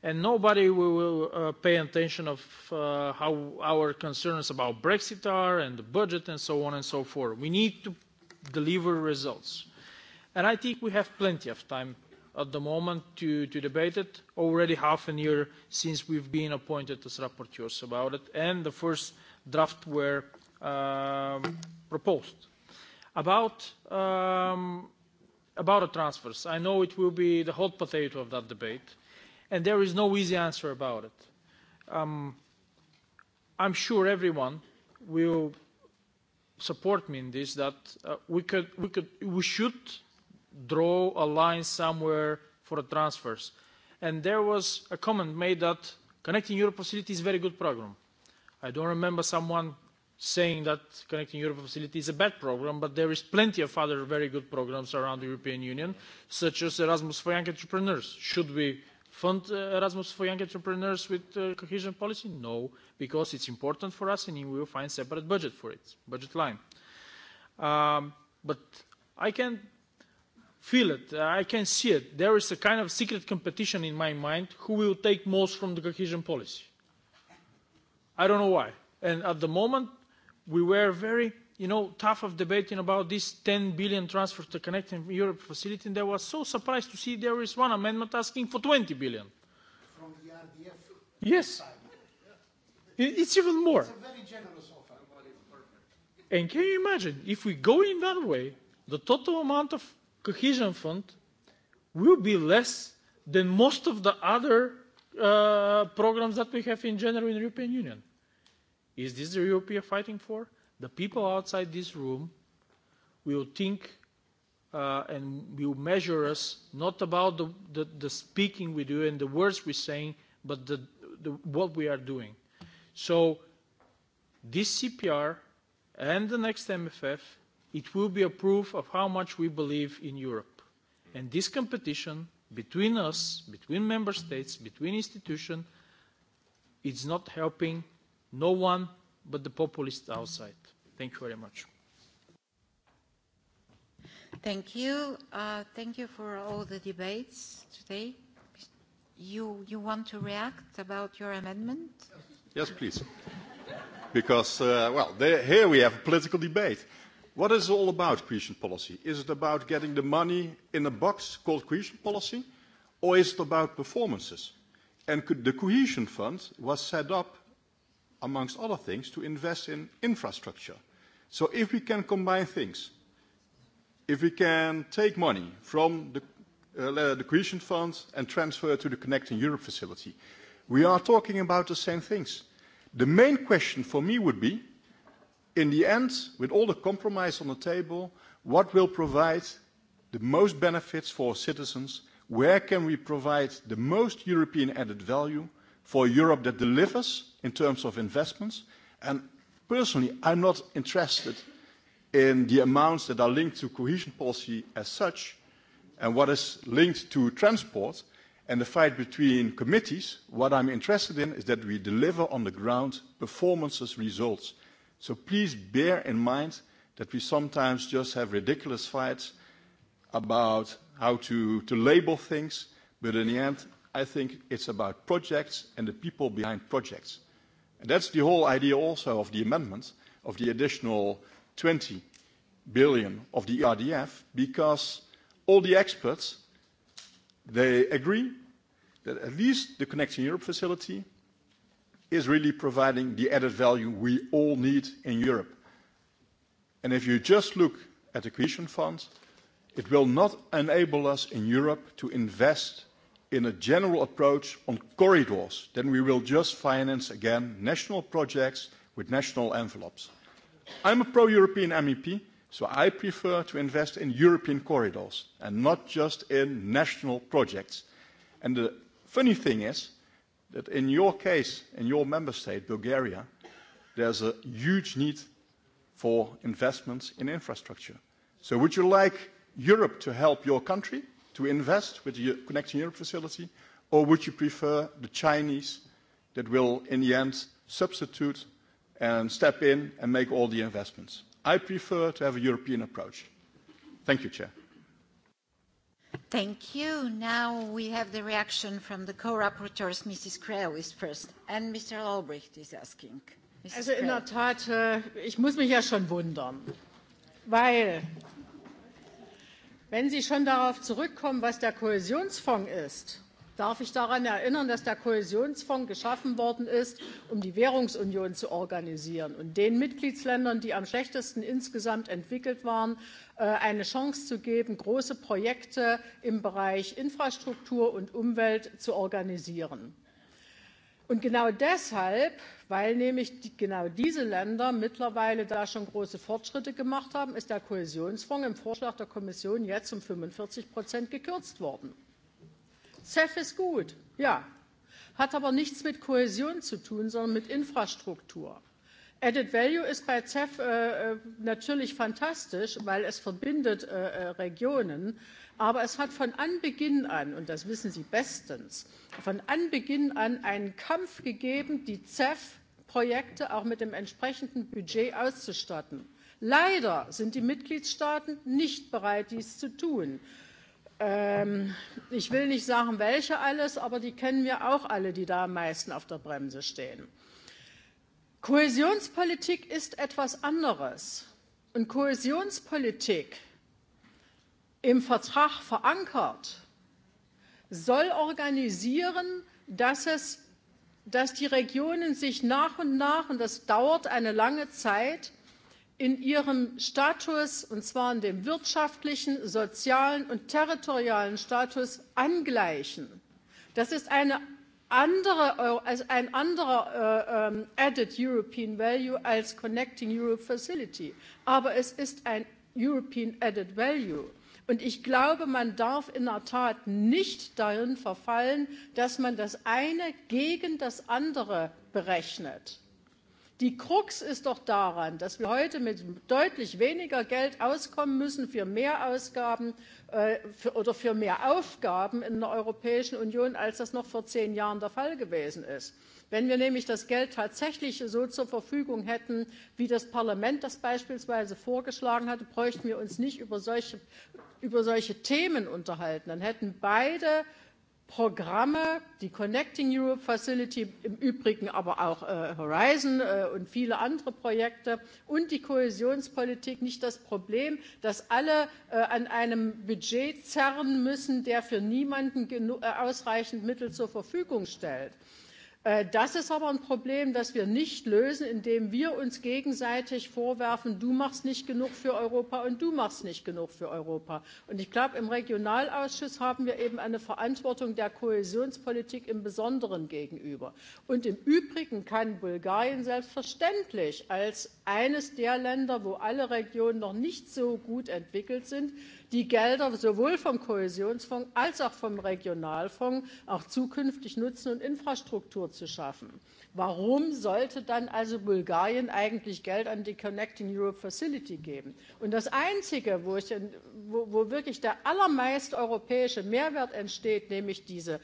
Speaker 18: and nobody will uh, pay attention of uh, how our concerns about Brexit are and the budget and so on and so forth. We need to deliver results. And I think we have plenty of time at the moment to, to debate it, already half a year since we've been appointed as rapporteurs about it, and the first uh, draft were um, proposed. About, um, about the transfers, I know it will be the hot potato of that debate, and there is no easy answer about it. Um, I'm sure everyone will support me in this that uh, we could we could we should draw a line somewhere for the transfers and there was a comment made that connecting europe facility is a very good program I don't remember someone saying that Connecting Europe facility is a bad program, but there is plenty of other very good programs around the European Union, such as Erasmus for Young Entrepreneurs. Should we fund uh, Erasmus for Young Entrepreneurs with uh, cohesion policy? No, because it's important for us and we will find separate budget for it, budget line. Um, but I can feel it, uh, I can see it. There is a kind of secret competition in my mind who will take most from the cohesion policy I don't know why. And at the moment, we were very, you know, tough of debating about this 10 billion transfer to connecting Europe facility, and I was so surprised to see there is one amendment asking for 20 billion.
Speaker 11: From the RDF?
Speaker 18: Yes. It's even more. It's
Speaker 11: a very generous offer.
Speaker 18: And can you imagine, if we go in that way, the total amount of cohesion fund will be less than most of the other uh, programs that we have in general in the European Union. Is this the Europe we are fighting for? The people outside this room will think uh, and will measure us not about the, the, the speaking we do and the words we're saying, but the, the, what we are doing. So this CPR and the next MFF, it will be a proof of how much we believe in Europe. And this competition between us, between member states, between institutions, it's not helping No one but the populists outside. Thank you very much.
Speaker 1: Thank you. Uh, thank you for all the debates today. You, you want to react about your amendment?
Speaker 7: Yes, please. because, uh, well, there, here we have a political debate. What is it all about, cohesion policy? Is it about getting the money in a box called cohesion policy? Or is it about performances? And could, the cohesion fund was set up amongst other things, to invest in infrastructure. So if we can combine things, if we can take money from the, uh, the cohesion funds and transfer to the Connecting Europe facility, we are talking about the same things. The main question for me would be, in the end, with all the compromise on the table, what will provide the most benefits for citizens? Where can we provide the most European added value? for Europe that delivers in terms of investments. And personally, I'm not interested in the amounts that are linked to cohesion policy as such and what is linked to transport and the fight between committees. What I'm interested in is that we deliver on the ground performances results. So please bear in mind that we sometimes just have ridiculous fights about how to, to label things, but in the end, I think it's about projects and the people behind projects. And that's the whole idea also of the amendment of the additional 20 billion of the ERDF, because all the experts, they agree that at least the Connecting Europe facility is really providing the added value we all need in Europe. And if you just look at the cohesion fund, it will not enable us in Europe to invest in a general approach on corridors, then we will just finance again national projects with national envelopes. I'm a pro-European MEP, so I prefer to invest in European corridors and not just in national projects. And the funny thing is that in your case, in your member state, Bulgaria, there's a huge need for investments in infrastructure. So would you like Europe to help your country to invest with the Connecting Europe facility, or would you prefer the Chinese that will, in the end, substitute and step in and make all the investments? I prefer to have a European approach. Thank you, Chair.
Speaker 1: Thank you. Now we have the reaction from the co-rapporteurs. Mrs. Creu is first, and Mr. Albrecht is asking. Mrs. Also in der
Speaker 14: Tat, äh, ich muss mich ja schon wundern, weil Wenn Sie schon darauf zurückkommen, was der Kohäsionsfonds ist, darf ich daran erinnern, dass der Kohäsionsfonds geschaffen worden ist, um die Währungsunion zu organisieren und den Mitgliedsländern, die am schlechtesten insgesamt entwickelt waren, äh, eine Chance zu geben, große Projekte im Bereich Infrastruktur und Umwelt zu organisieren. Und genau deshalb, weil nämlich die, genau diese Länder mittlerweile da schon große Fortschritte gemacht haben, ist der Kohäsionsfonds im Vorschlag der Kommission jetzt um 45 Prozent gekürzt worden. CEF ist gut, ja, hat aber nichts mit Kohäsion zu tun, sondern mit Infrastruktur. Added Value ist bei CEF äh, äh, natürlich fantastisch, weil es verbindet äh, äh, Regionen, aber es hat von Anbeginn an, und das wissen Sie bestens, von Anbeginn an einen Kampf gegeben, die CEF-Projekte auch mit dem entsprechenden Budget auszustatten. Leider sind die Mitgliedstaaten nicht bereit, dies zu tun. Ähm, ich will nicht sagen, welche alles, aber die kennen wir auch alle, die da am meisten auf der Bremse stehen. Kohäsionspolitik ist etwas anderes. Und Kohäsionspolitik im Vertrag verankert soll organisieren, dass, es, dass die Regionen sich nach und nach, und das dauert eine lange Zeit, in ihrem Status, und zwar in dem wirtschaftlichen, sozialen und territorialen Status, angleichen. Das ist eine andere, also ein anderer äh, ähm, Added European Value als Connecting Europe Facility. Aber es ist ein European Added Value. Und ich glaube, man darf in der Tat nicht darin verfallen, dass man das eine gegen das andere berechnet. Die Krux ist doch daran, dass wir heute mit deutlich weniger Geld auskommen müssen für mehr Ausgaben äh, für, oder für mehr Aufgaben in der Europäischen Union, als das noch vor zehn Jahren der Fall gewesen ist. Wenn wir nämlich das Geld tatsächlich so zur Verfügung hätten, wie das Parlament das beispielsweise vorgeschlagen hatte, bräuchten wir uns nicht über solche, über solche Themen unterhalten. Dann hätten beide Programme, die Connecting Europe Facility, im Übrigen aber auch äh, Horizon äh, und viele andere Projekte und die Kohäsionspolitik nicht das Problem, dass alle äh, an einem Budget zerren müssen, der für niemanden äh, ausreichend Mittel zur Verfügung stellt. Äh, Äh, das ist aber ein Problem, das wir nicht lösen, indem wir uns gegenseitig vorwerfen, du machst nicht genug für Europa und du machst nicht genug für Europa. Und ich glaube, im Regionalausschuss haben wir eben eine Verantwortung der Kohäsionspolitik im Besonderen gegenüber. Und im Übrigen kann Bulgarien selbstverständlich als eines der Länder, wo alle Regionen noch nicht so gut entwickelt sind, die Gelder sowohl vom Kohäsionsfonds als auch vom Regionalfonds auch zukünftig nutzen und Infrastruktur zu schaffen. Warum sollte dann also Bulgarien eigentlich Geld an die Connecting Europe Facility geben? Und das Einzige, wo, ich, wo, wo wirklich der allermeist europäische Mehrwert entsteht, nämlich diese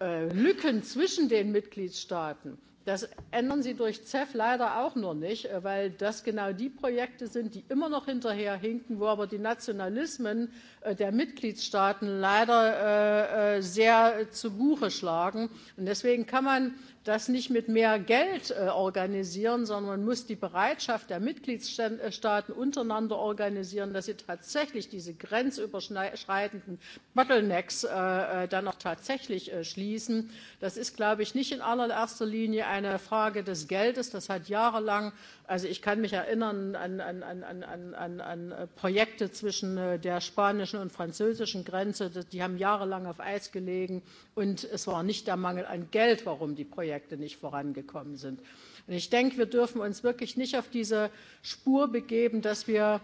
Speaker 14: äh, Lücken zwischen den Mitgliedstaaten, Das ändern Sie durch CEF leider auch nur nicht, äh, weil das genau die Projekte sind, die immer noch hinterherhinken, wo aber die Nationalismen äh, der Mitgliedstaaten leider äh, sehr zu Buche schlagen. Und deswegen kann man das nicht mit mehr Geld äh, organisieren, sondern man muss die Bereitschaft der Mitgliedstaaten untereinander organisieren, dass sie tatsächlich diese grenzüberschreitenden Bottlenecks äh, äh dann auch tatsächlich äh, schließen. Das ist, glaube ich, nicht in allererster Linie eine Frage des Geldes. Das hat jahrelang Also ich kann mich erinnern an, an, an, an, an, an Projekte zwischen äh, der spanischen und französischen Grenze. Die haben jahrelang auf Eis gelegen und es war nicht der Mangel an Geld, warum die Projekte nicht vorangekommen sind. Und ich denke, wir dürfen uns wirklich nicht auf diese Spur begeben, dass wir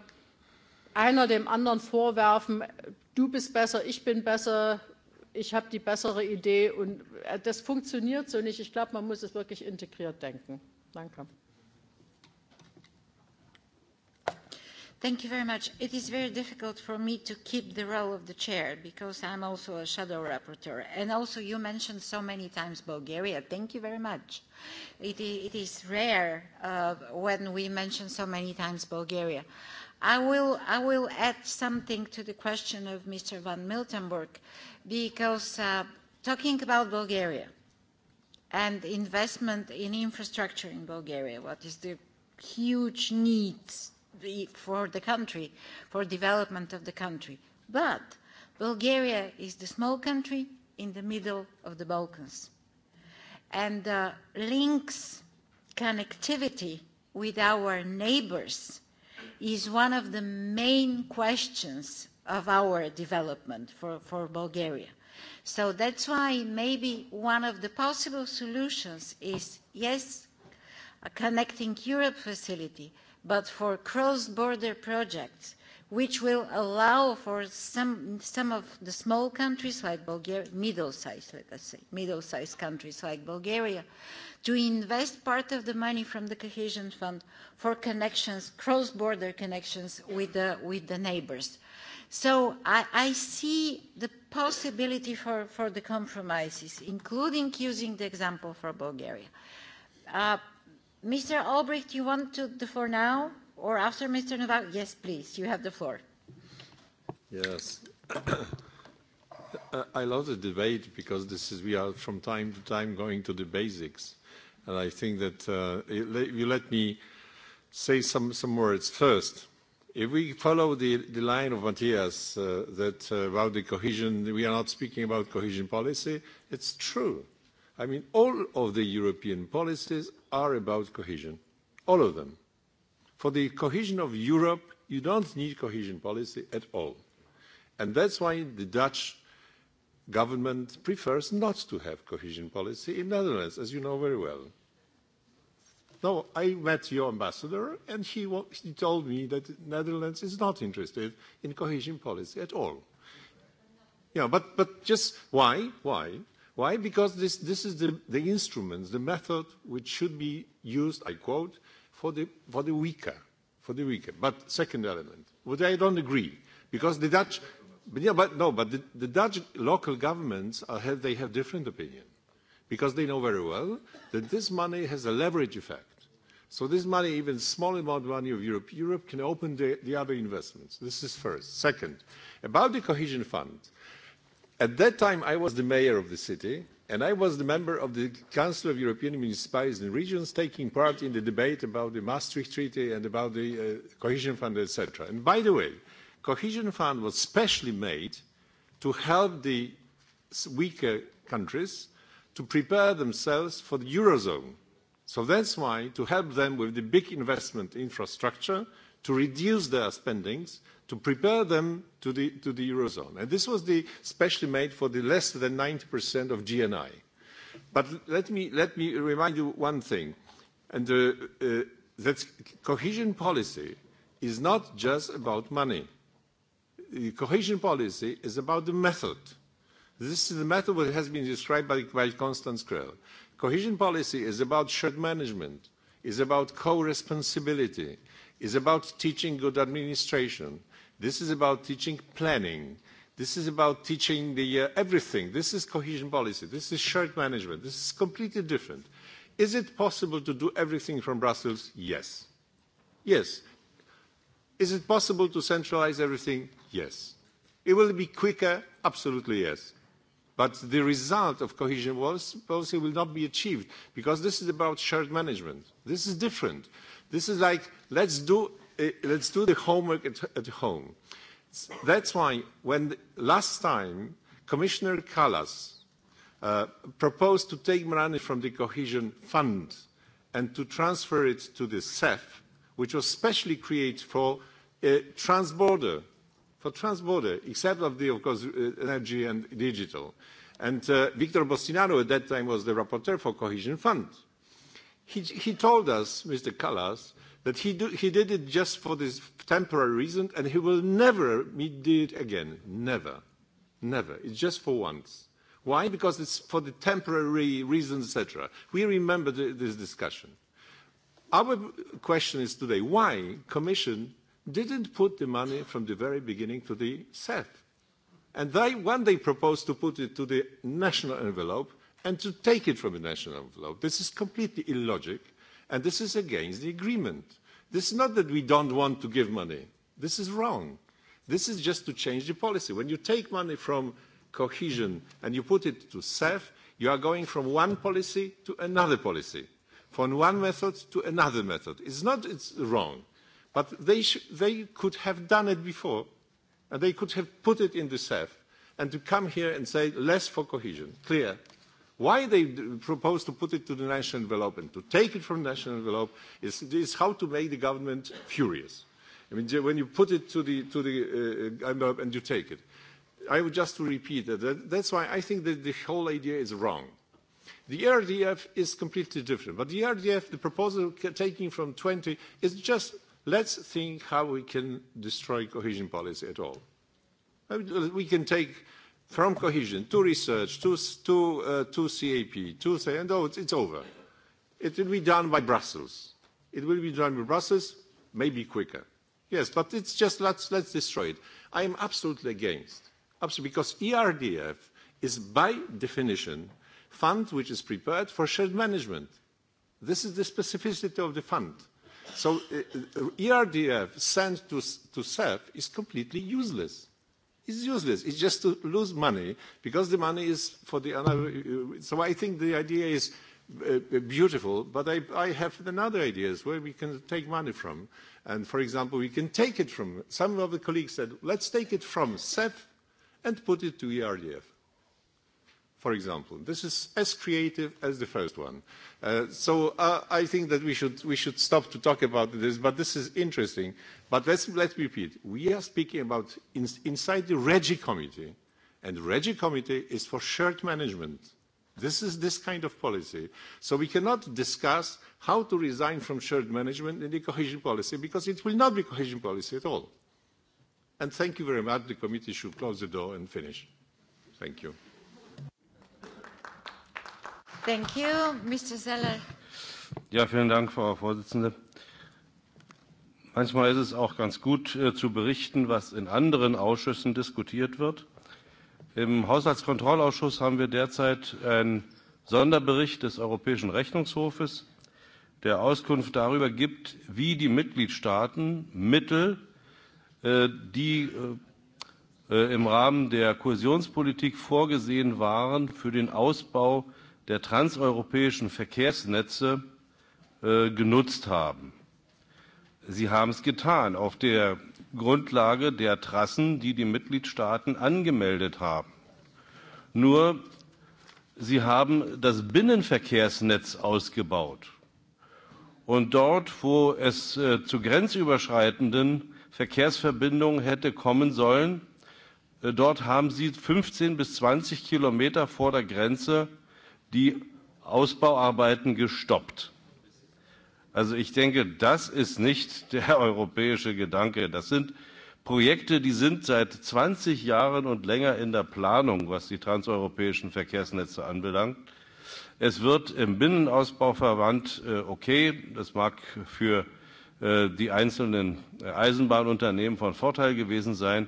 Speaker 14: einer dem anderen vorwerfen, du bist besser, ich bin besser, ich habe die bessere Idee. Und äh, das funktioniert so nicht. Ich glaube, man muss es wirklich integriert denken. Danke.
Speaker 1: Thank you very much. It is very difficult for me to keep the role of the chair because I'm also a shadow rapporteur. And also you mentioned so many times Bulgaria. Thank you very much. It, it is rare uh, when we mention so many times Bulgaria. I will, I will add something to the question of Mr. Van Miltenburg because uh, talking about Bulgaria and investment in infrastructure in Bulgaria, what is the huge needs the, for the country, for development of the country. But Bulgaria is the small country in the middle of the Balkans. And uh, links connectivity with our neighbors is one of the main questions of our development for, for Bulgaria. So that's why maybe one of the possible solutions is, yes, a Connecting Europe facility, but for cross-border projects which will allow for some, some of the small countries like Bulgaria, middle-sized, let us say, middle-sized countries like Bulgaria, to invest part of the money from the cohesion fund for connections, cross-border connections with the, with the neighbors. So I, I see the possibility for, for the compromises, including using the example for Bulgaria. Uh, Mr. Albrecht, you want to, the floor now or after Mr. Novak? Yes, please, you have the floor.
Speaker 19: Yes. I love the debate because this is, we are from time to time going to the basics. And I think that uh, you let me say some, some words first. If we follow the, the line of Matthias uh, that uh, about the cohesion, we are not speaking about cohesion policy, it's true. Uh, I mean, all of the European policies are about cohesion, all of them. For the cohesion of Europe, you don't need cohesion policy at all. And that's why the Dutch government prefers not to have cohesion policy in Netherlands, as you know very well. No, I met your ambassador, and he, he told me that Netherlands is not interested in cohesion policy at all. Yeah, but, but just why? Why? Why? Because this, this is the, the instrument, the method which should be used, I quote, for the, for the weaker. For the weaker. But second element, what I don't agree, because the Dutch, but yeah, but no, but the, the Dutch local governments are, have, they have different opinion, because they know very well that this money has a leverage effect. So this money, even small amount of money of Europe, Europe can open the, the other investments. This is first. Second, about the cohesion fund. Uh, At that time, I was the mayor of the city, and I was the member of the Council of European Municipalities and Regions, taking part in the debate about the Maastricht Treaty and about the uh, Cohesion Fund, etc. And by the way, Cohesion Fund was specially made to help the weaker countries to prepare themselves for the Eurozone. So that's why to help them with the big investment infrastructure – to reduce their spendings to prepare them to the, to the Eurozone. And this was the specially made for the less than 90% of GNI. But let me, let me remind you one thing, and uh, uh, that cohesion policy is not just about money. The cohesion policy is about the method. This is the method that has been described by, by Constance Krell. Cohesion policy is about shared management, is about co-responsibility, is about teaching good administration. This is about teaching planning. This is about teaching the, uh, everything. This is cohesion policy. This is shared management. This is completely different. Is it possible to do everything from Brussels? Yes. Yes. Is it possible to centralize everything? Yes. It will be quicker? Absolutely yes. But the result of cohesion policy will not be achieved because this is about shared management. This is different. Uh, This is like, let's do, uh, let's do the homework at, at home. That's why when the, last time Commissioner Callas uh, proposed to take money from the cohesion fund and to transfer it to the CEF, which was specially created for uh, transborder, for transborder, except of the, of course, uh, energy and digital. And uh, Victor Bostinaro at that time was the rapporteur for cohesion fund. Uh, He, he told us, Mr. Callas, that he, do, he did it just for this temporary reason and he will never do it again. Never. Never. It's just for once. Why? Because it's for the temporary reasons, etc. We remember the, this discussion. Our question is today, why Commission didn't put the money from the very beginning to the CEF? And they, when they proposed to put it to the national envelope, and to take it from a national envelope. This is completely illogic, and this is against the agreement. This is not that we don't want to give money. This is wrong. This is just to change the policy. When you take money from cohesion and you put it to CEF, you are going from one policy to another policy, from one method to another method. It's not it's wrong, but they, sh- they could have done it before, and they could have put it in the CEF, and to come here and say less for cohesion. Clear. Why they propose to put it to the national envelope and to take it from the national envelope is, is how to make the government furious. I mean, when you put it to the, to the uh, envelope and you take it. I would just to repeat that, that. That's why I think that the whole idea is wrong. The RDF is completely different. But the RDF, the proposal taking from 20, is just let's think how we can destroy cohesion policy at all. I mean, we can take from cohesion to research to, to, uh, to CAP to say, and oh, it's, it's over. It will be done by Brussels. It will be done by Brussels, maybe quicker. Yes, but it's just let's, let's destroy it. I am absolutely against, absolutely, because ERDF is by definition fund which is prepared for shared management. This is the specificity of the fund. So uh, uh ERDF sent to, to CEF is completely useless is useless. It's just to lose money because the money is for the another. Uh, so I think the idea is uh, beautiful, but I, I have another ideas where we can take money from. And for example, we can take it from, some of the colleagues said, let's take it from CEF and put it to ERDF for example. This is as creative as the first one. Uh, so uh, I think that we should, we should stop to talk about this, but this is interesting. But let's, let's repeat. We are speaking about in, inside the REGI committee, and REGI committee is for shared management. This is this kind of policy. So we cannot discuss how to resign from shared management in the cohesion policy because it will not be cohesion policy at all. And thank you very much. The committee should close the door and finish. Thank you.
Speaker 1: Thank you, Mr. Zeller.
Speaker 13: Ja, vielen Dank, Frau Vorsitzende. Manchmal ist es auch ganz gut äh, zu berichten, was in anderen Ausschüssen diskutiert wird. Im Haushaltskontrollausschuss haben wir derzeit einen Sonderbericht des Europäischen Rechnungshofes, der Auskunft darüber gibt, wie die Mitgliedstaaten Mittel, äh, die äh, äh im Rahmen der Kohäsionspolitik vorgesehen waren für den Ausbau äh, der transeuropäischen Verkehrsnetze äh, genutzt haben. Sie haben es getan auf der Grundlage der Trassen, die die Mitgliedstaaten angemeldet haben. Nur sie haben das Binnenverkehrsnetz ausgebaut. Und dort, wo es äh, zu grenzüberschreitenden Verkehrsverbindungen hätte kommen sollen, äh, dort haben sie 15 bis 20 Kilometer vor der Grenze die Ausbauarbeiten gestoppt. Also ich denke, das ist nicht der europäische Gedanke. Das sind Projekte, die sind seit 20 Jahren und länger in der Planung, was die transeuropäischen Verkehrsnetze anbelangt. Es wird im Binnenausbau verwandt, äh, okay, das mag für äh, die einzelnen äh, Eisenbahnunternehmen von Vorteil gewesen sein,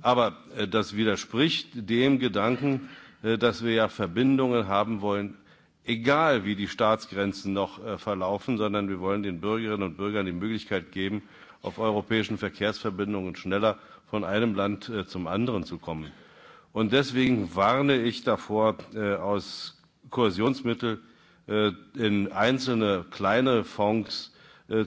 Speaker 13: aber das widerspricht dem Gedanken, Äh, dass wir ja Verbindungen haben wollen, egal wie die Staatsgrenzen noch äh, verlaufen, sondern wir wollen den Bürgerinnen und Bürgern die Möglichkeit geben, auf europäischen Verkehrsverbindungen schneller von einem Land äh, zum anderen zu kommen. Und deswegen warne ich davor, aus Kohäsionsmittel in einzelne kleine Fonds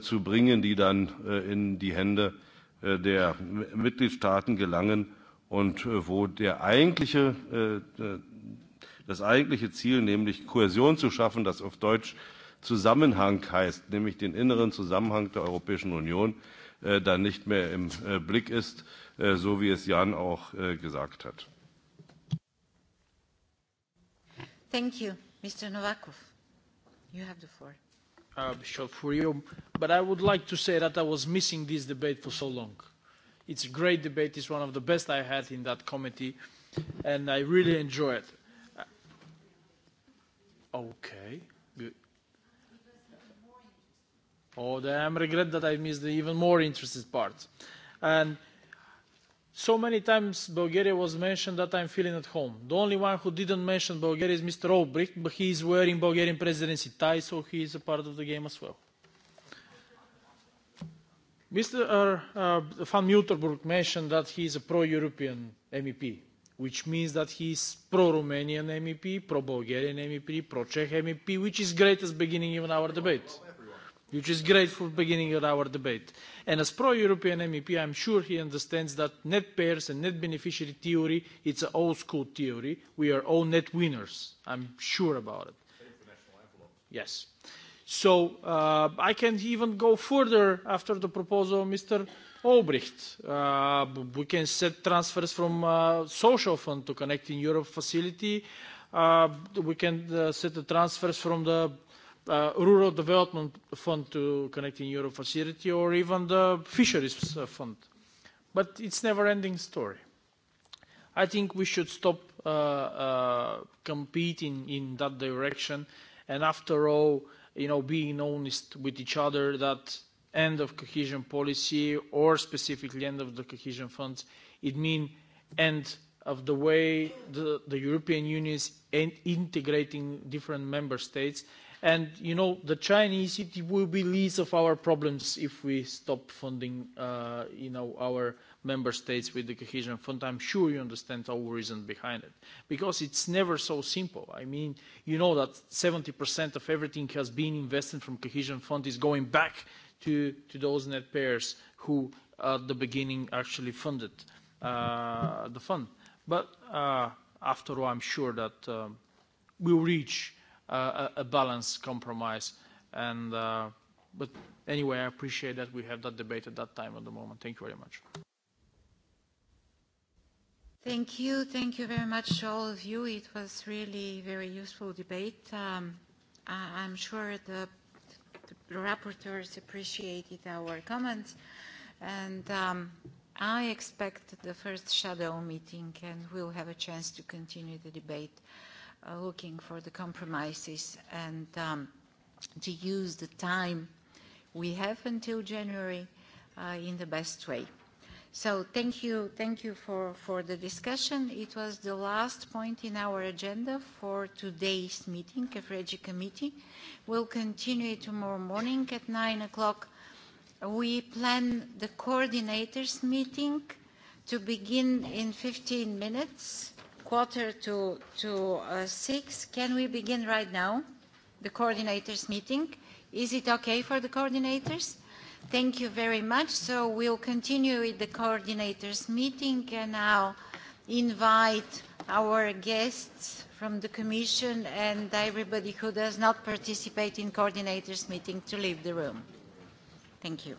Speaker 13: zu bringen, die dann in die Hände der Mitgliedstaaten gelangen und äh, wo der eigentliche, äh, äh, das eigentliche Ziel, nämlich Kohäsion zu schaffen, das auf Deutsch Zusammenhang heißt, nämlich den inneren Zusammenhang der Europäischen Union, äh, dann nicht mehr im äh, Blick ist, äh, so wie es Jan auch äh, gesagt hat.
Speaker 1: Thank you. Mr. Novakov, you have the floor.
Speaker 18: Uh, sure, for you. But I would like to say that I was missing this debate for so long. Uh, It's a great debate. It's one of the best I had in that committee, and I really enjoy it. Uh, okay, good. Oh, I regret that I missed the even more interesting part. And so many times Bulgaria was mentioned that I'm feeling at home. The only one who didn't mention Bulgaria is Mr. Olbrich, but he is wearing Bulgarian presidency tie, so he is a part of the game as well. Mr. Uh, uh, Van Miltenburg mentioned that he is a pro-European MEP, which means that he is pro-Romanian MEP, pro-Bulgarian MEP, pro-Czech MEP, which is great as beginning even our debate, which is great for beginning of our debate. And as pro-European MEP, I'm sure he understands that net pairs and net beneficiary theory, it's an old school theory. We are all net winners. I'm sure about it. Yes. Uh, So uh, I can even go further after the proposal of Mr. Albrecht. Uh, we can set transfers from uh, social fund to connecting Europe facility. Uh, we can uh, set the transfers from the uh, rural development fund to connecting Europe facility or even the fisheries uh, fund. But it's never ending story. I think we should stop uh, uh, competing in that direction. And after all, uh, you know, being honest with each other that end of cohesion policy or specifically end of the cohesion funds, it means end of the way the, the European Union is in integrating different member states. And, you know, the Chinese, it will be least of our problems if we stop funding, uh, you know, our uh, member states with the cohesion fund i'm sure you understand our reason behind it because it's never so simple i mean you know that 70% of everything has been invested from cohesion fund is going back to to those net payers who at the beginning actually funded uh, the fund but uh, after all i'm sure that um, we'll reach uh, a, a balanced compromise and uh, but anyway i appreciate that we have that debate at that time at the moment thank you very much
Speaker 1: Thank you. Thank you very much, all of you. It was really very useful debate. Um, I, I'm sure the, the rapporteurs appreciated our comments, and um, I expect the first shadow meeting, and we'll have a chance to continue the debate, uh, looking for the compromises and um, to use the time we have until January uh, in the best way. So thank you, thank you for, for the discussion. It was the last point in our agenda for today's meeting of Regi Committee. We'll continue tomorrow morning at 9 o'clock. We plan the coordinators meeting to begin in 15 minutes, quarter to, to uh, 6. Can we begin right now, the coordinators meeting? Is it okay for the coordinators? Thank you very much. So we'll continue with the coordinators meeting and now invite our guests from the Commission and everybody who does not participate in coordinators meeting to leave the room. Thank you.